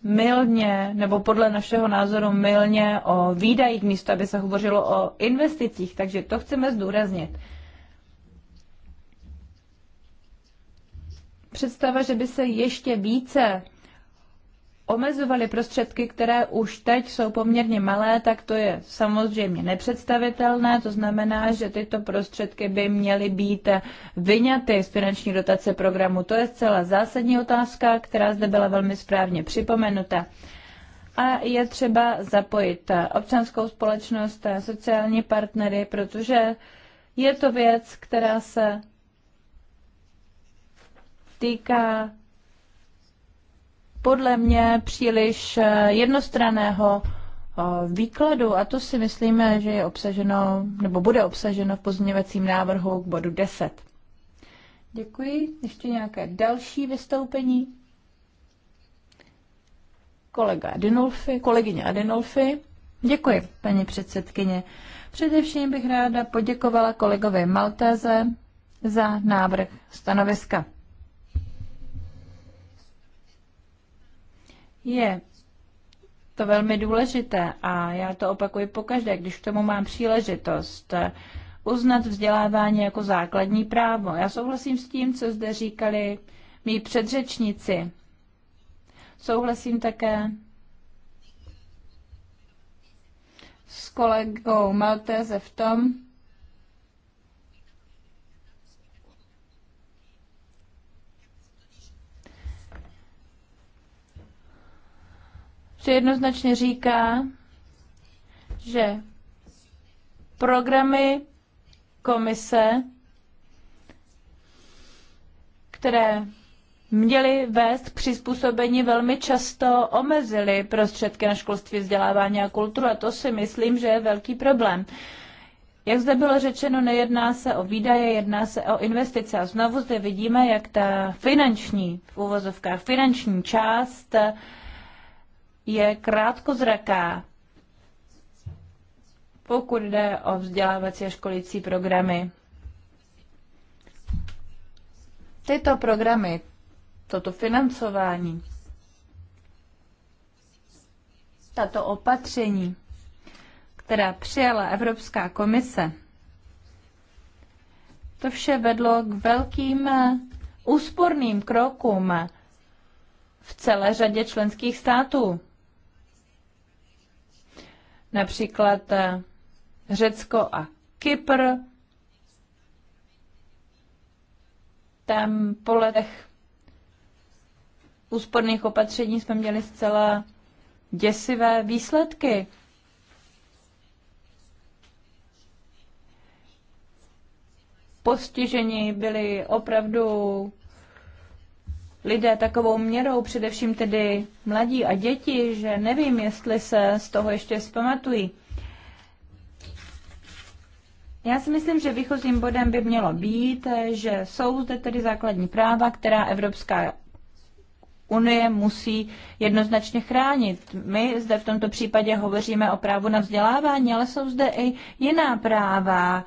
milně, nebo podle našeho názoru milně o výdajích místo, aby se hovořilo o investicích. Takže to chceme zdůraznit. Představa, že by se ještě více omezovali prostředky, které už teď jsou poměrně malé, tak to je samozřejmě nepředstavitelné. To znamená, že tyto prostředky by měly být vyňaty z finanční dotace programu. To je zcela zásadní otázka, která zde byla velmi správně připomenuta. A je třeba zapojit občanskou společnost, a sociální partnery, protože je to věc, která se týká podle mě příliš eh, jednostraného eh, výkladu a to si myslíme, že je obsaženo, nebo bude obsaženo v pozměňovacím návrhu k bodu 10. Děkuji. Ještě nějaké další vystoupení? Kolega Adinolfi, kolegyně Adinolfi. Děkuji, paní předsedkyně. Především bych ráda poděkovala kolegovi Maltéze za návrh stanoviska. Je to velmi důležité a já to opakuji pokaždé, když k tomu mám příležitost eh, uznat vzdělávání jako základní právo. Já souhlasím s tím, co zde říkali mý předřečníci. Souhlasím také s kolegou Malteze v tom, prostě jednoznačně říká, že programy komise, které měly vést k přizpůsobení, velmi často omezily prostředky na školství, vzdělávání a kulturu a to si myslím, že je velký problém. Jak zde bylo řečeno, nejedná se o výdaje, jedná se o investice. A znovu zde vidíme, jak ta finanční, v úvozovkách finanční část je krátkozraká, pokud jde o vzdělávací a školící programy. Tyto programy, toto financování, tato opatření, která přijala Evropská komise, to vše vedlo k velkým eh, úsporným krokům v celé řadě členských států například eh, Řecko a Kypr. Tam po letech úsporných opatření jsme měli zcela děsivé výsledky. Postižení byli opravdu lidé takovou měrou, především tedy mladí a děti, že nevím, jestli se z toho ještě zpamatují. Já si myslím, že výchozím bodem by mělo být, že jsou zde tedy základní práva, která Evropská Unie musí jednoznačně chránit. My zde v tomto případě hovoříme o právu na vzdělávání, ale jsou zde i jiná práva,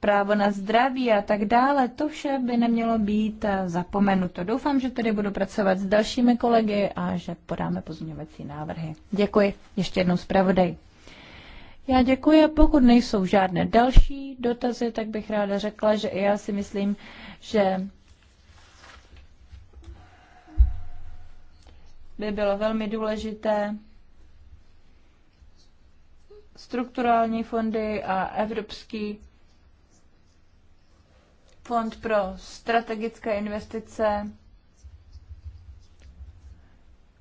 právo na zdraví a tak dále, to vše by nemělo být eh, zapomenuto. Doufám, že tedy budu pracovat s dalšími kolegy a že podáme pozměňovací návrhy. Děkuji ještě jednou zpravodaj. Já děkuji a pokud nejsou žádné další dotazy, tak bych ráda řekla, že i já si myslím, že by bylo velmi důležité strukturální fondy a Evropský Fond pro strategické investice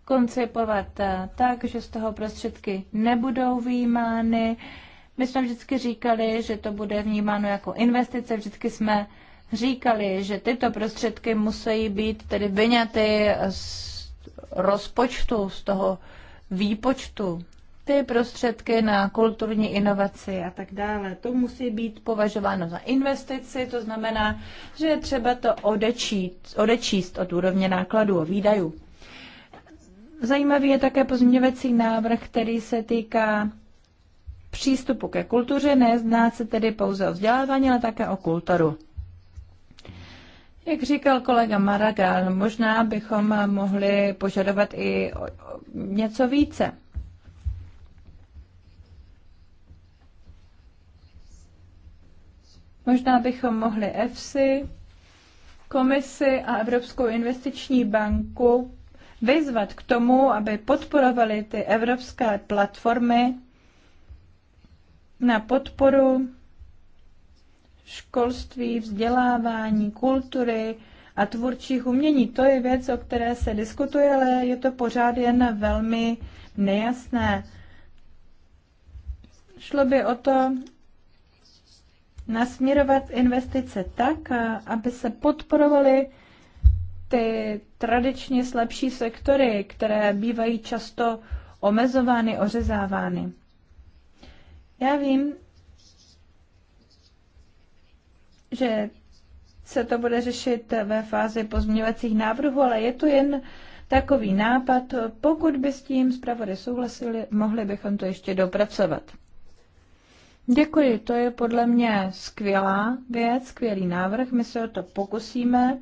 koncipovat eh, tak, že z toho prostředky nebudou výjímány. My jsme vždycky říkali, že to bude vnímáno jako investice, vždycky jsme říkali, že tyto prostředky musí být tedy vyňaty z rozpočtu, z toho výpočtu ty prostředky na kulturní inovaci a tak dále. To musí být považováno za investici, to znamená, že je třeba to odečíst, odečíst od úrovně nákladů a výdajů. Zajímavý je také pozměňovací návrh, který se týká přístupu ke kultuře. Nezná se tedy pouze o vzdělávání, ale také o kulturu. Jak říkal kolega Maragal, možná bychom mohli požadovat i něco více. Možná bychom mohli EFSI, komisi a Evropskou investiční banku vyzvat k tomu, aby podporovali ty evropské platformy na podporu školství, vzdělávání, kultury a tvůrčích umění. To je věc, o které se diskutuje, ale je to pořád jen velmi nejasné. Šlo by o to, nasměrovat investice tak, aby se podporovaly ty tradičně slabší sektory, které bývají často omezovány, ořezávány. Já vím, že se to bude řešit ve fázi pozměňovacích návrhů, ale je to jen takový nápad. Pokud by s tím zpravody souhlasili, mohli bychom to ještě dopracovat. Děkuji, to je podle mě skvělá věc, skvělý návrh. My se o to pokusíme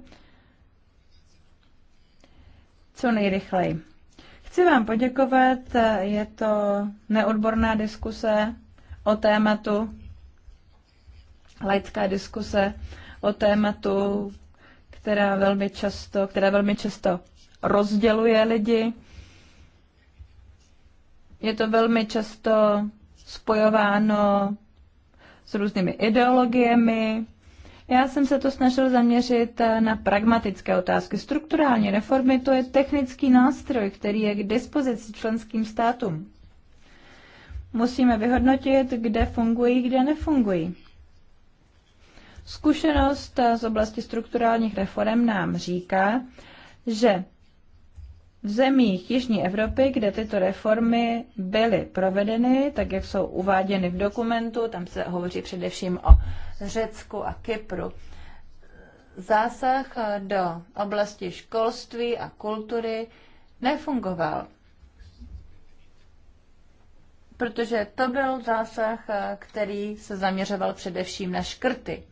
co nejrychleji. Chci vám poděkovat, je to neodborná diskuse o tématu, laická diskuse o tématu, která velmi často, která velmi často rozděluje lidi. Je to velmi často spojováno s různými ideologiemi. Já jsem se to snažil zaměřit eh, na pragmatické otázky. Strukturální reformy to je technický nástroj, který je k dispozici členským státům. Musíme vyhodnotit, kde fungují, kde nefungují. Zkušenost eh, z oblasti strukturálních reform nám říká, že v zemích Jižní Evropy, kde tyto reformy byly provedeny, tak jak jsou uváděny v dokumentu, tam se hovoří především o Řecku a Kypru. Zásah do oblasti školství a kultury nefungoval, protože to byl zásah, který se zaměřoval především na škrty.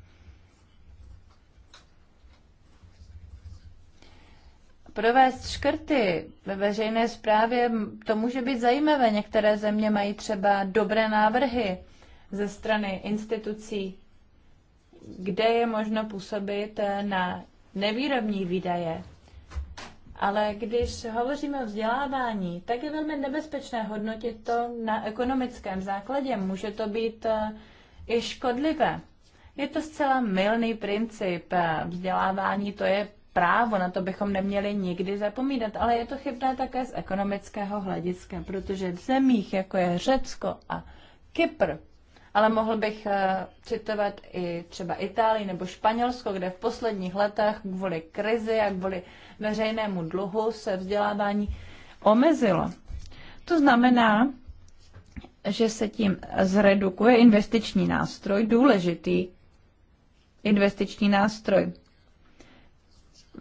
provést škrty ve veřejné správě, to může být zajímavé. Některé země mají třeba dobré návrhy ze strany institucí, kde je možno působit na nevýrobní výdaje. Ale když hovoříme o vzdělávání, tak je velmi nebezpečné hodnotit to na ekonomickém základě. Může to být eh, i škodlivé. Je to zcela milný princip. Eh, vzdělávání to je právo, na to bychom neměli nikdy zapomínat, ale je to chybné také z ekonomického hlediska, protože v zemích, jako je Řecko a Kypr, ale mohl bych eh, citovat i třeba Itálii nebo Španělsko, kde v posledních letech kvůli krizi a kvůli veřejnému dluhu se vzdělávání omezilo. To znamená, že se tím zredukuje investiční nástroj, důležitý investiční nástroj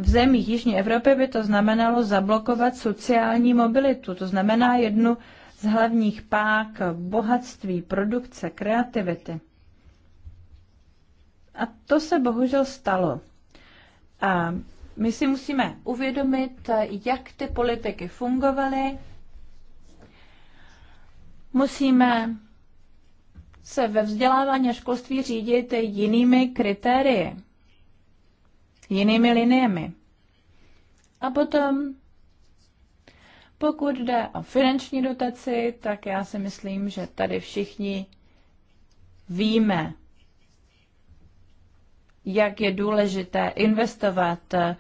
v zemích Jižní Evropy by to znamenalo zablokovat sociální mobilitu. To znamená jednu z hlavních pák bohatství, produkce, kreativity. A to se bohužel stalo. A my si musíme uvědomit, jak ty politiky fungovaly. Musíme se ve vzdělávání a školství řídit jinými kritérii jinými liniemi. A potom, pokud jde o finanční dotaci, tak já si myslím, že tady všichni víme, jak je důležité investovat, eh,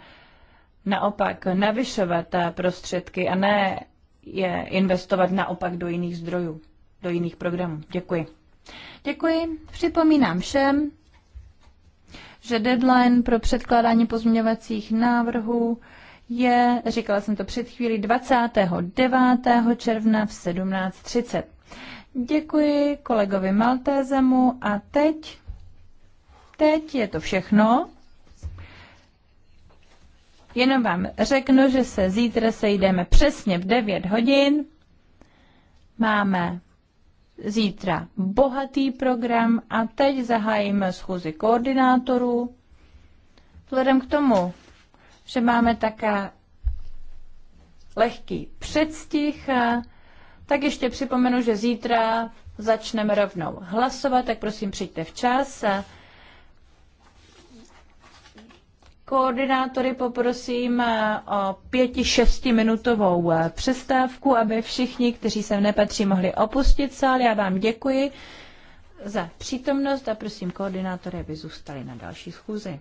naopak navyšovat eh, prostředky a ne je investovat naopak do jiných zdrojů, do jiných programů. Děkuji. Děkuji. Připomínám všem, že deadline pro předkládání pozměňovacích návrhů je, říkala jsem to před chvílí, 29. června v 17.30. Děkuji kolegovi Maltézemu a teď, teď je to všechno. Jenom vám řeknu, že se zítra sejdeme přesně v 9 hodin. Máme zítra bohatý program a teď zahájíme schůzi koordinátorů. Vzhledem k tomu, že máme také lehký předstih, tak ještě připomenu, že zítra začneme rovnou hlasovat, tak prosím přijďte včas. Koordinátory poprosím eh, o pěti, šestiminutovou eh, přestávku, aby všichni, kteří sem nepatří, mohli opustit sál. Já vám děkuji za přítomnost a prosím koordinátory, aby zůstali na další schůzi.